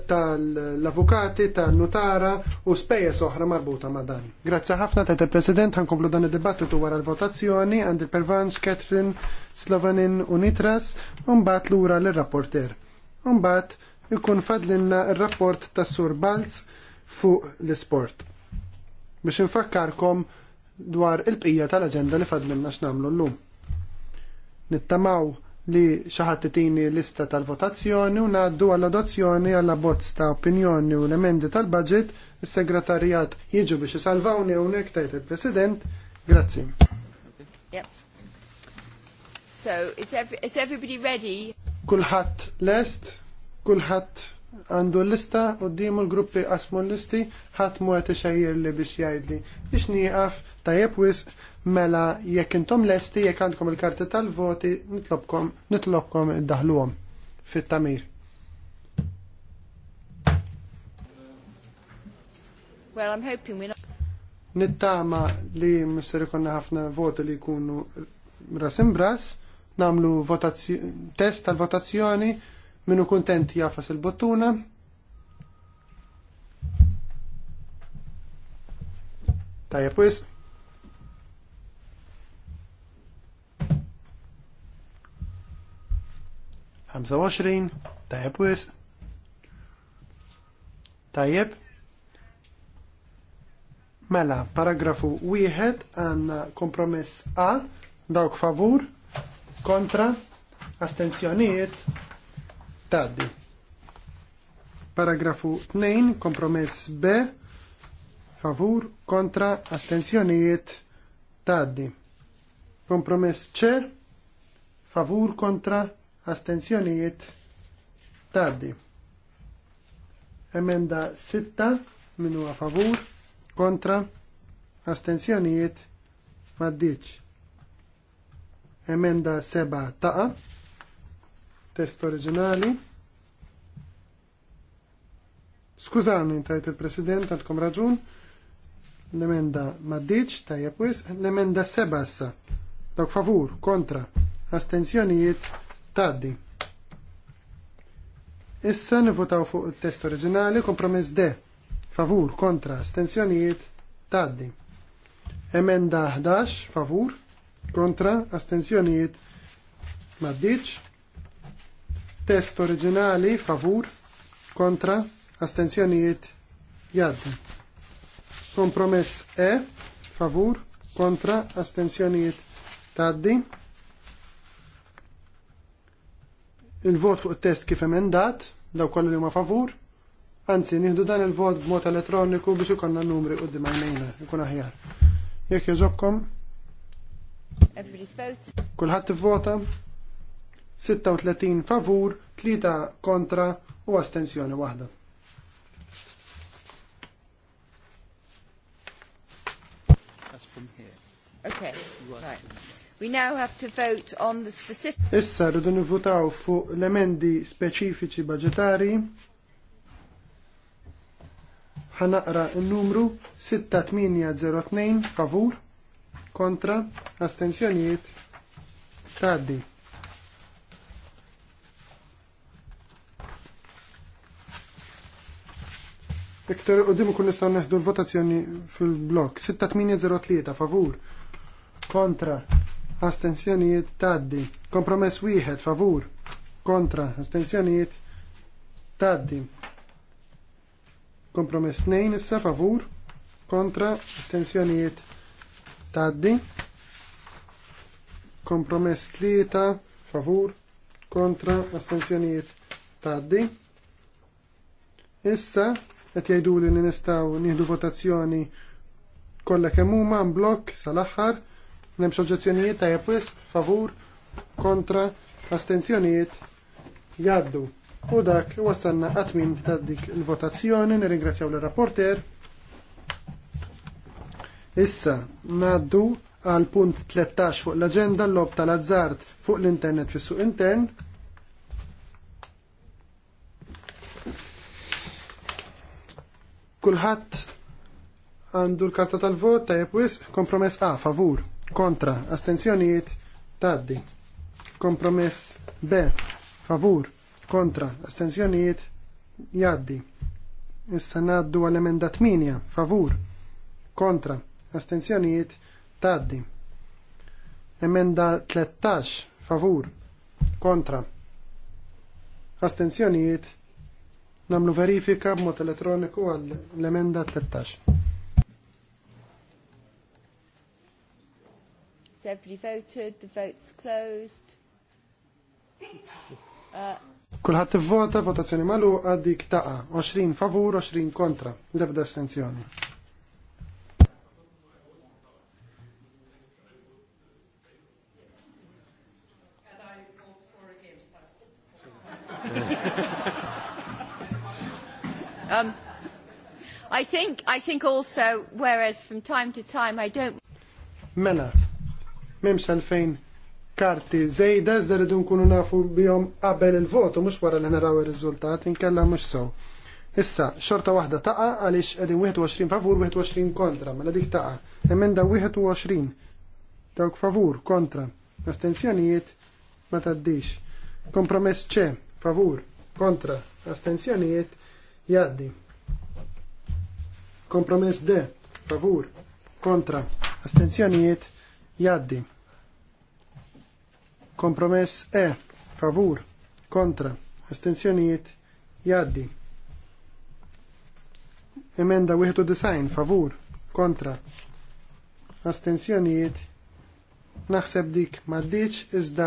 tal-avukati, tal-notara u spejjeż oħra marbuta ma' dan. Grazzi ħafna tajt president ħankomplu dan id-dibattitu wara l-votazzjoni għand il pervanċ Catherine, Slovenin u Nitras u mbagħad lura lir-rapporter. U mbagħad ikun fadlinna r rapport tas-Sur Balz fuq l-isport biex infakkarkom dwar il-bqija tal-aġenda li fadlinna x'namlu llum. Nittamaw li xaħat titini lista tal-votazzjoni u ngħaddu għall-adozzjoni għall bozz ta' opinjoni u l-emendi tal-budget, is-segretarjat jiġu biex isalvawni hawnhekk tgħid il-President. Grazzi. So, is, everybody ready? Kulħadd lest, kulħadd għandu l-lista u d-dimu l-gruppi qasmu l-listi ħat għet xajir li biex jajdli. Biex nieqaf tajjeb wisq mela jekk intom lesti jekk għandkom il-karti tal-voti nitlobkom nitlobkom id-daħluhom fit-tamir. Well, I'm hoping we're not... Nittama li misser Konna ħafna voti li jkunu ras imbras, namlu test tal-votazzjoni, Minu kontent jafas il-bottuna. Tajja pwis. Hamza washrin. Tajja pwis. Tajja Mela, paragrafu wieħed għanna kompromess A, dawk favur, kontra, astensjonijiet, Taddi. Paragrafu 2, kompromess B, favur, kontra, astensjonijiet, taddi. Kompromess C, favur, kontra, astensjonijiet, taddi. Emenda 6, minu a favur, kontra, astensjonijiet, maddiċ. Emenda 7, taqa test oriġinali. Skużani, tajt il-President, għalkom raġun, l-emenda maddiċ, tajja wis, l-emenda sebassa. issa. Dawk favur, kontra, astenzjonijiet, taddi. Issa nivotaw fuq il-test oriġinali, kompromess D. Favur, kontra, astenzjonijiet, taddi. Emenda 11, favur, kontra, astenzjonijiet, maddiċ. Test oriġinali favur kontra astenzjonijiet jad. Kompromess E favur kontra astenzjonijiet taddi. Il-vot fuq test kif emendat, daw kollu li ma favur, anzi nieħdu dan il-vot b'mod elettroniku biex ikonna numri u dimajnejna, ikun aħjar. Jekk jogħġobkom? Kulħadd ivvota? 36 favur, 3 kontra u astensjoni wahda. Okay, right. We now have to vote on the specific... Issa rridu nivvutaw fu l-emendi speċifiċi budgetari. Ħanaqra n-numru 6802 favur kontra astensjonijiet taddi. Iktar u kun nistaw neħdu l-votazzjoni fil-blok. 6803 favur. Kontra. Astensjonijiet taddi. Kompromess wieħed favur. Kontra. Astensjonijiet taddi. Kompromess 2 issa favur. Kontra. Astensjonijiet taddi. Kompromess 3 favur. Kontra. Astensjonijiet taddi. Issa qed jgħiduli li nistgħu nieħdu votazzjoni kollha kemm huma mblokk sal-aħħar m'hemmx oġġezzjonijiet tajjeb wis favur kontra astenzjonijiet jgħaddu. U dak wasanna għatmin ta' dik il-votazzjoni, nirringrazzjaw l-rapporter. Issa, naddu għal punt 13 fuq l-agenda l-lob tal-azzard fuq l-internet fis-suq intern. Kulħadd għandu l-karta tal-vot ta' jepwis kompromess A favur kontra astensjonijiet taddi. Kompromess B favur kontra astensjonijiet jaddi. Issa naddu għal-emenda 8 favur kontra astensjonijiet taddi. Emenda 13 favur kontra astensjonijiet taddi Namlu verifika b-mod elektroniku għal l-emenda 13. Everybody voted, the vote's closed. Uh, t-vota, votazzjoni malu għaddi ktaqa. 20 favur, 20 kontra, Lebda l-ebda astenzjoni. <laughs> Um, I think, I think also, whereas from time to time I don't... Mela, memx fejn karti zejda zda idun kunu nafu bihom qabel il-votu, mux wara li naraw il-rizultat, inkella mux so. Issa, xorta wahda taqa għalix edin 21 favur, 21 kontra, mela dik taqa. Emenda 21, dawk favur, kontra. Astenzjonijiet, ma taddix. Kompromess ċe, favur, kontra. Astenzjonijiet, Jaddi. Kompromess D. Favur. Kontra. Astenzjonijiet. Jaddi. Kompromess E. Favur. Kontra. Astenzjonijiet. Jaddi. Emenda 91. Favur. Kontra. Astenzjonijiet. Naħseb dik maddiċ iżda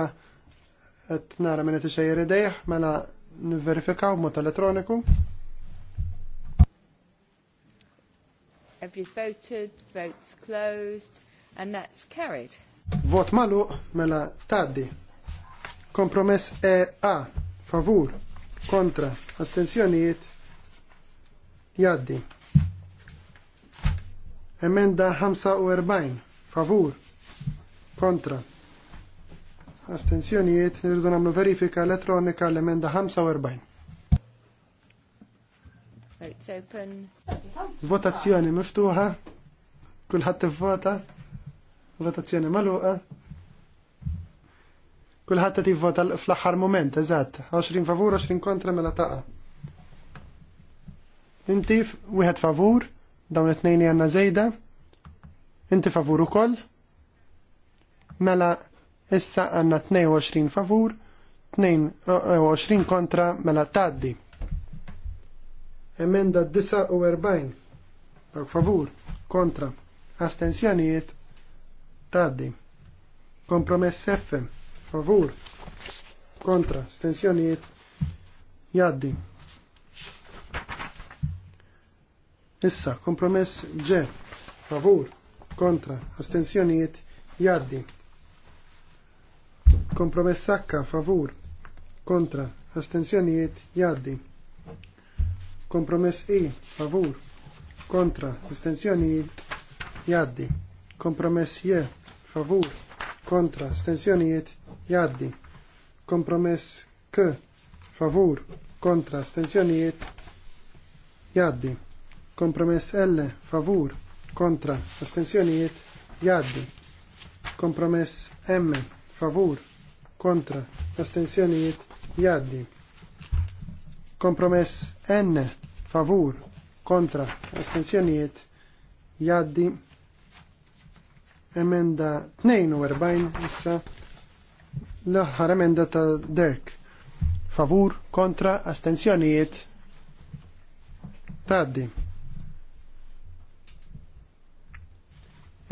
qed nara minn qed idejh mela nivverifikaw mod elettroniku. Everybody's voted, votes closed, and that's carried. Vot malu mela taddi. Kompromess e A. Favur. Kontra. Astenzjonijiet. Jaddi. Emenda 45. Favur. Kontra. Astenzjonijiet. Nirridu namlu verifika elettronika l-emenda 45. Vote's open. Votazzjoni miftuħa. Kulħadd ivvota. Votazzjoni magħluqa. Kulħadd qed jivvota fl-aħħar mument, eżatt. 20 favur, 20 kontra mela taqa. Inti wieħed favur, dawn it-tnejn għandna żejda. Inti favur ukoll. Mela issa għandna 22 favur, 22 kontra mela tgħaddi. Emenda 49. Dawk favur. Kontra. Astensjonijiet. Taddi. Kompromess F. Favur. Kontra. Astensjonijiet. Jaddi. Issa, kompromess G. Favur. Kontra. Astensjonijiet. Jaddi. Kompromess H. Favur. Kontra. Astensjonijiet. Jaddi. Kompromess I, favur, kontra, astensjonijiet, jaddi. Kompromess J, favur, kontra, astensjonijiet, jaddi. Kompromess K, favur, kontra, astensjonijiet, jaddi. Kompromess L, favur, kontra, astensjonijiet, jaddi. Kompromess M, favur, kontra, astensjonijiet, jaddi. Kompromess N favur kontra astensjonijiet jaddi emenda 42 issa l-aħħar emenda ta' Derk favur kontra astensjonijiet taddi.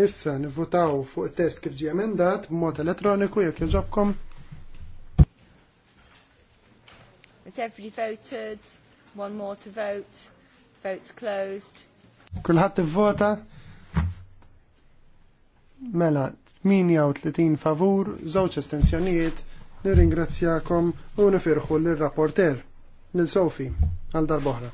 Issa nivvotaw fuq test kif ġie emendat b'mod elettroniku jekk jogħġobkom. Has everybody voted? One more to vote. Votes closed. Kulħadd vota Mela, 38 favur, żewġ estensjonijiet, nir-ingrazzjakom u nifirħu l-rapporter, l-Sofi, għal darboħra.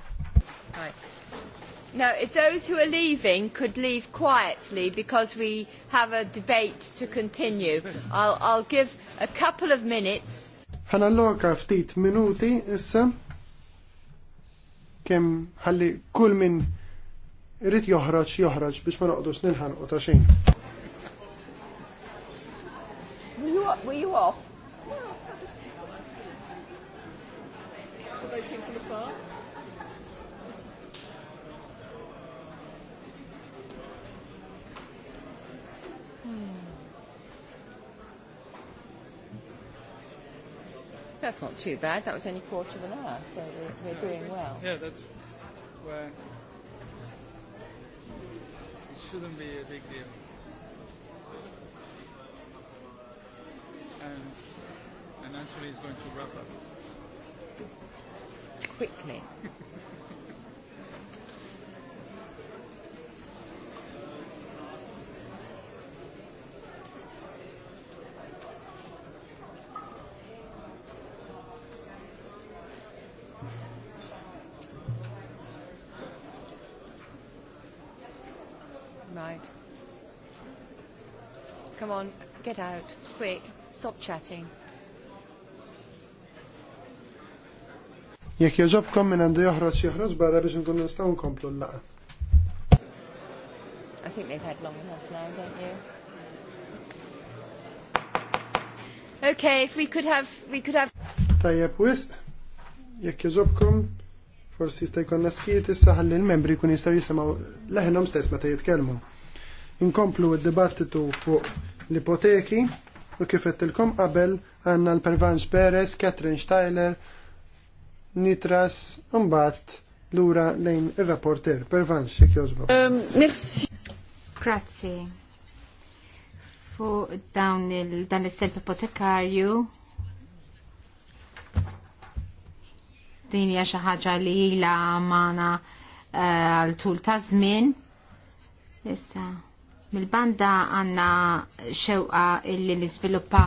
Now, if those who are leaving could leave quietly because we have a debate to continue, I'll, I'll give a couple of minutes Ħana l-loka ftit minuti issa kemm ħalli kull min irid joħroġ joħroġ biex ma noqdux nilħan ta' xejn. Were you off? No, just... That's not too bad. That was only a quarter of an hour, so we're, we're doing well. Yeah, that's where it shouldn't be a big deal. And, and actually, it's going to wrap up quickly. <laughs> Come on, get out, quick, stop chatting. Jekk joġobkom minn għandu joħroġ joħroġ barra biex nkun nistgħu nkomplu l-laqa. I think they've had long enough now, don't you? Okay, if we could have we could have Tajjeb wisq, jekk joġobkom forsi jista' jkun naskiet issa ħalli l-membri jkun jistgħu jisimgħu leħinhom stess meta jitkellmu. Inkomplu d-dibattitu fuq l-ipoteki u kif qedtilkom qabel għandna l-Pervanx Perez, Catherine Steiler, Nitras, Umbat, lura lejn ir-rapporter. Pervanx, xek jozbo. Um, merci. Grazzi. Fu dawn dan is-self ipotekarju din hija xi ħaġa li la magħna eh, għal tul ta' żmien. Issa. Mil-banda għanna xewqa illi l-izviluppa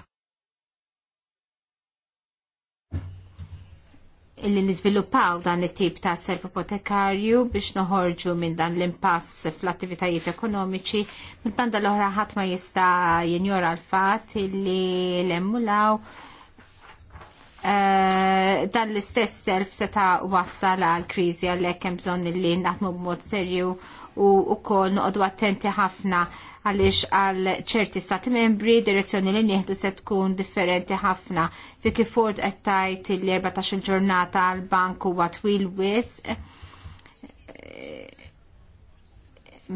illi nizviluppaw dan it-tip ta' self ipotekarju biex noħorġu minn dan l-impass fl-attivitajiet ekonomiċi, mill-banda l-oħra ħadd ma jista' jinjora l-fatt illi l-emmulaw eh, dan l-istess self seta' wassal għal kriżi għalhekk hemm bżonn illi naħdmu b'mod serju u ukoll noqogħdu attenti ħafna għaliex għal ċerti stati membri direzzjoni li nieħdu se tkun differenti ħafna fi kif fort qed tajt l-14 ġurnata għal bank huwa twil wisq.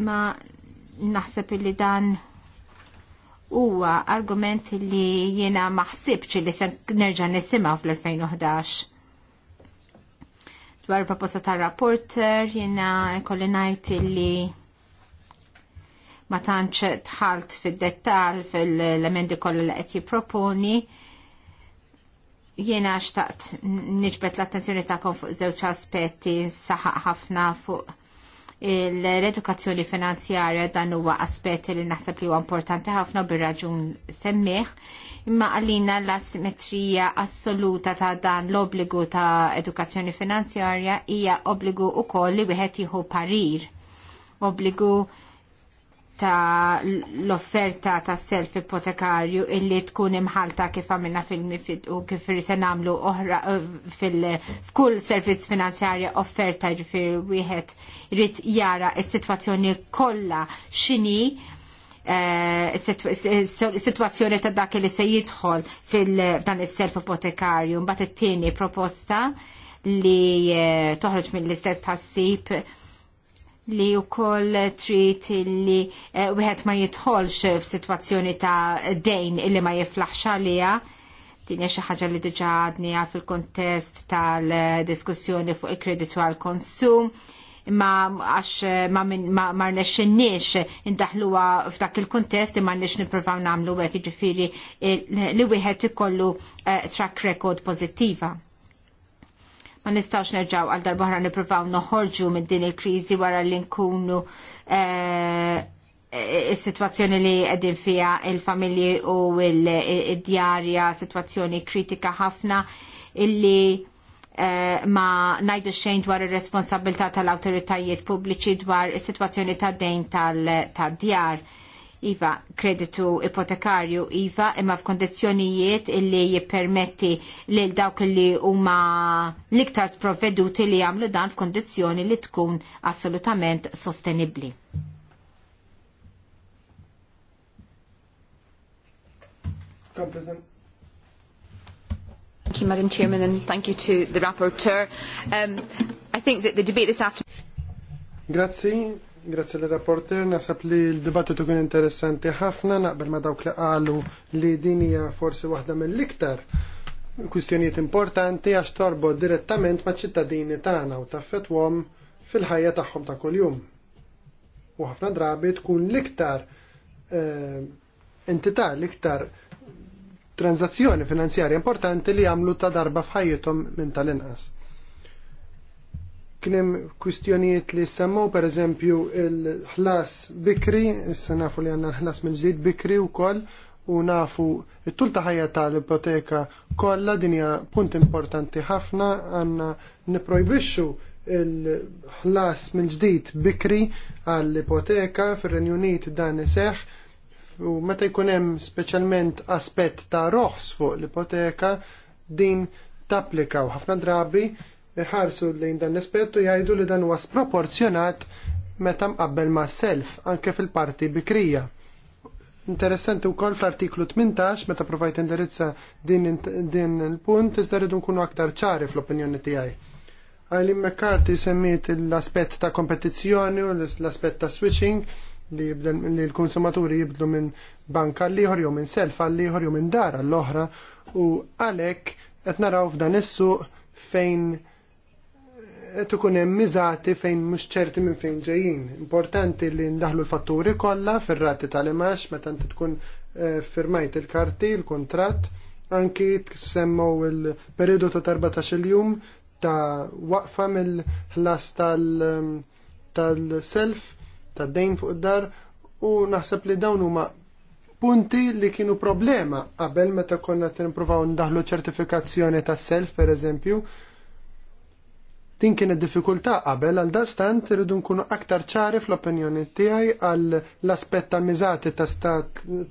Ma naħseb li dan huwa argument li jiena maħsibċi li se nerġa' nisimgħu fl-2011 dwar proposta ta' rapporter jena kolli najt li ma tantx tħalt fid-dettal fil-emendi kollha li qed jipproponi. Jiena xtaqt niġbet l-attenzjoni ta' fuq żewġ aspetti saħaq ħafna fuq l-edukazzjoni finanzjarja dan huwa aspett li naħseb li huwa importanti ħafna bir-raġun semmiħ imma għallina l-asimetrija assoluta ta' dan l-obbligu ta' edukazzjoni finanzjarja hija obbligu wkoll li wieħed jieħu parir obbligu ta' l-offerta ta' self ipotekarju illi tkun imħalta kif għamilna fil-mifid u kif se namlu oħra eh, f'kull servizz finanzjarja offerta ġifir wieħed rrit jara s-situazzjoni kollha x'inhi eh, situazzjoni ta' dak li se jidħol fil-dan is-self ipotekarju mbagħad it-tieni proposta li eh, toħroġ mill-istess ħassib li u koll trit li uħet eh, wieħed ma jitħolx f'sitwazzjoni ta' dejn illi ma jiflaħx lija. Din hija xi ħaġa li diġadni għaf fil-kontest tal-diskussjoni fuq il-kreditu għall konsum imma għax ma, ma, ma rnexxinniex indaħluha f'dak il kontest imma rnex nippruvaw nagħmlu hekk jiġifieri li wieħed ikollu eh, track record pożittiva ma nistawx nerġaw għal darbohra niprofaw noħorġu minn din il-krizi wara li nkunu eh, eh, il-situazzjoni li għedin fija il-familji u il-djarja, situazzjoni kritika ħafna illi eh, ma najdu xejn dwar ir-responsabilità tal-awtoritajiet pubbliċi dwar is-sitwazzjoni tad-dejn djar tal djar Iva, kreditu ipotekarju, Iva, imma f'kondizjonijiet illi jippermetti li l dawk li huma l-iktar sprovveduti li jagħmlu dan f'kondizjoni li tkun assolutament sostenibbli. Thank you, Madam Chairman, and thank you to the rapporteur. Um, I think that the debate this afternoon. Grazie. Grazzi l-rapporter, nasab li l-dibattitu kien interessanti ħafna, naqbel ma dawk li qalu li din hija forsi waħda mill-iktar kwistjonijiet importanti għax torbod direttament ma' ċittadini tagħna u taffetwhom fil-ħajja tagħhom ta' kuljum. U ħafna drabi tkun l-iktar eh, entità, l-iktar tranzazzjoni finanzjarja importanti li jagħmlu ta' darba f'ħajjithom minn tal-inqas. Kienem kwistjonijiet li semmu, per eżempju, il-ħlas bikri, issa nafu li għanna l-ħlas minn ġdid bikri u koll, u nafu t tul ta' ħajja tal-ipoteka kollha din hija punt importanti ħafna għandna niprojbixxu il-ħlas mill-ġdid bikri għall-ipoteka fir-Renju Unit dan iseħħ u meta jkun hemm speċjalment aspett ta' roħs fuq l-ipoteka din tapplika u ħafna drabi iħarsu lejn dan l-aspett u jgħidu li dan huwa sproporzjonat meta mqabbel ma' self anke fil-parti bikrija. Interessanti wkoll fl-artiklu 18 meta provajt indirizza din, din il-punt iżda rridu nkunu aktar ċari fl-opinjoni tiegħi. Għalim McCarthy semmiet l-aspett ta' kompetizzjoni u l-aspett ta' switching li, li l-konsumaturi jibdlu minn banka għall-liħor jew minn self għall-liħor jew minn dar għall-oħra u għalhekk qed naraw f'dan is-suq fejn tukun ikun hemm miżati fejn mhux ċerti minn fejn ġejjin. Importanti li ndaħlu l-fatturi kollha fir-rati tal-imax meta inti tkun eh, firmajt il-karti, il-kuntratt, anki semmew il-periodu ta' 14 jum ta' waqfa mill-ħlas tal-self, tad-dejn fuq id-dar u naħseb li dawn huma punti li kienu problema qabel meta konna tinprovaw ndaħlu ċertifikazzjoni tas self per eżempju, Din kienet diffikultà qabel għal dastant irridu nkunu aktar ċari fl-opinjoni tiegħi għal l-aspett tal-miżati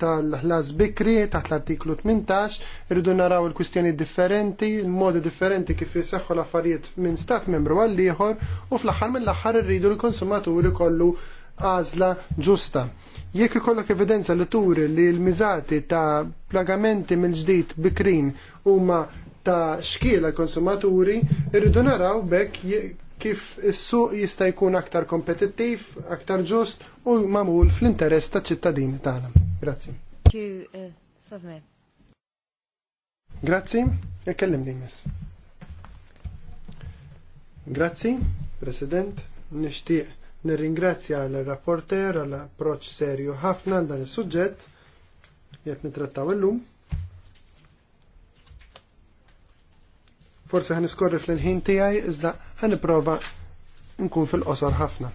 tal-ħlas bikri taħt l-artiklu 18, irridu naraw il-kwistjoni differenti, il-modi differenti kif jiseħħu l-affarijiet minn stat membru għal ieħor u fl-aħħar mill-aħħar irridu l-konsumaturi kollu għażla ġusta. Jekk ikollok evidenza li turi li l-miżati ta' plagamenti mill-ġdid bikrin huma ta' xkiel għal konsumaturi irridu naraw bekk kif is-suq jista' jkun aktar kompetittiv, aktar ġust u mamul fl-interess ta' ċittadini tagħna. Grazzi. Uh, Grazzi, ikkellim li miss. Grazzi, President, nishtiq nirringrazzja għal rapporter għal approċċ serju ħafna għal dan is-suġġett jett nitrattaw illum. Forse ħan iskorri fl-ħin tiegħi iżda ħan nipprova nkun fil-qosor ħafna.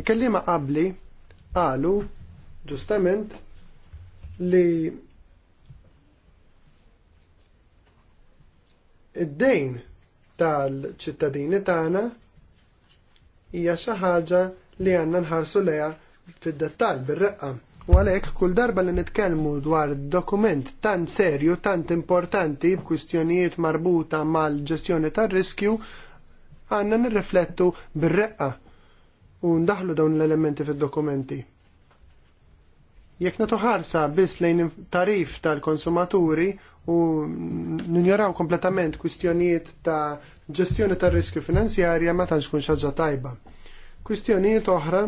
Il-kellima qabli qalu ġustament li id-dejn tal-ċittadini tagħna hija xi ħaġa li għandna nħarsu leja fid-dettall bir-reqqa U għalhekk kull darba li nitkellmu dwar dokument tant serju, tant importanti b'kwistjonijiet marbuta mal-ġestjoni tar-riskju, għandna nirriflettu bir-reqqa u ndaħlu dawn l-elementi fid-dokumenti. Jekk natu ħarsa biss lejn tarif tal-konsumaturi u ninjoraw kompletament kwistjonijiet ta' ġestjoni tar riskju finanzjarja ma tantx kun xaġġa tajba. Kwistjonijiet oħra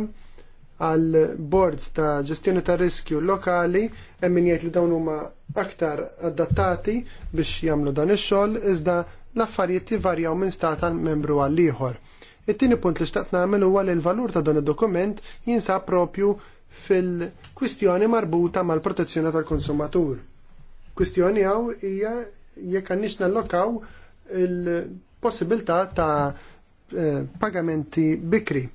għal boards ta' ġestjoni ta' riskju lokali hemm min jgħid li dawn huma aktar adattati biex jagħmlu dan ix-xogħol iżda l-affarijiet jivarjaw minn stat għal membru għal ieħor. It-tieni punt li xtaqt nagħmel huwa li l-valur ta' dan id-dokument jinsab propju fil-kwistjoni marbuta mal-protezzjoni tal-konsumatur. Kwistjoni hawn hija jekk għandix nallokaw il-possibilità ta' eh, pagamenti bikri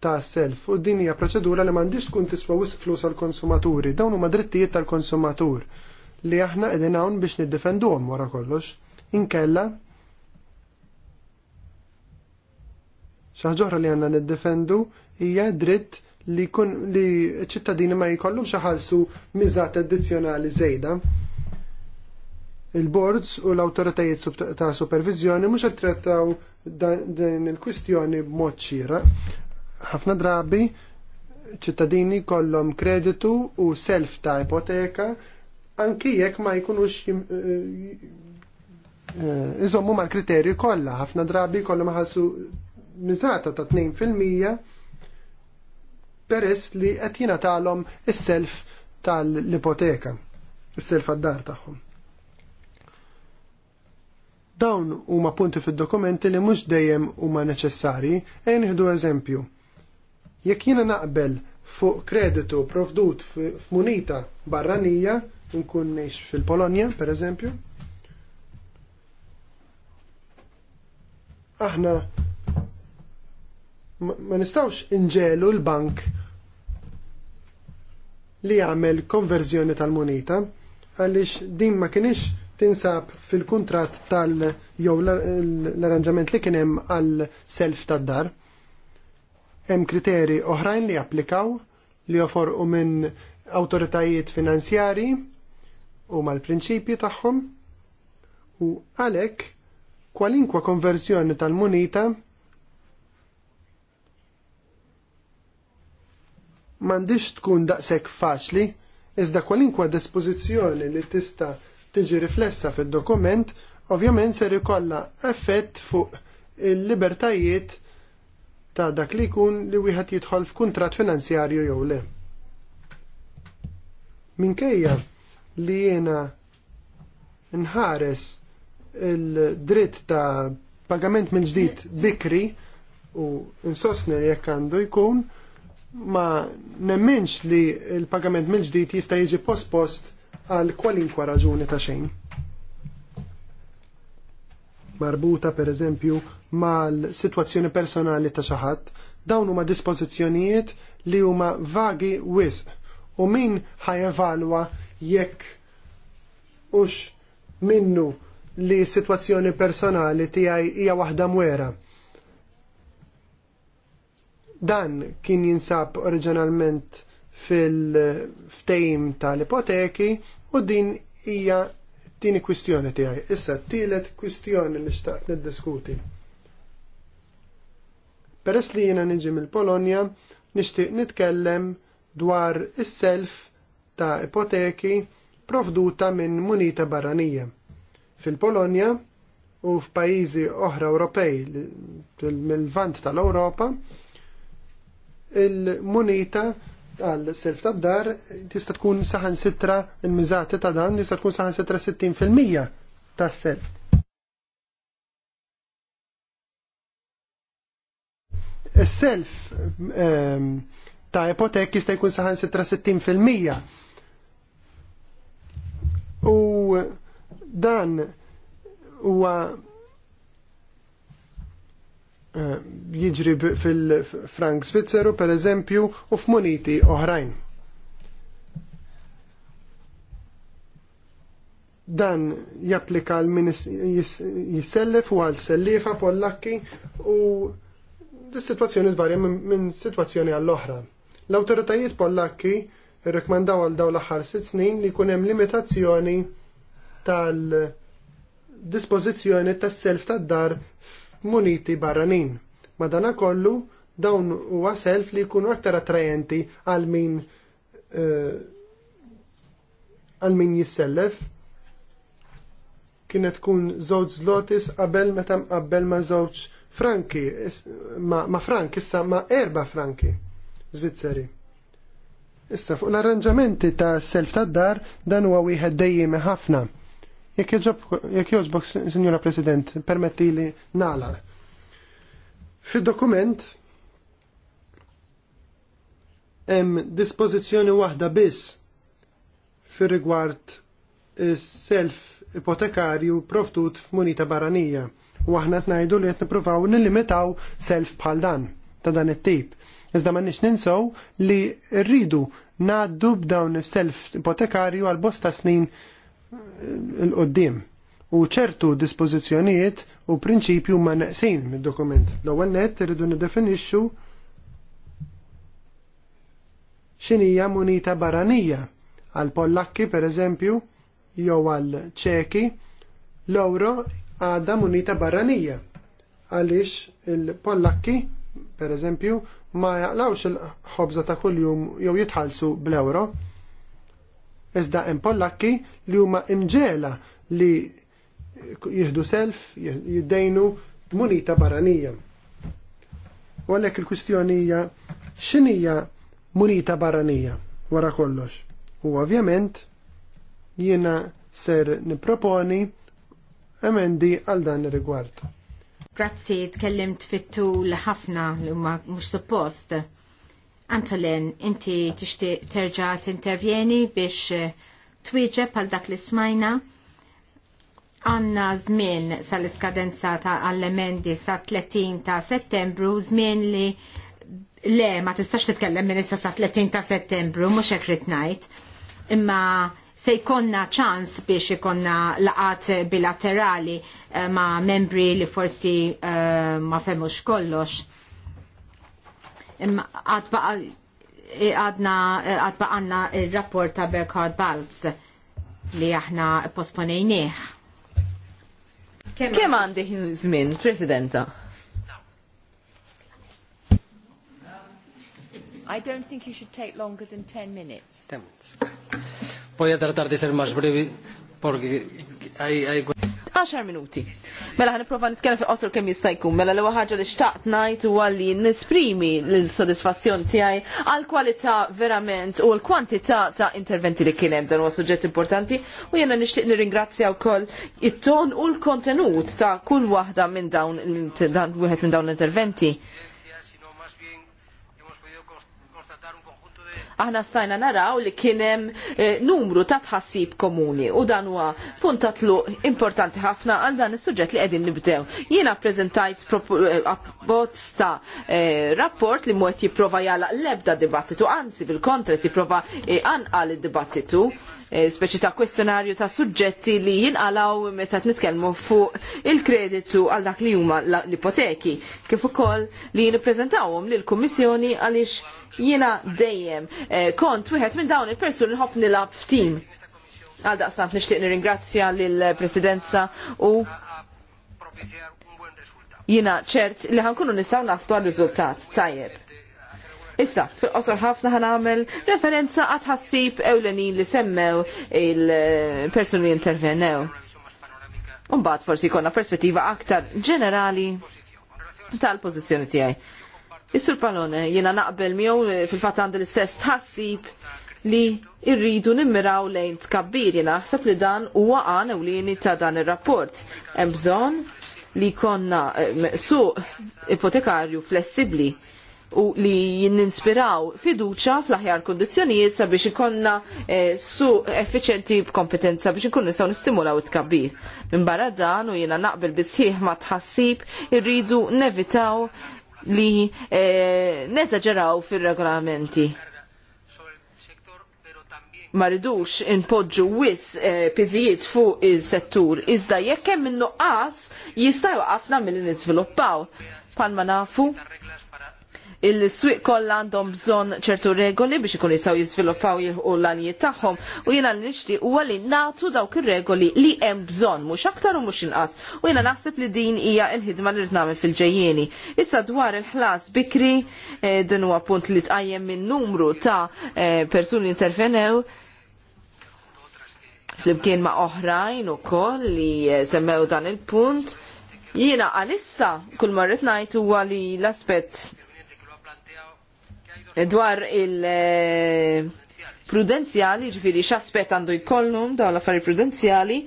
ta' self u din hija proċedura li m'għandix tkun tiswa wisq flus għall konsumaturi dawn huma drittijiet tal-konsumatur li aħna qegħdin hawn biex niddefenduhom wara kollox. Inkella xaħġoħra li għandna niddefendu hija dritt li kun li ċittadini ma jkollhom ħalsu miżat addizzjonali żejda. Il-boards u l-autoritajiet ta' supervizjoni mhux qed trattaw din il-kwistjoni b'mod xieraq ħafna drabi ċittadini kollom kreditu u self ta' ipoteka anki jekk ma jkunux eh, eh, iżommu mal kriterju kollha ħafna drabi kollom ħalsu miżata ta' 2% peress li qed jingħatalhom is-self tal-ipoteka, is-self għad-dar tagħhom. Dawn huma punti fid-dokumenti li mhux dejjem huma neċessarji, e nieħdu eżempju Jekk jiena naqbel fuq kreditu provdut f'munita barranija, nkun nix fil-Polonja, pereżempju, aħna ma nistawx inġelu l-bank li jagħmel konverżjoni tal-munita għaliex din ma kienx tinsab fil-kuntratt tal- jew l-arranġament li kien hemm għal self tad-dar. Hemm kriteri oħrajn li applikaw li joforqu minn awtoritajiet finanzjari u mal-prinċipji tagħhom u għalhekk kwalinkwa konverzjoni tal-munita m'għandix tkun daqshekk faċli iżda kwalinkwa dispożizzjoni li tista' tiġi riflessa fid-dokument ovvjament ser ikollha effett fuq il-libertajiet ta' dak li jkun li wieħed jidħol f'kuntratt finanzjarju jew le. Minkejja li jiena nħares il-dritt ta' pagament minn ġdid bikri u insostni li jekk għandu jkun ma nemminx li il-pagament minn ġdid jista' jiġi post-post għal kwalinkwa raġuni ta' xejn. Marbuta per eżempju mal-sitwazzjoni personali ta' xi ħadd, dawn huma dispożizzjonijiet li huma vagi wisq u min ħajevalwa jekk ux minnu li situazzjoni personali tiegħi hija waħda mwera. Dan kien jinsab oriġinalment fil-ftejm tal-ipoteki u din hija tini kwistjoni tiegħi. Issa t-tielet kwistjoni li xtaqt niddiskuti. Peress li jiena niġi mill-Polonja, nixtieq nitkellem dwar is-self ta' ipoteki provduta minn munita barranija. Fil-Polonja u f'pajjiżi oħra Ewropej mill-vant tal-Ewropa, il-munita għal self tad dar tista' tkun saħan sitra il-miżati ta' dan tista' tkun saħan sitra 60% tas-self. Is-self ehm, ta' ipotek jista' jkun saħan mija U dan huwa eh, jiġri fil-frank Svizzeru per eżempju u f'moniti oħrajn. Dan japplika l-min jissellef u għal sellifa pollakki u Dis-sitwazzjoni tvarja minn sitwazzjoni għall-oħra. L-awtoritajiet Pollakki rrekmandaw għal dawn l-aħħar sitt snin li jkun hemm limitazzjoni tal-dispożizzjoni tas-self tad-dar f'muniti barranin. Madanakollu dawn huwa self li jkunu aktar attrajenti għal min eh, għal min jissellef kienet tkun żewġ zlotis qabel meta qabel ma żewġ franki, ma, ma frank, issa ma erba franki Zvizzeri. Issa fuq l-arranġamenti ta' self ta' dar dan huwa wieħed dejjem ħafna. Jekk jogħġbok, Signora President, permetti li nala. Fid-dokument hemm dispożizzjoni waħda biss fir-rigward self ipotekarju proftut f'munita barranija U aħna tnajdu li qed nippruvaw nillimitaw self bħal dan ta' dan it-tip. Iżda ma nix ninsow li rridu ngħaddu b'dawn is-self ipotekarju għal bosta snin eh, l-qoddim. U ċertu dispożizzjonijiet u prinċipju ma neqsin mid-dokument. L-ewwel nett irridu niddefinixxu xinija munita barranija għal Pollakki per eżempju jew għal ċeki l ewro għadha munita barranija għaliex il-Pollakki, per eżempju, ma jaqlawx il-ħobza ta' kuljum jew jitħallsu bl-euro. Iżda hemm Pollakki li huma imġela li jihdu self, jiddejnu munita barranija. U għalhekk il-kwistjoni hija x'inhija munita barranija wara kollox. U ovvjament jiena ser niproponi emendi għal dan ir-rigward. Grazzi, tkellimt fit l ħafna li huma mhux suppost. Antolin, inti tixtieq terġa' t-intervjeni biex eh, twieġeb għal dak li smajna għanna zmin sal-iskadenza ta' għall-emendi sa' 30 ta' settembru, zmin li le ma tistax titkellem minn issa sa' 30 ta' settembru, mux ekrit najt, imma se jkonna ċans biex ikonna laqat bilaterali eh, ma' membri li forsi eh, ma' femux kollox. Eh, għad baqanna il-rapport ta' Berkard Balz li aħna posponejnieħ. Kem għandi zmin, Presidenta? I don't think you should take longer than 10 minutes. 10 minutes voy a tratar de ser más breve porque hay, hay... 10 minuti. Mela ħan prova nitkellem fi qosor kemm jista' jkun. Mela l ħaġa li xtaqt ngħid huwa li nisprimi l-sodisfazzjon tiegħi għal kwalità verament u l-kwantità ta' interventi li kien hemm dan huwa suġġett importanti u jiena nixtieq nirringrazzja wkoll it-ton u l-kontenut ta' kull waħda minn dawn dan wieħed minn dawn l-interventi. aħna stajna naraw li kienem eh, numru ta' tħassib komuni u dan huwa punt ta' tluq importanti ħafna għal dan is-suġġett li qegħdin nibdew. Jiena preżentajt eh, abbozz ta' eh, rapport li mod jipprova jagħlaq l-ebda dibattitu, anzi bil-kontra jipprova anqal id-dibattitu speċi ta' kwestjonarju ta' suġġetti li jinqalaw meta nitkellmu fuq il-kreditu għal dak li huma l-ipoteki, kif ukoll li jippreżentawhom lill kummissjoni għaliex Jiena dejjem eh, kont wieħed minn dawn il-persuni nħobb ħobb nilab f'tim. Għal daqsant nixtieq nirringrazzja lill presidenza u jiena ċert li ħankunu nistgħu naslu għal-riżultat tajjeb. Issa, fil-qosor ħafna għamil referenza għatħassib ewlenin li semmew il personu li intervenew. Umbat forsi konna perspettiva aktar ġenerali tal-pozizjoni tijaj. Is-sur Pallone, jiena naqbel miegħu eh, fil-fatt għandi l-istess tħassib li irridu nimmiraw lejn tkabbir jiena naħseb li dan huwa għan ewlieni ta' dan ir-rapport. Hemm bżonn li konna eh, suq ipotekarju flessibbli u li jinninspiraw fiduċa fl-aħjar kondizjonijiet sabiex ikonna e, eh, su effiċenti b'kompetenza biex inkun nistgħu nistimulaw it tkabbir Minbarra dan u jiena naqbel bisħieħ ma tħassib irridu nevitaw li eh, neżagġeraw fil-regolamenti ma ridux inpoġġu wis eh, piżijiet fuq is-settur, iżda jekk hemm innuqqas jista' jwaqafna milli niżviluppaw. Palma nafu il-swiq kollha għandhom bżonn ċertu regoli biex ikun jistgħu jiżviluppaw jilħqu l-għanijiet tagħhom u jiena nixti huwa li nagħtu dawk ir-regoli li hemm bżonn mhux aktar u mhux inqas u jiena naħseb li din hija l-ħidma li rid nagħmel fil-ġejjieni. Issa dwar il-ħlas bikri eh, din huwa punt li tqajjem minn numru ta' eh, persuni intervenew flimkien ma' oħrajn u koll li eh, semmew dan il-punt. Jiena għalissa kull marret ngħid huwa li l-aspett dwar il- eh, prudenzjali, ġifiri xaspet għandu jkollnum dawn l-affari prudenzjali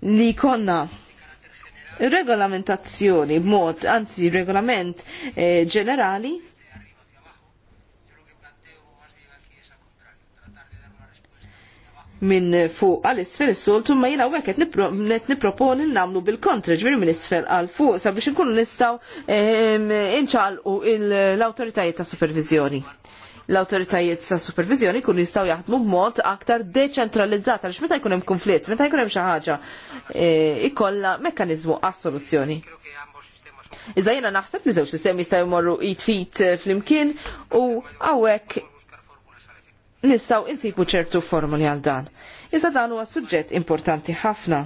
li konna regolamentazzjoni b'mod, anzi regolament eh, ġenerali minn fuq għal isfel is-soltu ma jiena wekk qed nipproponi nagħmlu bil-kontra ġviri minn isfel għal fuq sabiex inkunu nistgħu ehm, inċalqu l-awtoritajiet ta' supervizjoni. L-awtoritajiet ta' supervizjoni jkunu jistgħu jaħdmu b'mod aktar deċentralizzat għaliex meta jkun hemm konflitt, meta jkun hemm xi ħaġa e, ikollha mekkaniżmu għas-soluzzjoni. Iżda jiena naħseb li żewġ sistemi jistgħu jmorru jitfit flimkien u hawnhekk nistaw insibu ċertu formuli għal dan. Iżda dan huwa suġġett importanti ħafna.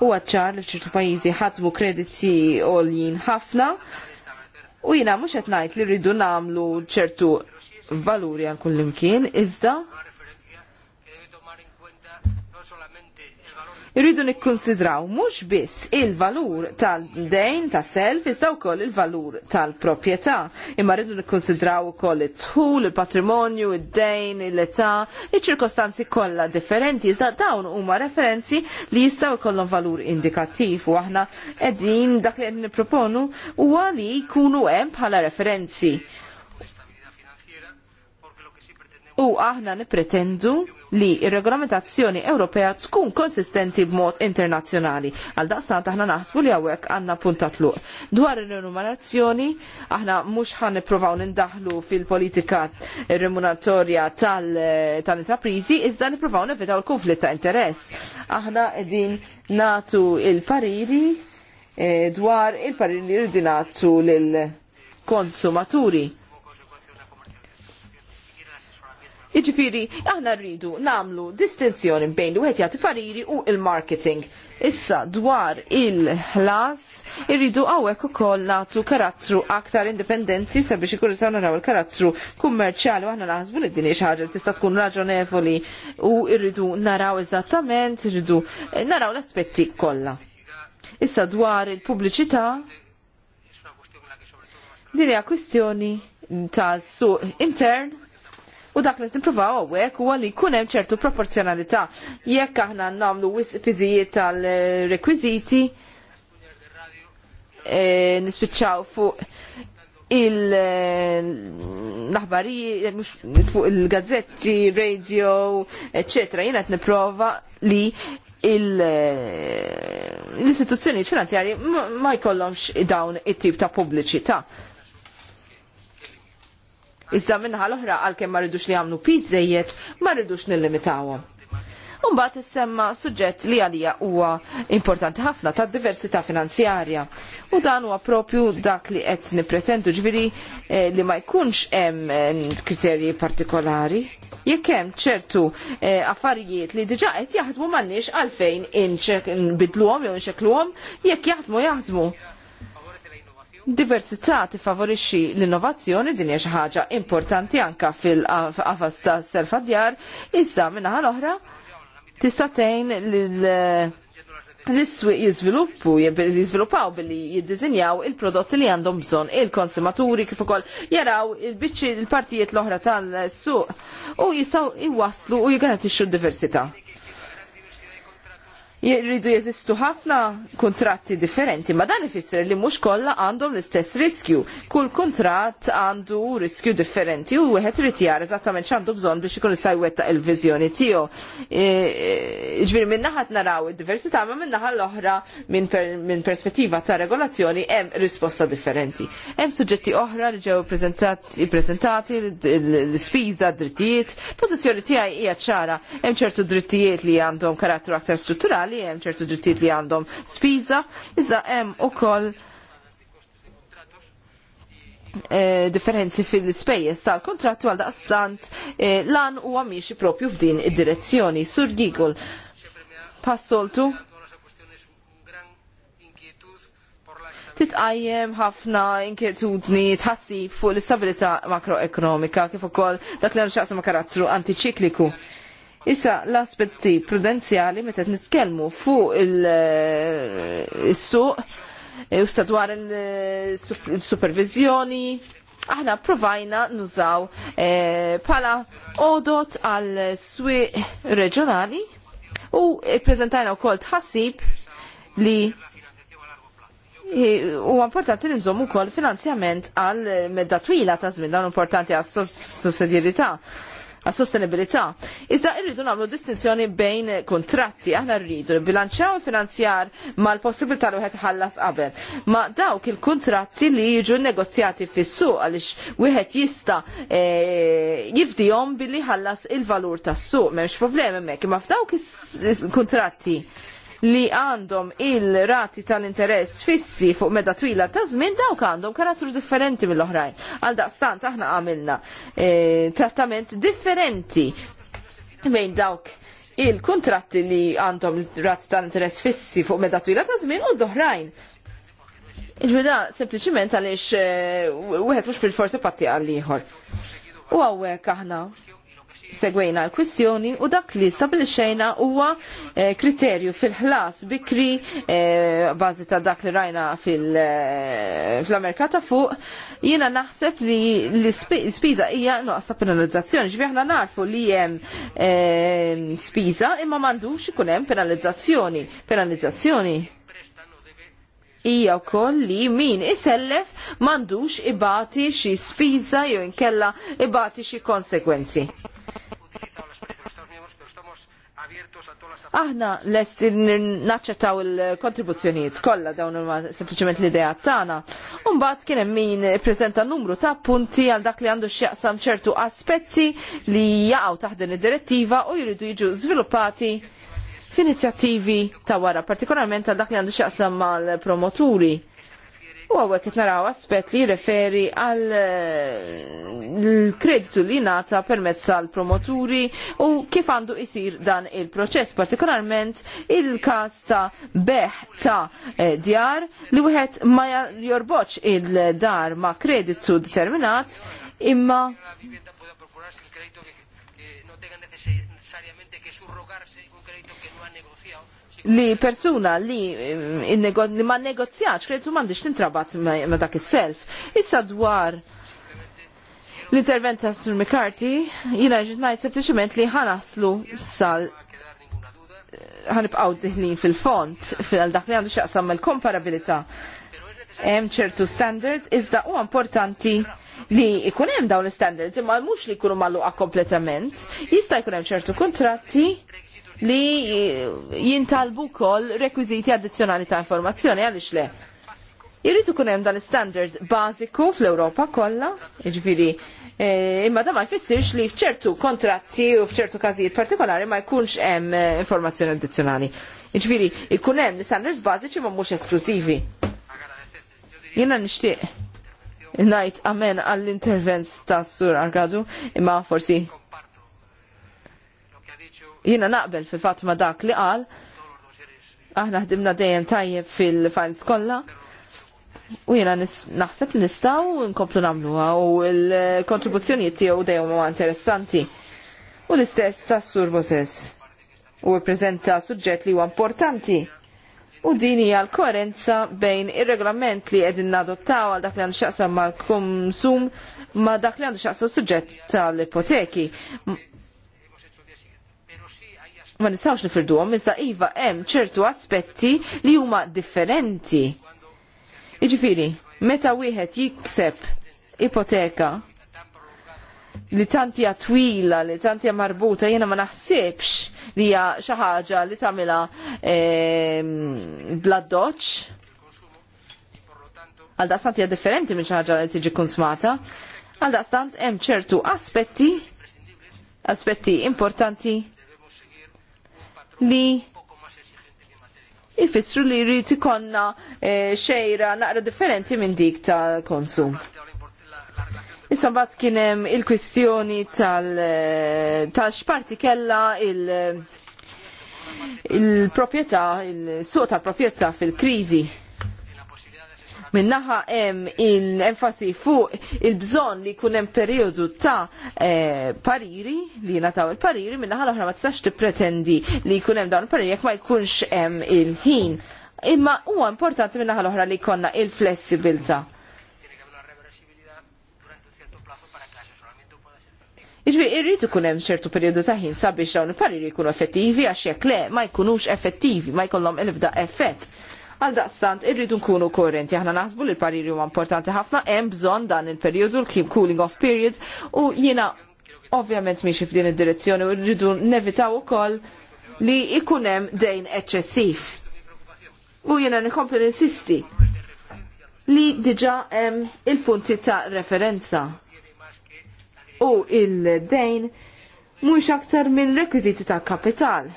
Huwa ċar li f'ċertu pajjiżi ħatmu krediti għoljin ħafna u jina mhux qed ngħid li rridu nagħmlu ċertu valuri għal kullimkien iżda irridu nikkonsidraw mhux biss il-valur tal-dejn tas self iżda wkoll il-valur tal-proprjetà, imma rridu nikkonsidraw ukoll it-tħul, il-patrimonju, id-dejn, il-età, iċ-ċirkostanzi kollha differenti iżda dawn huma referenzi li jistgħu jkollhom valur indikattiv u aħna qegħdin dak li qed nipproponu huwa li jkunu hemm bħala referenzi. U aħna nipretendu li ir-regolamentazzjoni Ewropea tkun konsistenti b'mod internazzjonali. Għal daqstant aħna naħsbu li hawnhekk għandna punta tluq. Dwar ir-renumerazzjoni aħna mhux ħan nippruvaw nindaħlu fil-politika remunatorja tal-intrapriżi, tal iżda nippruvaw nevitaw l-konflitt ta' interess. Aħna qegħdin natu il-pariri eh, dwar il-pariri li rridu nagħtu lill konsumaturi Iġifiri, aħna rridu namlu distinzjoni bejn li wieħed jagħti pariri u il-marketing. Issa dwar il-ħlas, irridu hawnhekk ukoll nagħtu karattru aktar indipendenti sabiex ikunu saw naraw il-karattru kummerċjali u aħna naħsbu li din hija li tista' tkun raġonevoli u rridu naraw eżattament, irridu naraw l-aspetti kollha. Issa dwar il-pubbliċità, din hija kwistjoni ta' suq intern U dak li t-nipruvaw għawek u għalli kunem ċertu proporzjonalità. Jekk aħna namlu pizijiet tal-rekwiziti, e, nispiċċaw fuq il-naħbari, fuq il-gazzetti, radio, eccetera, jena t-niprofa li l-istituzzjoni finanzjari ma jkollomx dawn it-tip ta' pubbliċità. Iżda minnħa l-oħra għalkemm ma rridux li jagħmlu pizzejiet, ma rridux nillimitawhom. Umbat issemma suġġett li għalija huwa importanti ħafna ta' diversità finanzjarja. U dan huwa propju dak li qed nippretendu ġviri eh, li ma jkunx hemm eh, kriterji partikolari. Jekk hemm ċertu eh, affarijiet li diġà qed jaħdmu m'għandniex għalfejn inbidluhom jew inxekluhom, jekk jaħdmu jaħdmu. Diversità tifavorixxi l-innovazzjoni din hija xi ħaġa importanti anke fil-qafas ta' self djar issa minnaħa l-oħra tista' tgħin l-iswiq jizviluppu, jizviluppaw billi jiddizinjaw il-prodotti li għandhom bżonn il-konsumaturi kif ukoll jaraw il-biċċi l partijiet l-oħra tal-suq u jistgħu jwasslu u jgarantixxu d-diversità jirridu jeżistu ħafna kontratti differenti, ma dan ifisser li mhux kollha għandhom l-istess riskju. Kull kuntratt għandu riskju differenti u wieħed irid jara eżattament x'għandu bżonn biex ikun jista' jwettaq il-viżjoni tiegħu. E, e, ġifieri minn naħat naraw id-diversità ma minn naħa l-oħra minn perspettiva ta' regolazzjoni hemm risposta differenti. Hemm suġġetti oħra li ġew ippreżentati l-ispiża, drittijiet, pożizzjoni tiegħi hija ċara, hemm ċertu drittijiet li għandhom karattru aktar strutturali li hemm ċertu drittijiet li għandhom spiża, iżda hemm ukoll eh, differenzi fil spejjes tal kontrattu għal daqstant eh, lan u għamiex propju f'din id-direzzjoni. Sur Gigol, passoltu? titqajjem ħafna inkjetudni tħassib fuq l-istabilità makroekonomika kif ukoll dak li nxaqsu ma' karattru antiċikliku. Issa l-aspetti prudenzjali meta nitkellmu fuq eh, il-suq u e, dwar eh, il-supervizjoni aħna provajna nużaw eh, pala odot għal swieq reġjonali u prezentajna wkoll tħassib li U importanti li nżommu kol finanzjament għal medda twila ta' żmien dan importanti għas sussidjerità għas sostenibilità. Iżda irridu nagħmlu distinzjoni bejn kontratti, aħna rridu bilanċaw finanzjar mal-possibilità li wieħed ħallas qabel. Ma dawk il-kontratti li jiġu negozjati fis-suq għaliex wieħed jista' eh, jifdihom billi ħallas il-valur tas-suq, m'hemmx problemi hemmhekk, imma f'dawk il-kontratti li għandhom il-rati tal-interess fissi fuq meta twila ta' żmien dawk għandhom karattru differenti mill-oħrajn. Għal daqstant aħna għamilna e, trattament differenti bejn dawk il-kontratti li għandhom rati tal-interess fissi fuq medda twila ta' żmien u d-oħrajn. Ġvida, sempliciment għalix, u eh, għet mux bil-forsi patti għalliħor. U għawek aħna, segwejna l-kwistjoni u dak li stabilixxejna huwa eh, kriterju fil-ħlas bikri eh, bażi ta' dak li rajna fil-Amerika eh, ta' fuq jiena naħseb li l-spiża hija noqsa penalizzazzjoni Ġifi aħna narfu li hemm spiża imma m'għandux ikun hemm penalizzazzjoni. Penalizzazzjoni hija wkoll li min isellef m'għandux ibati xi spiża jew inkella ibati xi konsekwenzi. Aħna lest naċċettaw il-kontribuzzjonijiet kollha dawn huma sempliċement l-idea tagħna. U mbagħad kien hemm min ippreżenta numru ta' punti għal dak li għandu x'jaqsam ċertu aspetti li jaqgħu taħt din id-direttiva u jridu jiġu żviluppati f'inizjattivi ta' wara, partikolarment għal dak li għandu x'jaqsam mal-promoturi U għawek naraw aspet li referi għal eh, l-kreditu li nata permezz tal-promoturi u kif għandu isir dan il-proċess, partikolarment il-kas ta' beħ ta' eh, djar li wieħed ma jorboċ il-dar ma' kreditu determinat imma li persuna li, eh, li ma negozjaċ, kredu mandiġ tintrabat ma dak il-self. Issa dwar l-intervent ta' Sir McCarthy, jina ġitnaj sempliciment li ħanaslu sal eh, ħanibqaw diħlin fil-font, fil-dak li għandu xaqsam il komparabilita Hemm ċertu standards, iżda u importanti li ikun hemm dawn l-standards imma mhux li jkunu malluqa kompletament, jista' jkun hemm ċertu kontratti li jintalbu wkoll rekwiżiti addizzjonali ta' informazzjoni għaliex le. Jrid ikun hemm dan l-standards bażiku fl-Ewropa kollha, jiġifieri e, imma da ma jfissirx li fċertu kontratti u fċertu każijiet partikolari ma jkunx hemm e, informazzjoni addizzjonali. Jiġifieri ikun hemm standards bażiċi ma mhux esklusivi. Jiena nixtieq najt amen għall-intervenz ta' Sur Arkadu, imma forsi jina naqbel fil-fat ma dak li qal, aħna ħdimna dejjem tajjeb fil fajn kollha. U jina naħseb li nistaw nkomplu namlu u l-kontribuzzjonijiet tiegħu dejjem huma interessanti. U l-istess tas-Sur Boses u ppreżenta suġġett li huwa importanti U din hija l-koerenza bejn ir-regolament li qegħdin nadottaw għal dak li għandu x'jaqsam mal-konsum ma' dak li għandu x'jaqsam suġġett tal-ipoteki. Ma nistgħux nifirduhom iżda iva hemm ċertu aspetti li huma differenti. Jiġifieri, meta wieħed jikseb ipoteka li tanti twila, li tantja marbuta, jiena ma naħsibx li hija xi ħaġa li tagħmilha ehm, bla Għal daqstant hija differenti minn xi ħaġa li tiġi konsmata. Għal daqstant hemm ċertu aspetti aspetti importanti li jfissru li jrid ikonna eh, xejra naqra differenti minn dik tal konsum. Issa mbagħad kien hemm il-kwistjoni tal-xparti tal eh, kella il- il-propieta, il-suq tal-propieta fil-krizi. Minnaħa hemm il-enfasi fuq il-bżon li jkun hemm periodu ta' eh, pariri li nataw il-pariri minnaħa l-oħra ma tistax tippretendi li jkun hemm dawn il-pariri jekk ma jkunx hemm il-ħin. Imma huwa importanti minnaħa l-oħra li konna il-flessibilta. Iġvi, irrit ikun hemm ċertu perjodu ta' ħin sabiex dawn il-pariri jkunu effettivi għax jekk le ma jkunux effettivi, ma jkollhom il-bda effett. Għal daqstant, irridu nkunu korrenti. aħna naħsbu li l-pariri huwa importanti ħafna, hemm bżonn dan il-perjodu, l-keep cooling off period, u jiena ovvjament miexi f'din id-direzzjoni u rridu nevitaw ukoll li ikun hemm dejn eċċessiv. U jiena nikompli insisti li diġa hemm il-punti ta' referenza u il-dejn mhux aktar minn rekwiżiti ta' kapital.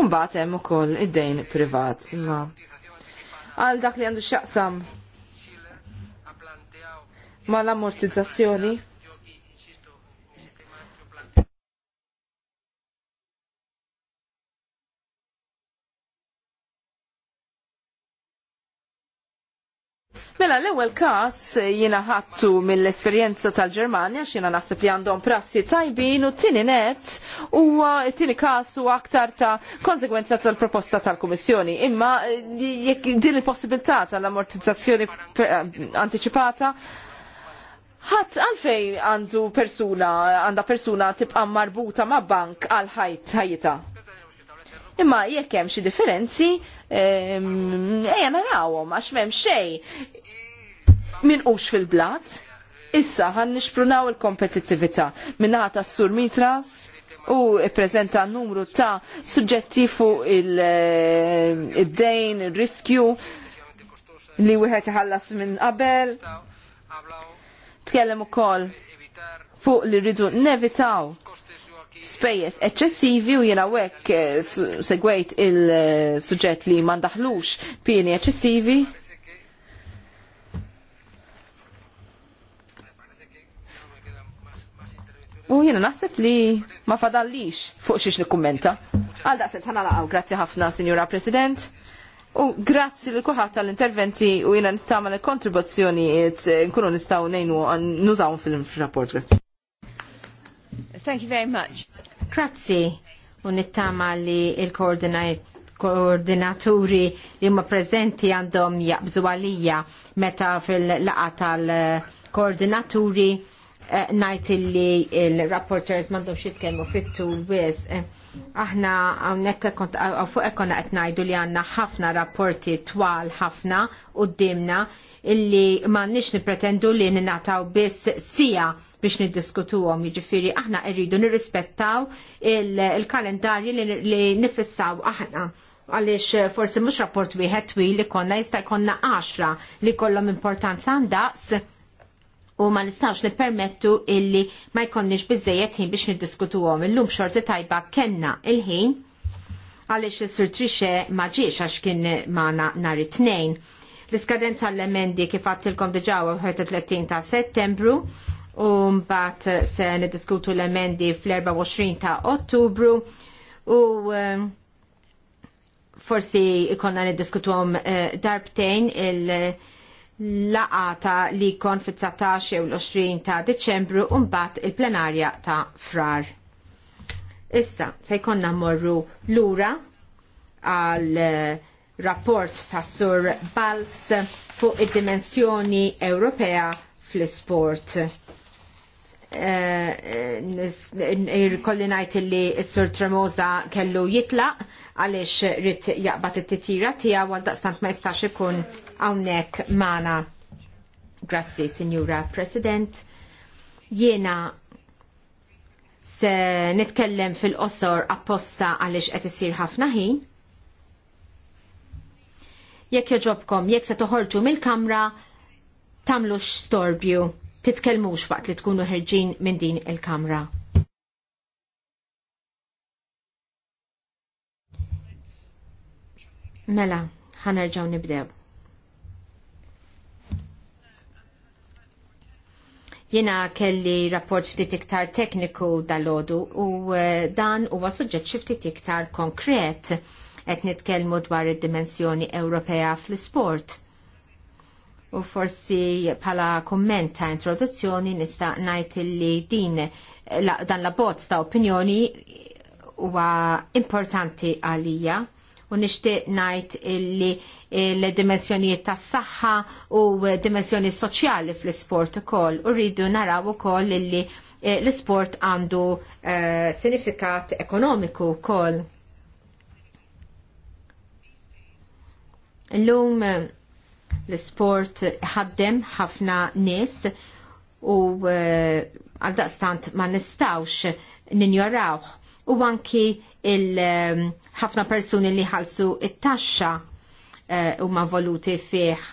Mbagħad hemm ukoll id-dejn privat. Ma. Għal dak li għandu x'jaqsam ma l-ammortizzazzjoni Mela l-ewwel każ eh, jina ħattu mill-esperjenza tal-Ġermanja x'jiena naħseb li għandhom prassi tajbin u t tieni net huwa tieni każ huwa aktar ta' konsekwenza tal-proposta tal-Kummissjoni. Imma eh, jekk din il-possibilità tal-ammortizzazzjoni eh, anticipata ħadd għalfej għandu persuna, għandha persuna tibqa marbuta ma' bank għal ħajta. Imma jekk hemm xi differenzi, ejja narawhom għax m'hemm xejn ux fil-blat, issa għan nixprunaw il-kompetittività minnata s-sur mitras u prezenta numru ta' suġġetti fuq il-dejn, il eh, dejn il riskju li wieħed iħallas minn qabel. Tkellem ukoll fuq li rridu nevitaw spejjeż eċċessivi u jiena hekk eh, segwejt il-suġġett eh, li ma pieni eċċessivi U jiena naħseb li ma fadallix fuq xiex nikkummenta. Għal daqseb ħana laqaw, grazzi ħafna, Signora President. U grazzi li kuħat tal-interventi u jiena nittamal kontribuzzjoni eh, nkunu nistaw nejnu nużaw fil-rapport, grazzi. Thank you very much. Grazzi u nittama li il-koordinaturi li ma prezenti għandhom jaqbżu għalija meta fil-laqa tal-koordinaturi Eh, najt illi il-rapporters mandom xitkellmu fit-tul biss. Eh, aħna hawnhekk kont fuq ekkonna qed ngħidu li għandna ħafna rapporti twal ħafna qudiemna illi m'għandniex nippretendu li ninataw biss sija biex niddiskutuhom. Jiġifieri aħna rridu nirrispettaw il-kalendarji li nifissaw aħna għalix eh, forsi mux rapport wieħed twil li konna jista' jkollna 10 li kollhom importanza għandaqs u ma nistawx li permettu illi ma jkonniex bizzejet ħin biex niddiskutu għom. Illum xorti tajba kenna il-ħin għalix il-sur trixe maġiex għax kien maħna nar it-tnejn. L-iskadenza l-emendi kif għattilkom diġaw 30 ta' settembru u mbagħad se niddiskutu l-emendi fl-24 ta' ottubru u eh, forsi ikonna niddiskutu għom eh, darbtejn il- laqata li kon fit-19 u l-20 ta' Deċembru u mbagħad il-plenarja ta' Frar. Issa, se jkollna mmorru lura għal rapport ta' Sur Balz fuq id-dimensjoni Ewropea fl-isport. Kolli najt li s-sur Tremosa kellu jitlaq għalix rrit jaqbat it-titira tija għal daqstant ma jistax ikun hawnhekk magħna. Grazzi, Signora President. Jiena se nitkellem fil-qosor apposta għaliex qed isir ħafna ħin. Jekk joġobkom, jekk se toħorġu mill-kamra, tamlux storbju, titkellmux waqt li tkunu ħerġin minn din il-kamra. Mela, ħanerġaw nibdew. Jena kelli rapport ftit iktar tekniku dal-ħodu u eh, dan huwa suġġett xi ftit iktar konkret qed nitkellmu dwar id-dimensjoni Ewropea fl-isport. U forsi bħala kumment ta' introduzzjoni nista' ngħid li din eh, la, dan la bozz ta' opinjoni huwa importanti għalija u nixtieq ngħid illi l-dimensjonijiet tas saħħa u dimensjoni soċjali fl-isport ukoll u rridu naraw ukoll illi eh, l-isport għandu eh, sinifikat ekonomiku wkoll. Illum eh, l-isport ħaddem ħafna nies u għaldaqstant ma nistawx ninjorawh u anki il-ħafna persuni li ħalsu it-taxxa eh, huma voluti fih.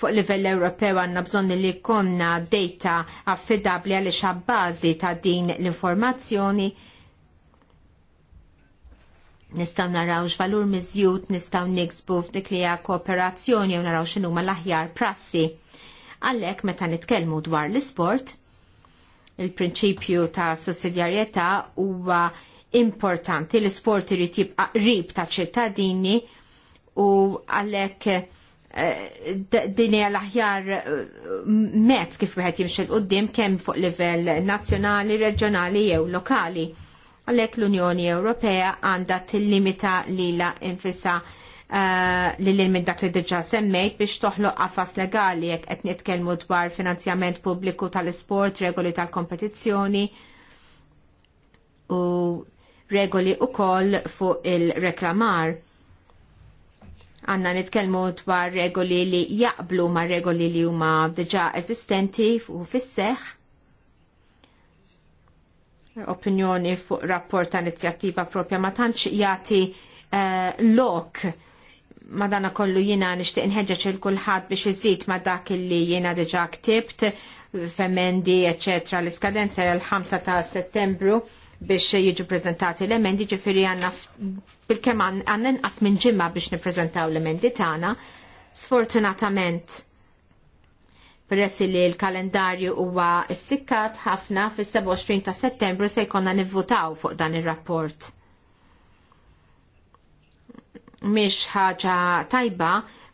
fuq livell Ewropew għandna bżonn li konna data affidabli għaliex bażi ta' din l-informazzjoni nistaw naraw x'valur miżjud nistaw niksbu f'dik li hija kooperazzjoni u naraw x'inhuma l-aħjar prassi. Għalhekk meta nitkellmu dwar l-isport, il-prinċipju ta' sussidjarjetà huwa importanti l-isport irid jibqa' qrib ta' ċittadini u għalhekk eh, din hija l-aħjar eh, mezz kif wieħed jimxi l qudiem kemm fuq livell nazzjonali, reġjonali jew lokali. Għalhekk l-Unjoni Ewropea għandha tillimita lilha infisha Eh, li l minn dak li diġa semmejt biex toħloq qafas legali jekk qed nitkellmu dwar finanzjament pubbliku tal-isport, regoli tal-kompetizzjoni u regoli koll fuq il-reklamar. Għanna nitkellmu dwar regoli li jaqblu ma' regoli li huma diġa eżistenti u fis opinjoni fuq rapport ta' inizjattiva propja ma tantx jagħti uh, lok madana kollu jina nishtiq nħedġaċ il-kulħat biex iżid ma dak li jina diġa ktibt femendi, etc. L-iskadenza l-5 ta' settembru biex jiġu prezentati l-emendi ġifiri għanna bil-kem għanna nqas minn ġimma biex niprezentaw l-emendi tagħna. Sfortunatament, peress li l-kalendarju huwa s-sikkat ħafna fis-27 ta' settembru se jkollna nivvutaw fuq dan ir-rapport mhix ħaġa tajba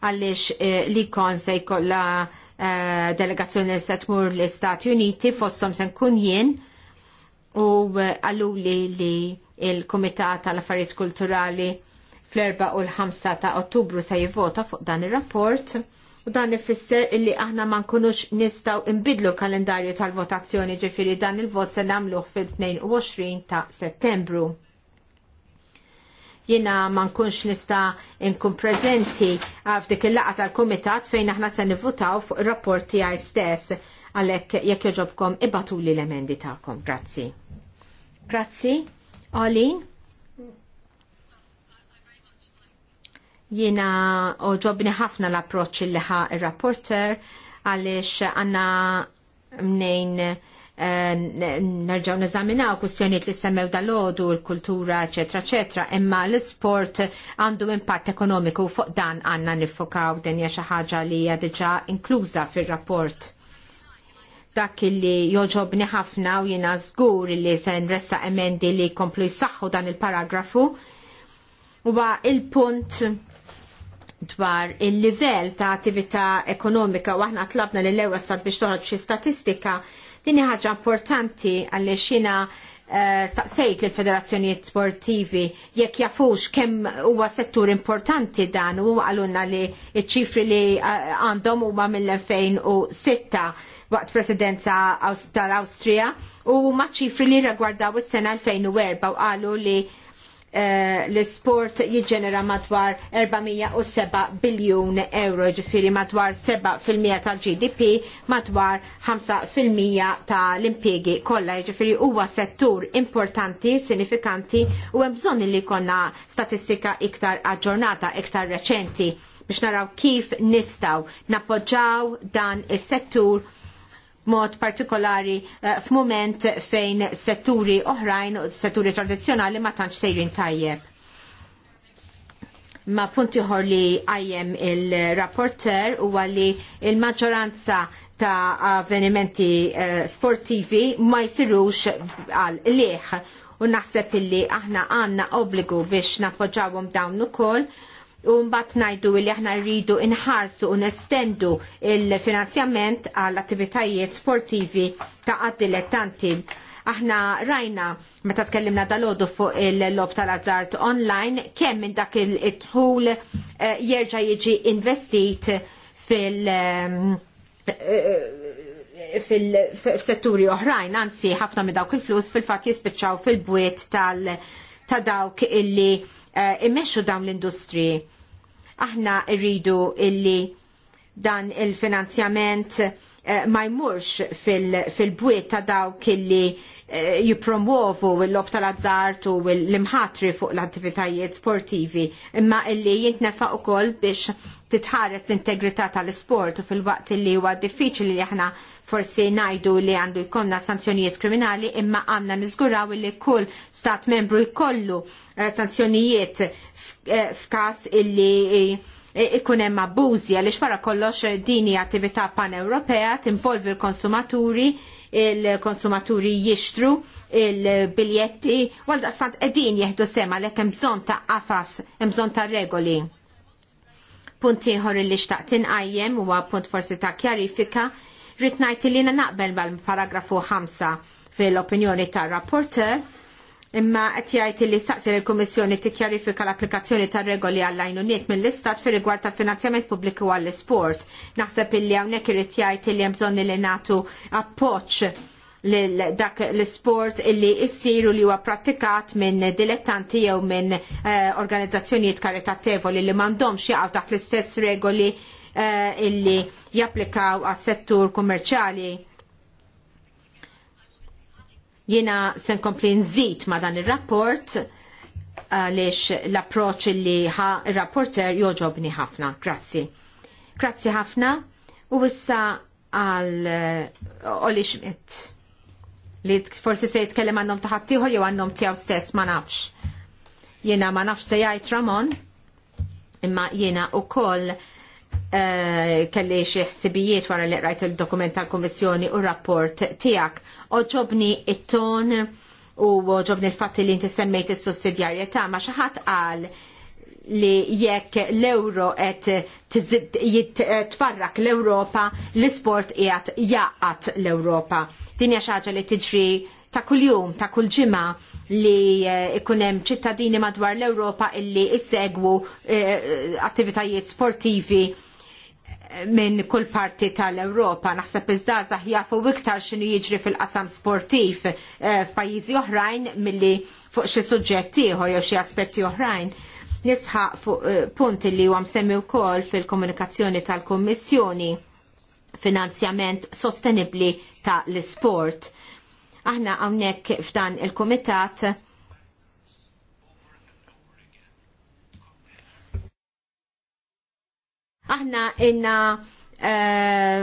għaliex eh, li kon se jkollha eh, delegazzjoni se tmur l-Istati Uniti fosthom se nkun jien u eh, għallu li li il-Komitat tal-Affarijiet Kulturali fl-4 u l-5 ta' Ottubru se jivvota fuq dan ir-rapport u dan ifisser illi aħna ma nkunux nistgħu imbidlu l-kalendarju tal-votazzjoni ġifieri dan il-vot se nagħmluh fil-22 ta' Settembru. Jiena ma nkunx nista nkun prezenti għaf dik il laqgħa tal kumitat fejn aħna se nivvutaw fuq ir rapport tiegħi stess għalhekk jekk joġobkom ibatuli l-emendi tagħkom. Grazzi. Grazzi. Olin? Jiena oġobni ħafna l approċċ li ħa il rapporter għaliex għandna mnejn Eh, nerġaw neżaminaw kustjoniet li semmew dal-ħodu, l-kultura, etc. etc. Imma l-sport għandu impatt ekonomiku fuq dan għanna nifokaw din hija xi ħaġa li hija diġà inkluża fir-rapport. Dak li joġobni ħafna u jina żgur li se ressa emendi li komplu jsaħħu dan il-paragrafu huwa il-punt dwar il-livell ta' attività ekonomika u aħna tlabna l-ewwel stat biex toħroġ xi statistika Dini ħaġa importanti għalli xina eh, staqsejt l-federazzjonijiet sportivi jekk jafux kemm huwa settur importanti dan u għalunna li ċifri li eh, għandhom huma mill-2006 waqt presidenza tal austria u ma ċifri li regwardaw is-sena 2004 u qalu li Eh, l-sport jiġġenera madwar 407 biljun euro ġifiri madwar 7% tal-GDP madwar 5% tal-impiegi kollha ġifiri huwa settur importanti, sinifikanti u hemm bżonn li jkollna statistika iktar aġġornata, iktar reċenti biex naraw kif nistgħu nappoġġaw dan is-settur mod partikolari eh, f'mument fejn setturi oħrajn, setturi tradizzjonali ma tantx sejrin tajjeb. Ma punti ħor li għajjem il-rapporter u għalli il-maġġoranza ta' avvenimenti eh, sportivi ma jsirux għal liħ u naħseb illi aħna għanna obbligu biex nappoġġawhom dawn ukoll u mbagħad ngħidu li aħna rridu inħarsu u nestendu l finanzjament għall attivitajiet sportivi ta' għad-dilettanti. Aħna rajna meta tkellimna dalodu fuq il-lob tal-azzart online kemm minn dak il-tħul eh, jerġa' jiġi investit fil- eh, fil-setturi oħrajn, anzi ħafna minn dawk il-flus fil-fatt jispiċċaw fil-bwiet tal- ta' dawk illi uh, dawn l-industri aħna rridu illi dan il-finanzjament eh, ma jmurx fil-bwiet ta' dawk illi eh, jipromuovu l-lob tal-azzart u l-imħatri fuq l-attivitajiet sportivi imma illi jintnefa u kol biex titħares l-integrità tal-sport u fil-waqt illi huwa diffiċli li aħna Forsi najdu li għandu jkollna sanzjonijiet kriminali imma għandna niżguraw li kull stat membru jkollu eh, sanzjonijiet eh, f'każ illi ikun hemm abbużi għaliex wara kollox dini attività pan-Ewropea tinvolvi l-konsumaturi, il-konsumaturi jixtru il-biljetti, għal daqstant qegħdin jieħdu sema l hemm bżonn ta' qafas, hemm bżonn ta' regoli. Punt ieħor li xtaqt inqajjem huwa punt forsi ta' kjarifika Rrid li li naqbel mal-paragrafu 5 fil-opinjoni tar-rapporter imma qed li li l-Komissjoni kummissjoni tikkjarifika l-applikazzjoni tar regoli għall uniet mill-istat fi rigward tal-finanzjament pubbliku għall-isport. Naħseb illi hawnhekk irid jgħid li hemm li nagħtu appoġġ dak l-sport illi issiru li huwa prattikat minn dilettanti jew minn eh, organizzazzjonijiet karitatevoli li m'għandhomx jaqgħu dak l-istess regoli Eh, illi japplikaw għas settur kummerċjali. Jiena se nkompli nżid ma dan ir rapport għaliex l approċċ li ħa il-rapporter joġobni ħafna. Grazzi. Grazzi ħafna u issa għal eh, Oli Schmidt li forsi se jitkellem għannom taħattijħor jew għannom tiegħu stess ma nafx. Jiena ma nafx se jgħid Ramon imma jiena wkoll Eh, kelli xi ħsibijiet wara li qrajt il-dokument tal-Kummissjoni u rapport tiegħek. Oġobni it-ton u oġobni l-fatti li inti semmejt is-sussidjarjetà ma xi ħadd qal li jekk l-euro qed tfarrak l-Ewropa, l-isport qiegħed jaqat l-Ewropa. Din hija xi ħaġa li tiġri ta' kuljum, ta' kull ġimgħa li jkun eh, hemm ċittadini madwar l-Ewropa illi issegwu eh, attivitajiet sportivi minn kull parti tal-Ewropa. Naħseb iż-żgħażagħ jafu iktar x'inhu jiġri fil-qasam sportiv eh, f'pajjiżi oħrajn milli fuq xi suġġetti ieħor jew xi aspetti oħrajn. Nisħaq fuq eh, punti li huwa msemmi wkoll fil-komunikazzjoni tal-Kummissjoni finanzjament sostenibbli tal isport Aħna hawnhekk f'dan il-kumitat Aħna inna eh,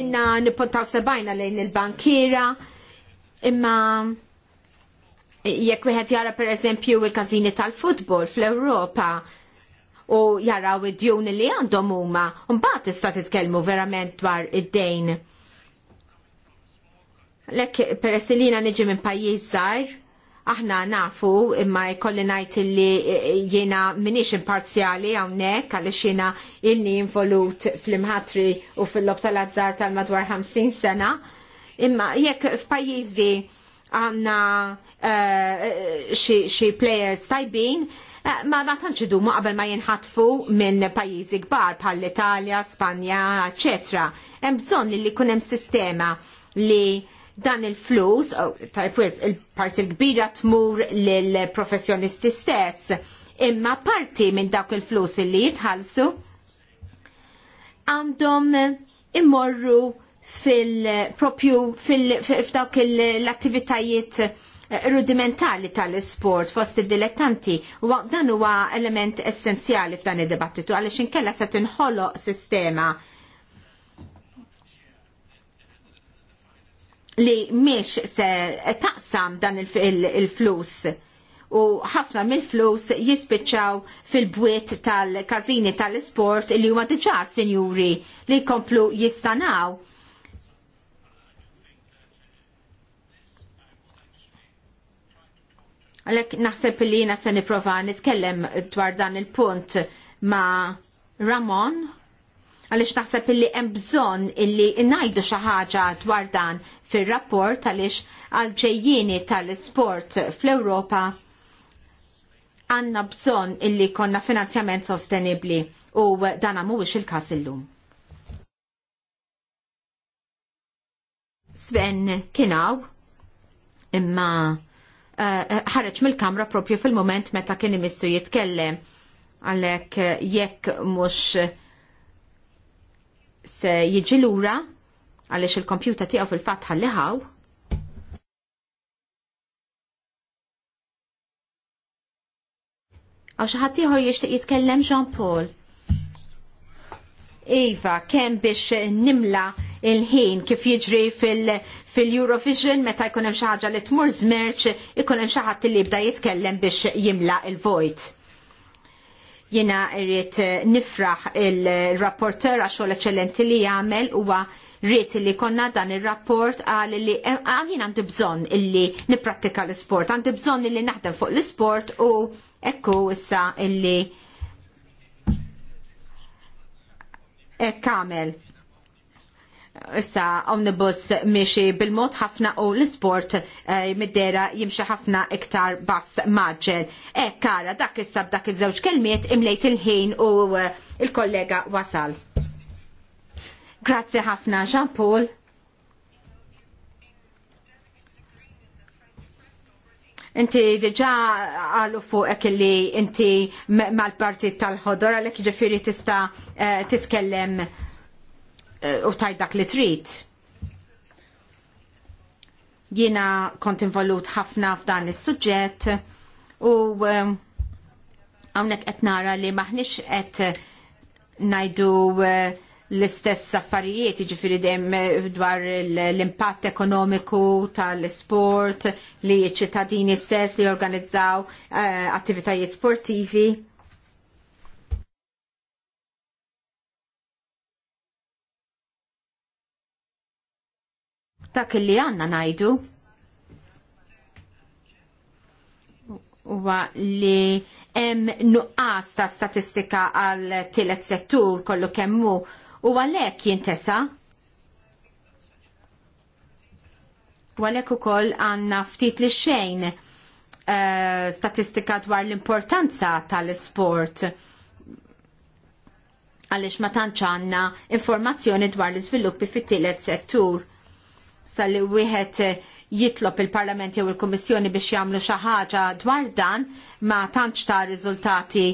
inna nipuntaw sebajna lejn il-bankira imma jekk wieħed jara per eżempju il-każini tal-futbol fl-Ewropa u jaraw id-djun li għandhom huma, mbagħad tista' titkellmu verament dwar id-dejn. Lek peressilina niġi minn pajjiż żgħar, Aħna nafu imma jkolli ngħid li e, e, jiena minix imparzjali hawnhekk għaliex jiena ilni involut fl-imħatri u fil-lob tal-azzar tal-madwar 50 sena. Imma jekk f'pajjiżi għandna e, xi players tajbin, Ma ma tantx idumu qabel ma jinħatfu minn pajjiżi kbar bħal Italja, Spanja, eċetera. Hemm bżonn li jkun hemm sistema li dan il-flus, oh, il-parti l-kbira tmur l-professjonisti stess, imma parti minn dak il-flus li jitħalsu għandhom immorru fil-propju f'dawk l-attivitajiet rudimentali tal-sport fost id-dilettanti u dan huwa element essenzjali f'dan id-dibattitu għaliex inkella se tinħoloq sistema li miex se taqsam dan il-flus. u ħafna mill-flus jispiċċaw fil-bwiet tal-kazini tal-sport li huma diġà sinjuri li jkomplu jistanaw. Għalek naħseb li jina se niprofa nitkellem dwar dan il-punt ma' Ramon għaliex naħseb illi hemm bżonn illi ngħidu xi ħaġa dwar dan fir-rapport għaliex għalġejjini tal-isport fl-Ewropa għandna bżonn illi konna finanzjament sostenibbli u dana mhuwiex il-każ illum. Sven kienaw imma eh, ħareġ uh, mill-kamra propju fil-moment meta kien imissu jitkellem għalhekk jekk mhux se jiġi lura għaliex il-kompjuta tiegħu fil-fatt ħalliħaw. Għaw xi ħadd ieħor jixtieq jitkellem Jean Paul. Iva, kemm biex nimla il-ħin kif jiġri fil-Eurovision meta jkun hemm xi ħaġa li tmur żmerċ ikun hemm xi ħadd li jibda jitkellem biex jimla il-vojt. Jiena rrit eh, nifraħ il-rapporter għaxol eċellenti li jagħmel huwa rrit li konna dan il-rapport għal li eh, għalin għandi bżon illi niprattika l-sport, għandi bżon illi naħdem fuq l-sport u ekku issa illi kamel issa omnibus miexi bil-mod ħafna u l-sport eh, middera jimxi ħafna iktar bass maġġel. E kara, dak issa b'dak iż-żewġ kelmiet imlejt il-ħin u eh, il-kollega wasal. Grazzi ħafna, Jean Paul. inti diġa għallu fuqek li inti mal-partit tal-ħodor għalek ġifiri tista eh, titkellem Eh, u tajt dak li trid. Jiena kont involut ħafna f'dan is-suġġett u eh, hawnhekk qed nara li maħniex qed ngħidu eh, l-istess affarijiet, jiġifieri dejjem dwar l-impatt ekonomiku tal-sport li ċ-ċittadini stess li jorganizzaw attivitajiet sportivi dak li għanna najdu huwa li hemm nuqqas ta' statistika għal tielet settur kollu kemm hu u għalhekk jintesa' u għalhekk ukoll għandna ftit li xejn uh, statistika dwar l-importanza tal-isport għaliex ma tantx għandna informazzjoni dwar l-iżviluppi fit-tielet settur li wieħed jitlob il-Parlament jew il-Kummissjoni biex jagħmlu xi ħaġa dwar dan ma tantx ta' riżultati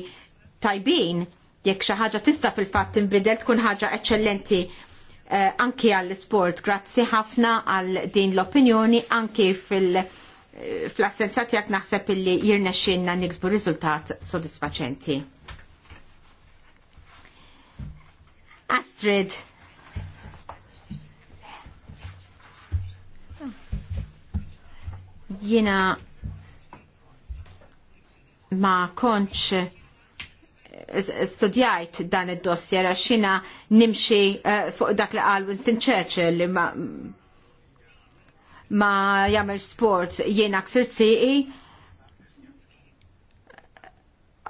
tajbin jekk xi ħaġa tista' fil-fatt inbidel tkun ħaġa eċċellenti eh, anki għall isport Grazzi ħafna għal din l-opinjoni anki fil- eh, fl-assenza tiegħek naħseb illi jirnexxinna niksbu riżultat sodisfaċenti. Astrid, Jiena ma konċ studjajt dan id-dossier għax xina nimxi eh, fuq dak li qal Winston Churchill li ma, ma jagħmel sport jiena ksir tsiqi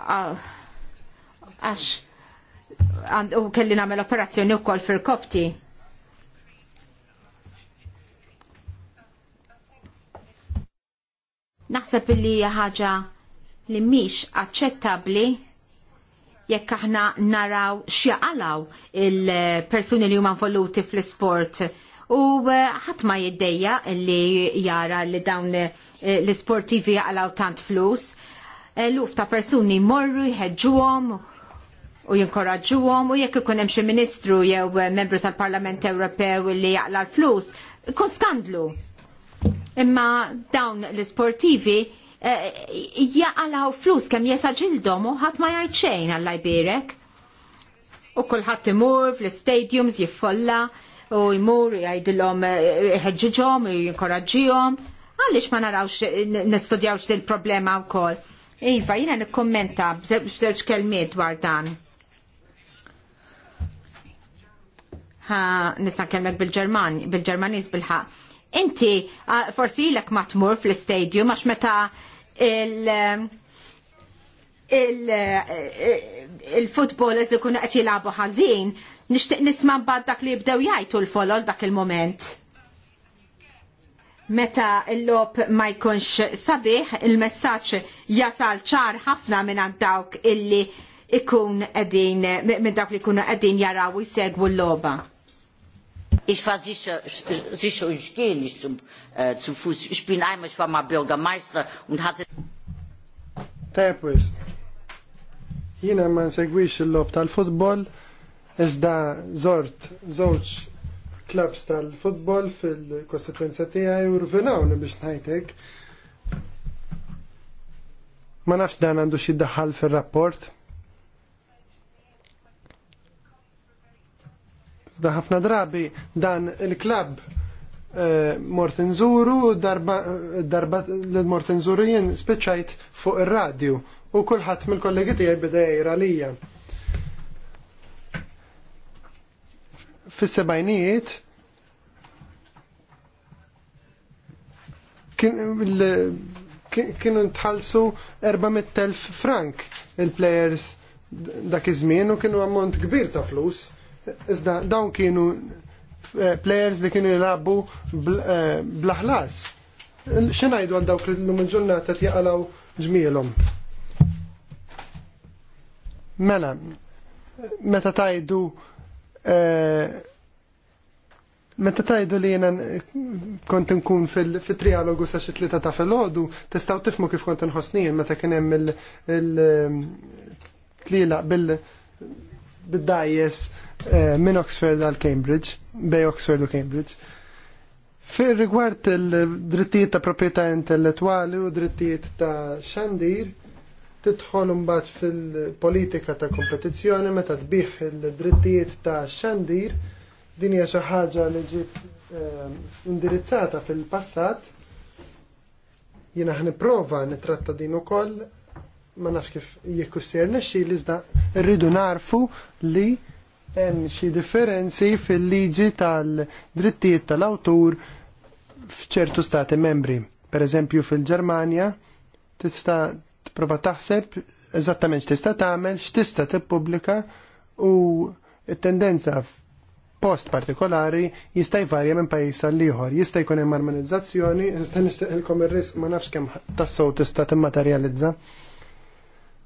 ah, għax u kelli nagħmel operazzjoni wkoll fil-kopti. Naħseb li hija ħaġa li mhix aċċettabbli jekk aħna naraw xjaqalaw il-persuni li huma involuti fl-isport u eh, ħadd ma jiddejja li jara li dawn eh, l-isportivi jaqalgħu tant flus. Eh, luf ta' persuni morru jħeġġuhom u jinkoraġġuhom u jekk ikun hemm xi ministru jew membru tal-Parlament Ewropew li jaqla l-flus, kun skandlu Imma dawn l-sportivi eh, jaqalaw flus kem jesaġildom u ħadd ma jgħid xejn għalla jbirek. U kulħadd imur fl-stadiums jiffolla u jmur jgħidilhom eh, ħeġġiġhom u jinkoraġġihom. Għaliex ma narawx nistudjawx din problema wkoll. Iva, jiena nikkommenta b'żewġ kelmiet dwar dan. Ha, nista' kelmek bil-Ġerman, bil-Ġermaniż bil-ħaq Inti forsi lek ma tmur fl-istadium għax meta il- um, uh, il-footballers il, ikunu qed jilagħbu ħażin, nixtieq nisma' mbagħad dak li jibdew jgħidu l-folol dak il-moment. Meta l-lob ma jkunx sabiħ, il-messaġġ jasal ċar ħafna minn dawk illi ikun qegħdin minn dawk li jkunu qegħdin jaraw u jsegwu l-logħba. Ich war sicher, sicher ich gehe nicht zum, äh, zu Fuß. Ich bin einmal, ich war mal Bürgermeister und hatte... Tepwis. Jina ma nsegwix il-lob tal-futbol, iżda zort żewġ klubs tal-futbol fil-kostituenza tiegħi u rvinawni biex ngħidlek. Ma nafs dan għandu xi daħal fir-rapport. Da ħafna drabi dan il-klab eh, mort nżuru, darba l mortenzuru jien speċajt fuq ir-radju u kulħadd mill-kollegi tiegħi beda jgħira lija. Fis-sebajnijiet kienu ntħallsu 400.000 frank il-plejers dak iż-żmien u kienu ammont kbir ta' flus Iżda dawn kienu eh, plejers li kienu jilabbu eh, blaħlas. Xenajdu għal dawk l-lum il-ġurnata tjaqalaw ġmielhom. Mela, meta tajdu eh, Meta tajdu li jena kont nkun fil-trialogu sa xitlita ta' fil-ħodu, testaw tifmu kif kont nħosnijin meta kien hemm il-tlila bil-dajjes Eh, minn Oxford għal Cambridge, bej Oxford u Cambridge. Fir rigward il-drittijiet ta' proprjetà intellettwali u drittijiet ta' xandir, tidħol mbagħad fil-politika ta' kompetizzjoni meta tbih il-drittijiet ta' xandir, din hija xi ħaġa li ġiet eh, indirizzata fil-passat. Jiena prova nitratta din ukoll ma nafx kif jekk li iżda rridu narfu li hemm xi differenzi fil-liġi tal-drittijiet tal-awtur f'ċertu stati membri. Per eżempju fil-Ġermanja tista' tipprova taħseb eżattament x'tista' tagħmel, x'tista' tippubblika u t-tendenza post partikolari jista' jvarja minn pajjiż għal ieħor. Jista' jkun hemm armonizzazzjoni, jista' nixtieqilkom ir-risk ma nafx kemm tas-sow tista' timmaterjalizza.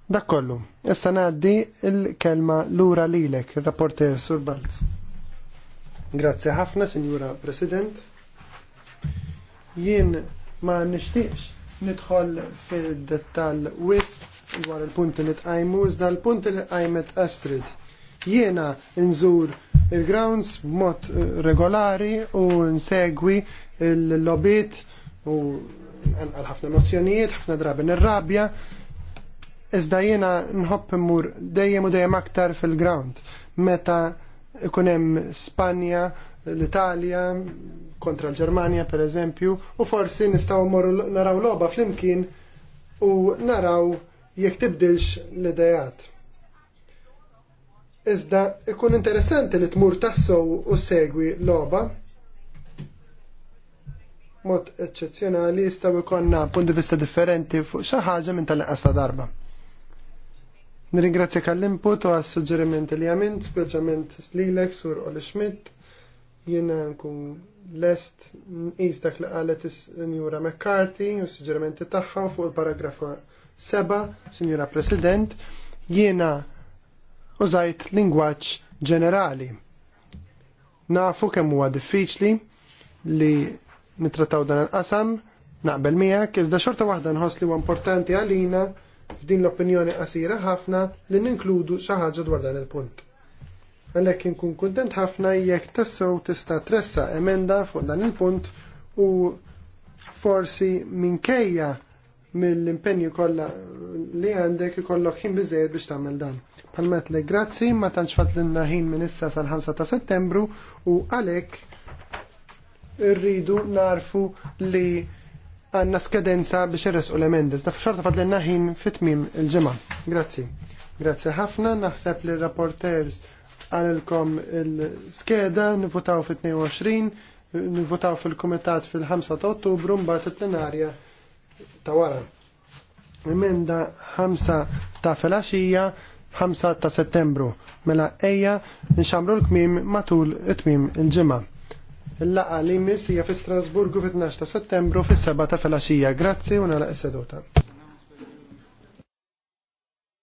Dak kollu. Issa ngħaddi l-kelma lura lilek, il-rapporter Sur Balz. Grazzi ħafna, Signora President. Jien ma nishtiqx nidħol fid-dettall wisq dwar il-punti li tqajmu, iżda l-punti li tqajmet Astrid. Jiena nżur il-grounds b'mod eh, regolari u nsegwi l-lobiet u għal ħafna nozzjonijiet, ħafna drabi nirrabja, Iżda jiena nħobb immur dejjem u dejjem aktar fil-ground. Meta ikun hemm Spanja, l-Italja, kontra l-Ġermanja per eżempju, u forsi nistgħu morru naraw logħba flimkien u naraw jekk tibdilx l-idejat. Iżda ikun interessanti li tmur tassow u segwi logħba mod eċċezzjonali jistgħu jkollna punti vista differenti fuq xi ħaġa minn tal-qasa darba. Nirringrazzja kall input u għas-suġġerimenti li għamilt, speċjalment lilek sur Oli Schmidt, jiena nkun lest nqis dak li qalet is-Sinjura McCarthy u s-suġġerimenti tagħha fuq il-paragrafu 7, Sinjura President, jiena użajt lingwaġġ ġenerali. Nafu kemm huwa diffiċli li nitrattaw dan il-qasam, naqbel miegħek, iżda xorta waħda nħoss li huwa importanti għalina f'din l-opinjoni qasira ħafna li ninkludu xi ħaġa dwar dan il-punt. Għalhekk inkun kuntent ħafna jekk tassew tista' tressa emenda fuq dan il-punt u forsi minkejja mill-impenju kollha li għandek ikollok ħin biżejjed biex tagħmel dan. Palmet li grazzi ma tantx fadlinna ħin minn issa sal-5 ta' Settembru u għalhekk irridu narfu li għanna skadenza biex irresqu l-emendes. Da fxorta fadlenna ħin fit-tmim il-ġemma. Grazzi. Grazzi ħafna, naħseb li rapporters għalilkom il-skeda, nivutaw fit-22, nivutaw fil-komitat fil-5 ta' ottubru, mbagħad il-plenarja ta' wara. Emenda 5 ta' felaxija 5 ta' settembru. Mela ejja nxamru l-kmim matul it-tmim il-ġemma. Il-laqa li jmiss hija fi Strasburgu fit-12 ta' Settembru fis-7 ta' filgħaxija. Grazzi u nagħlaq is-seduta.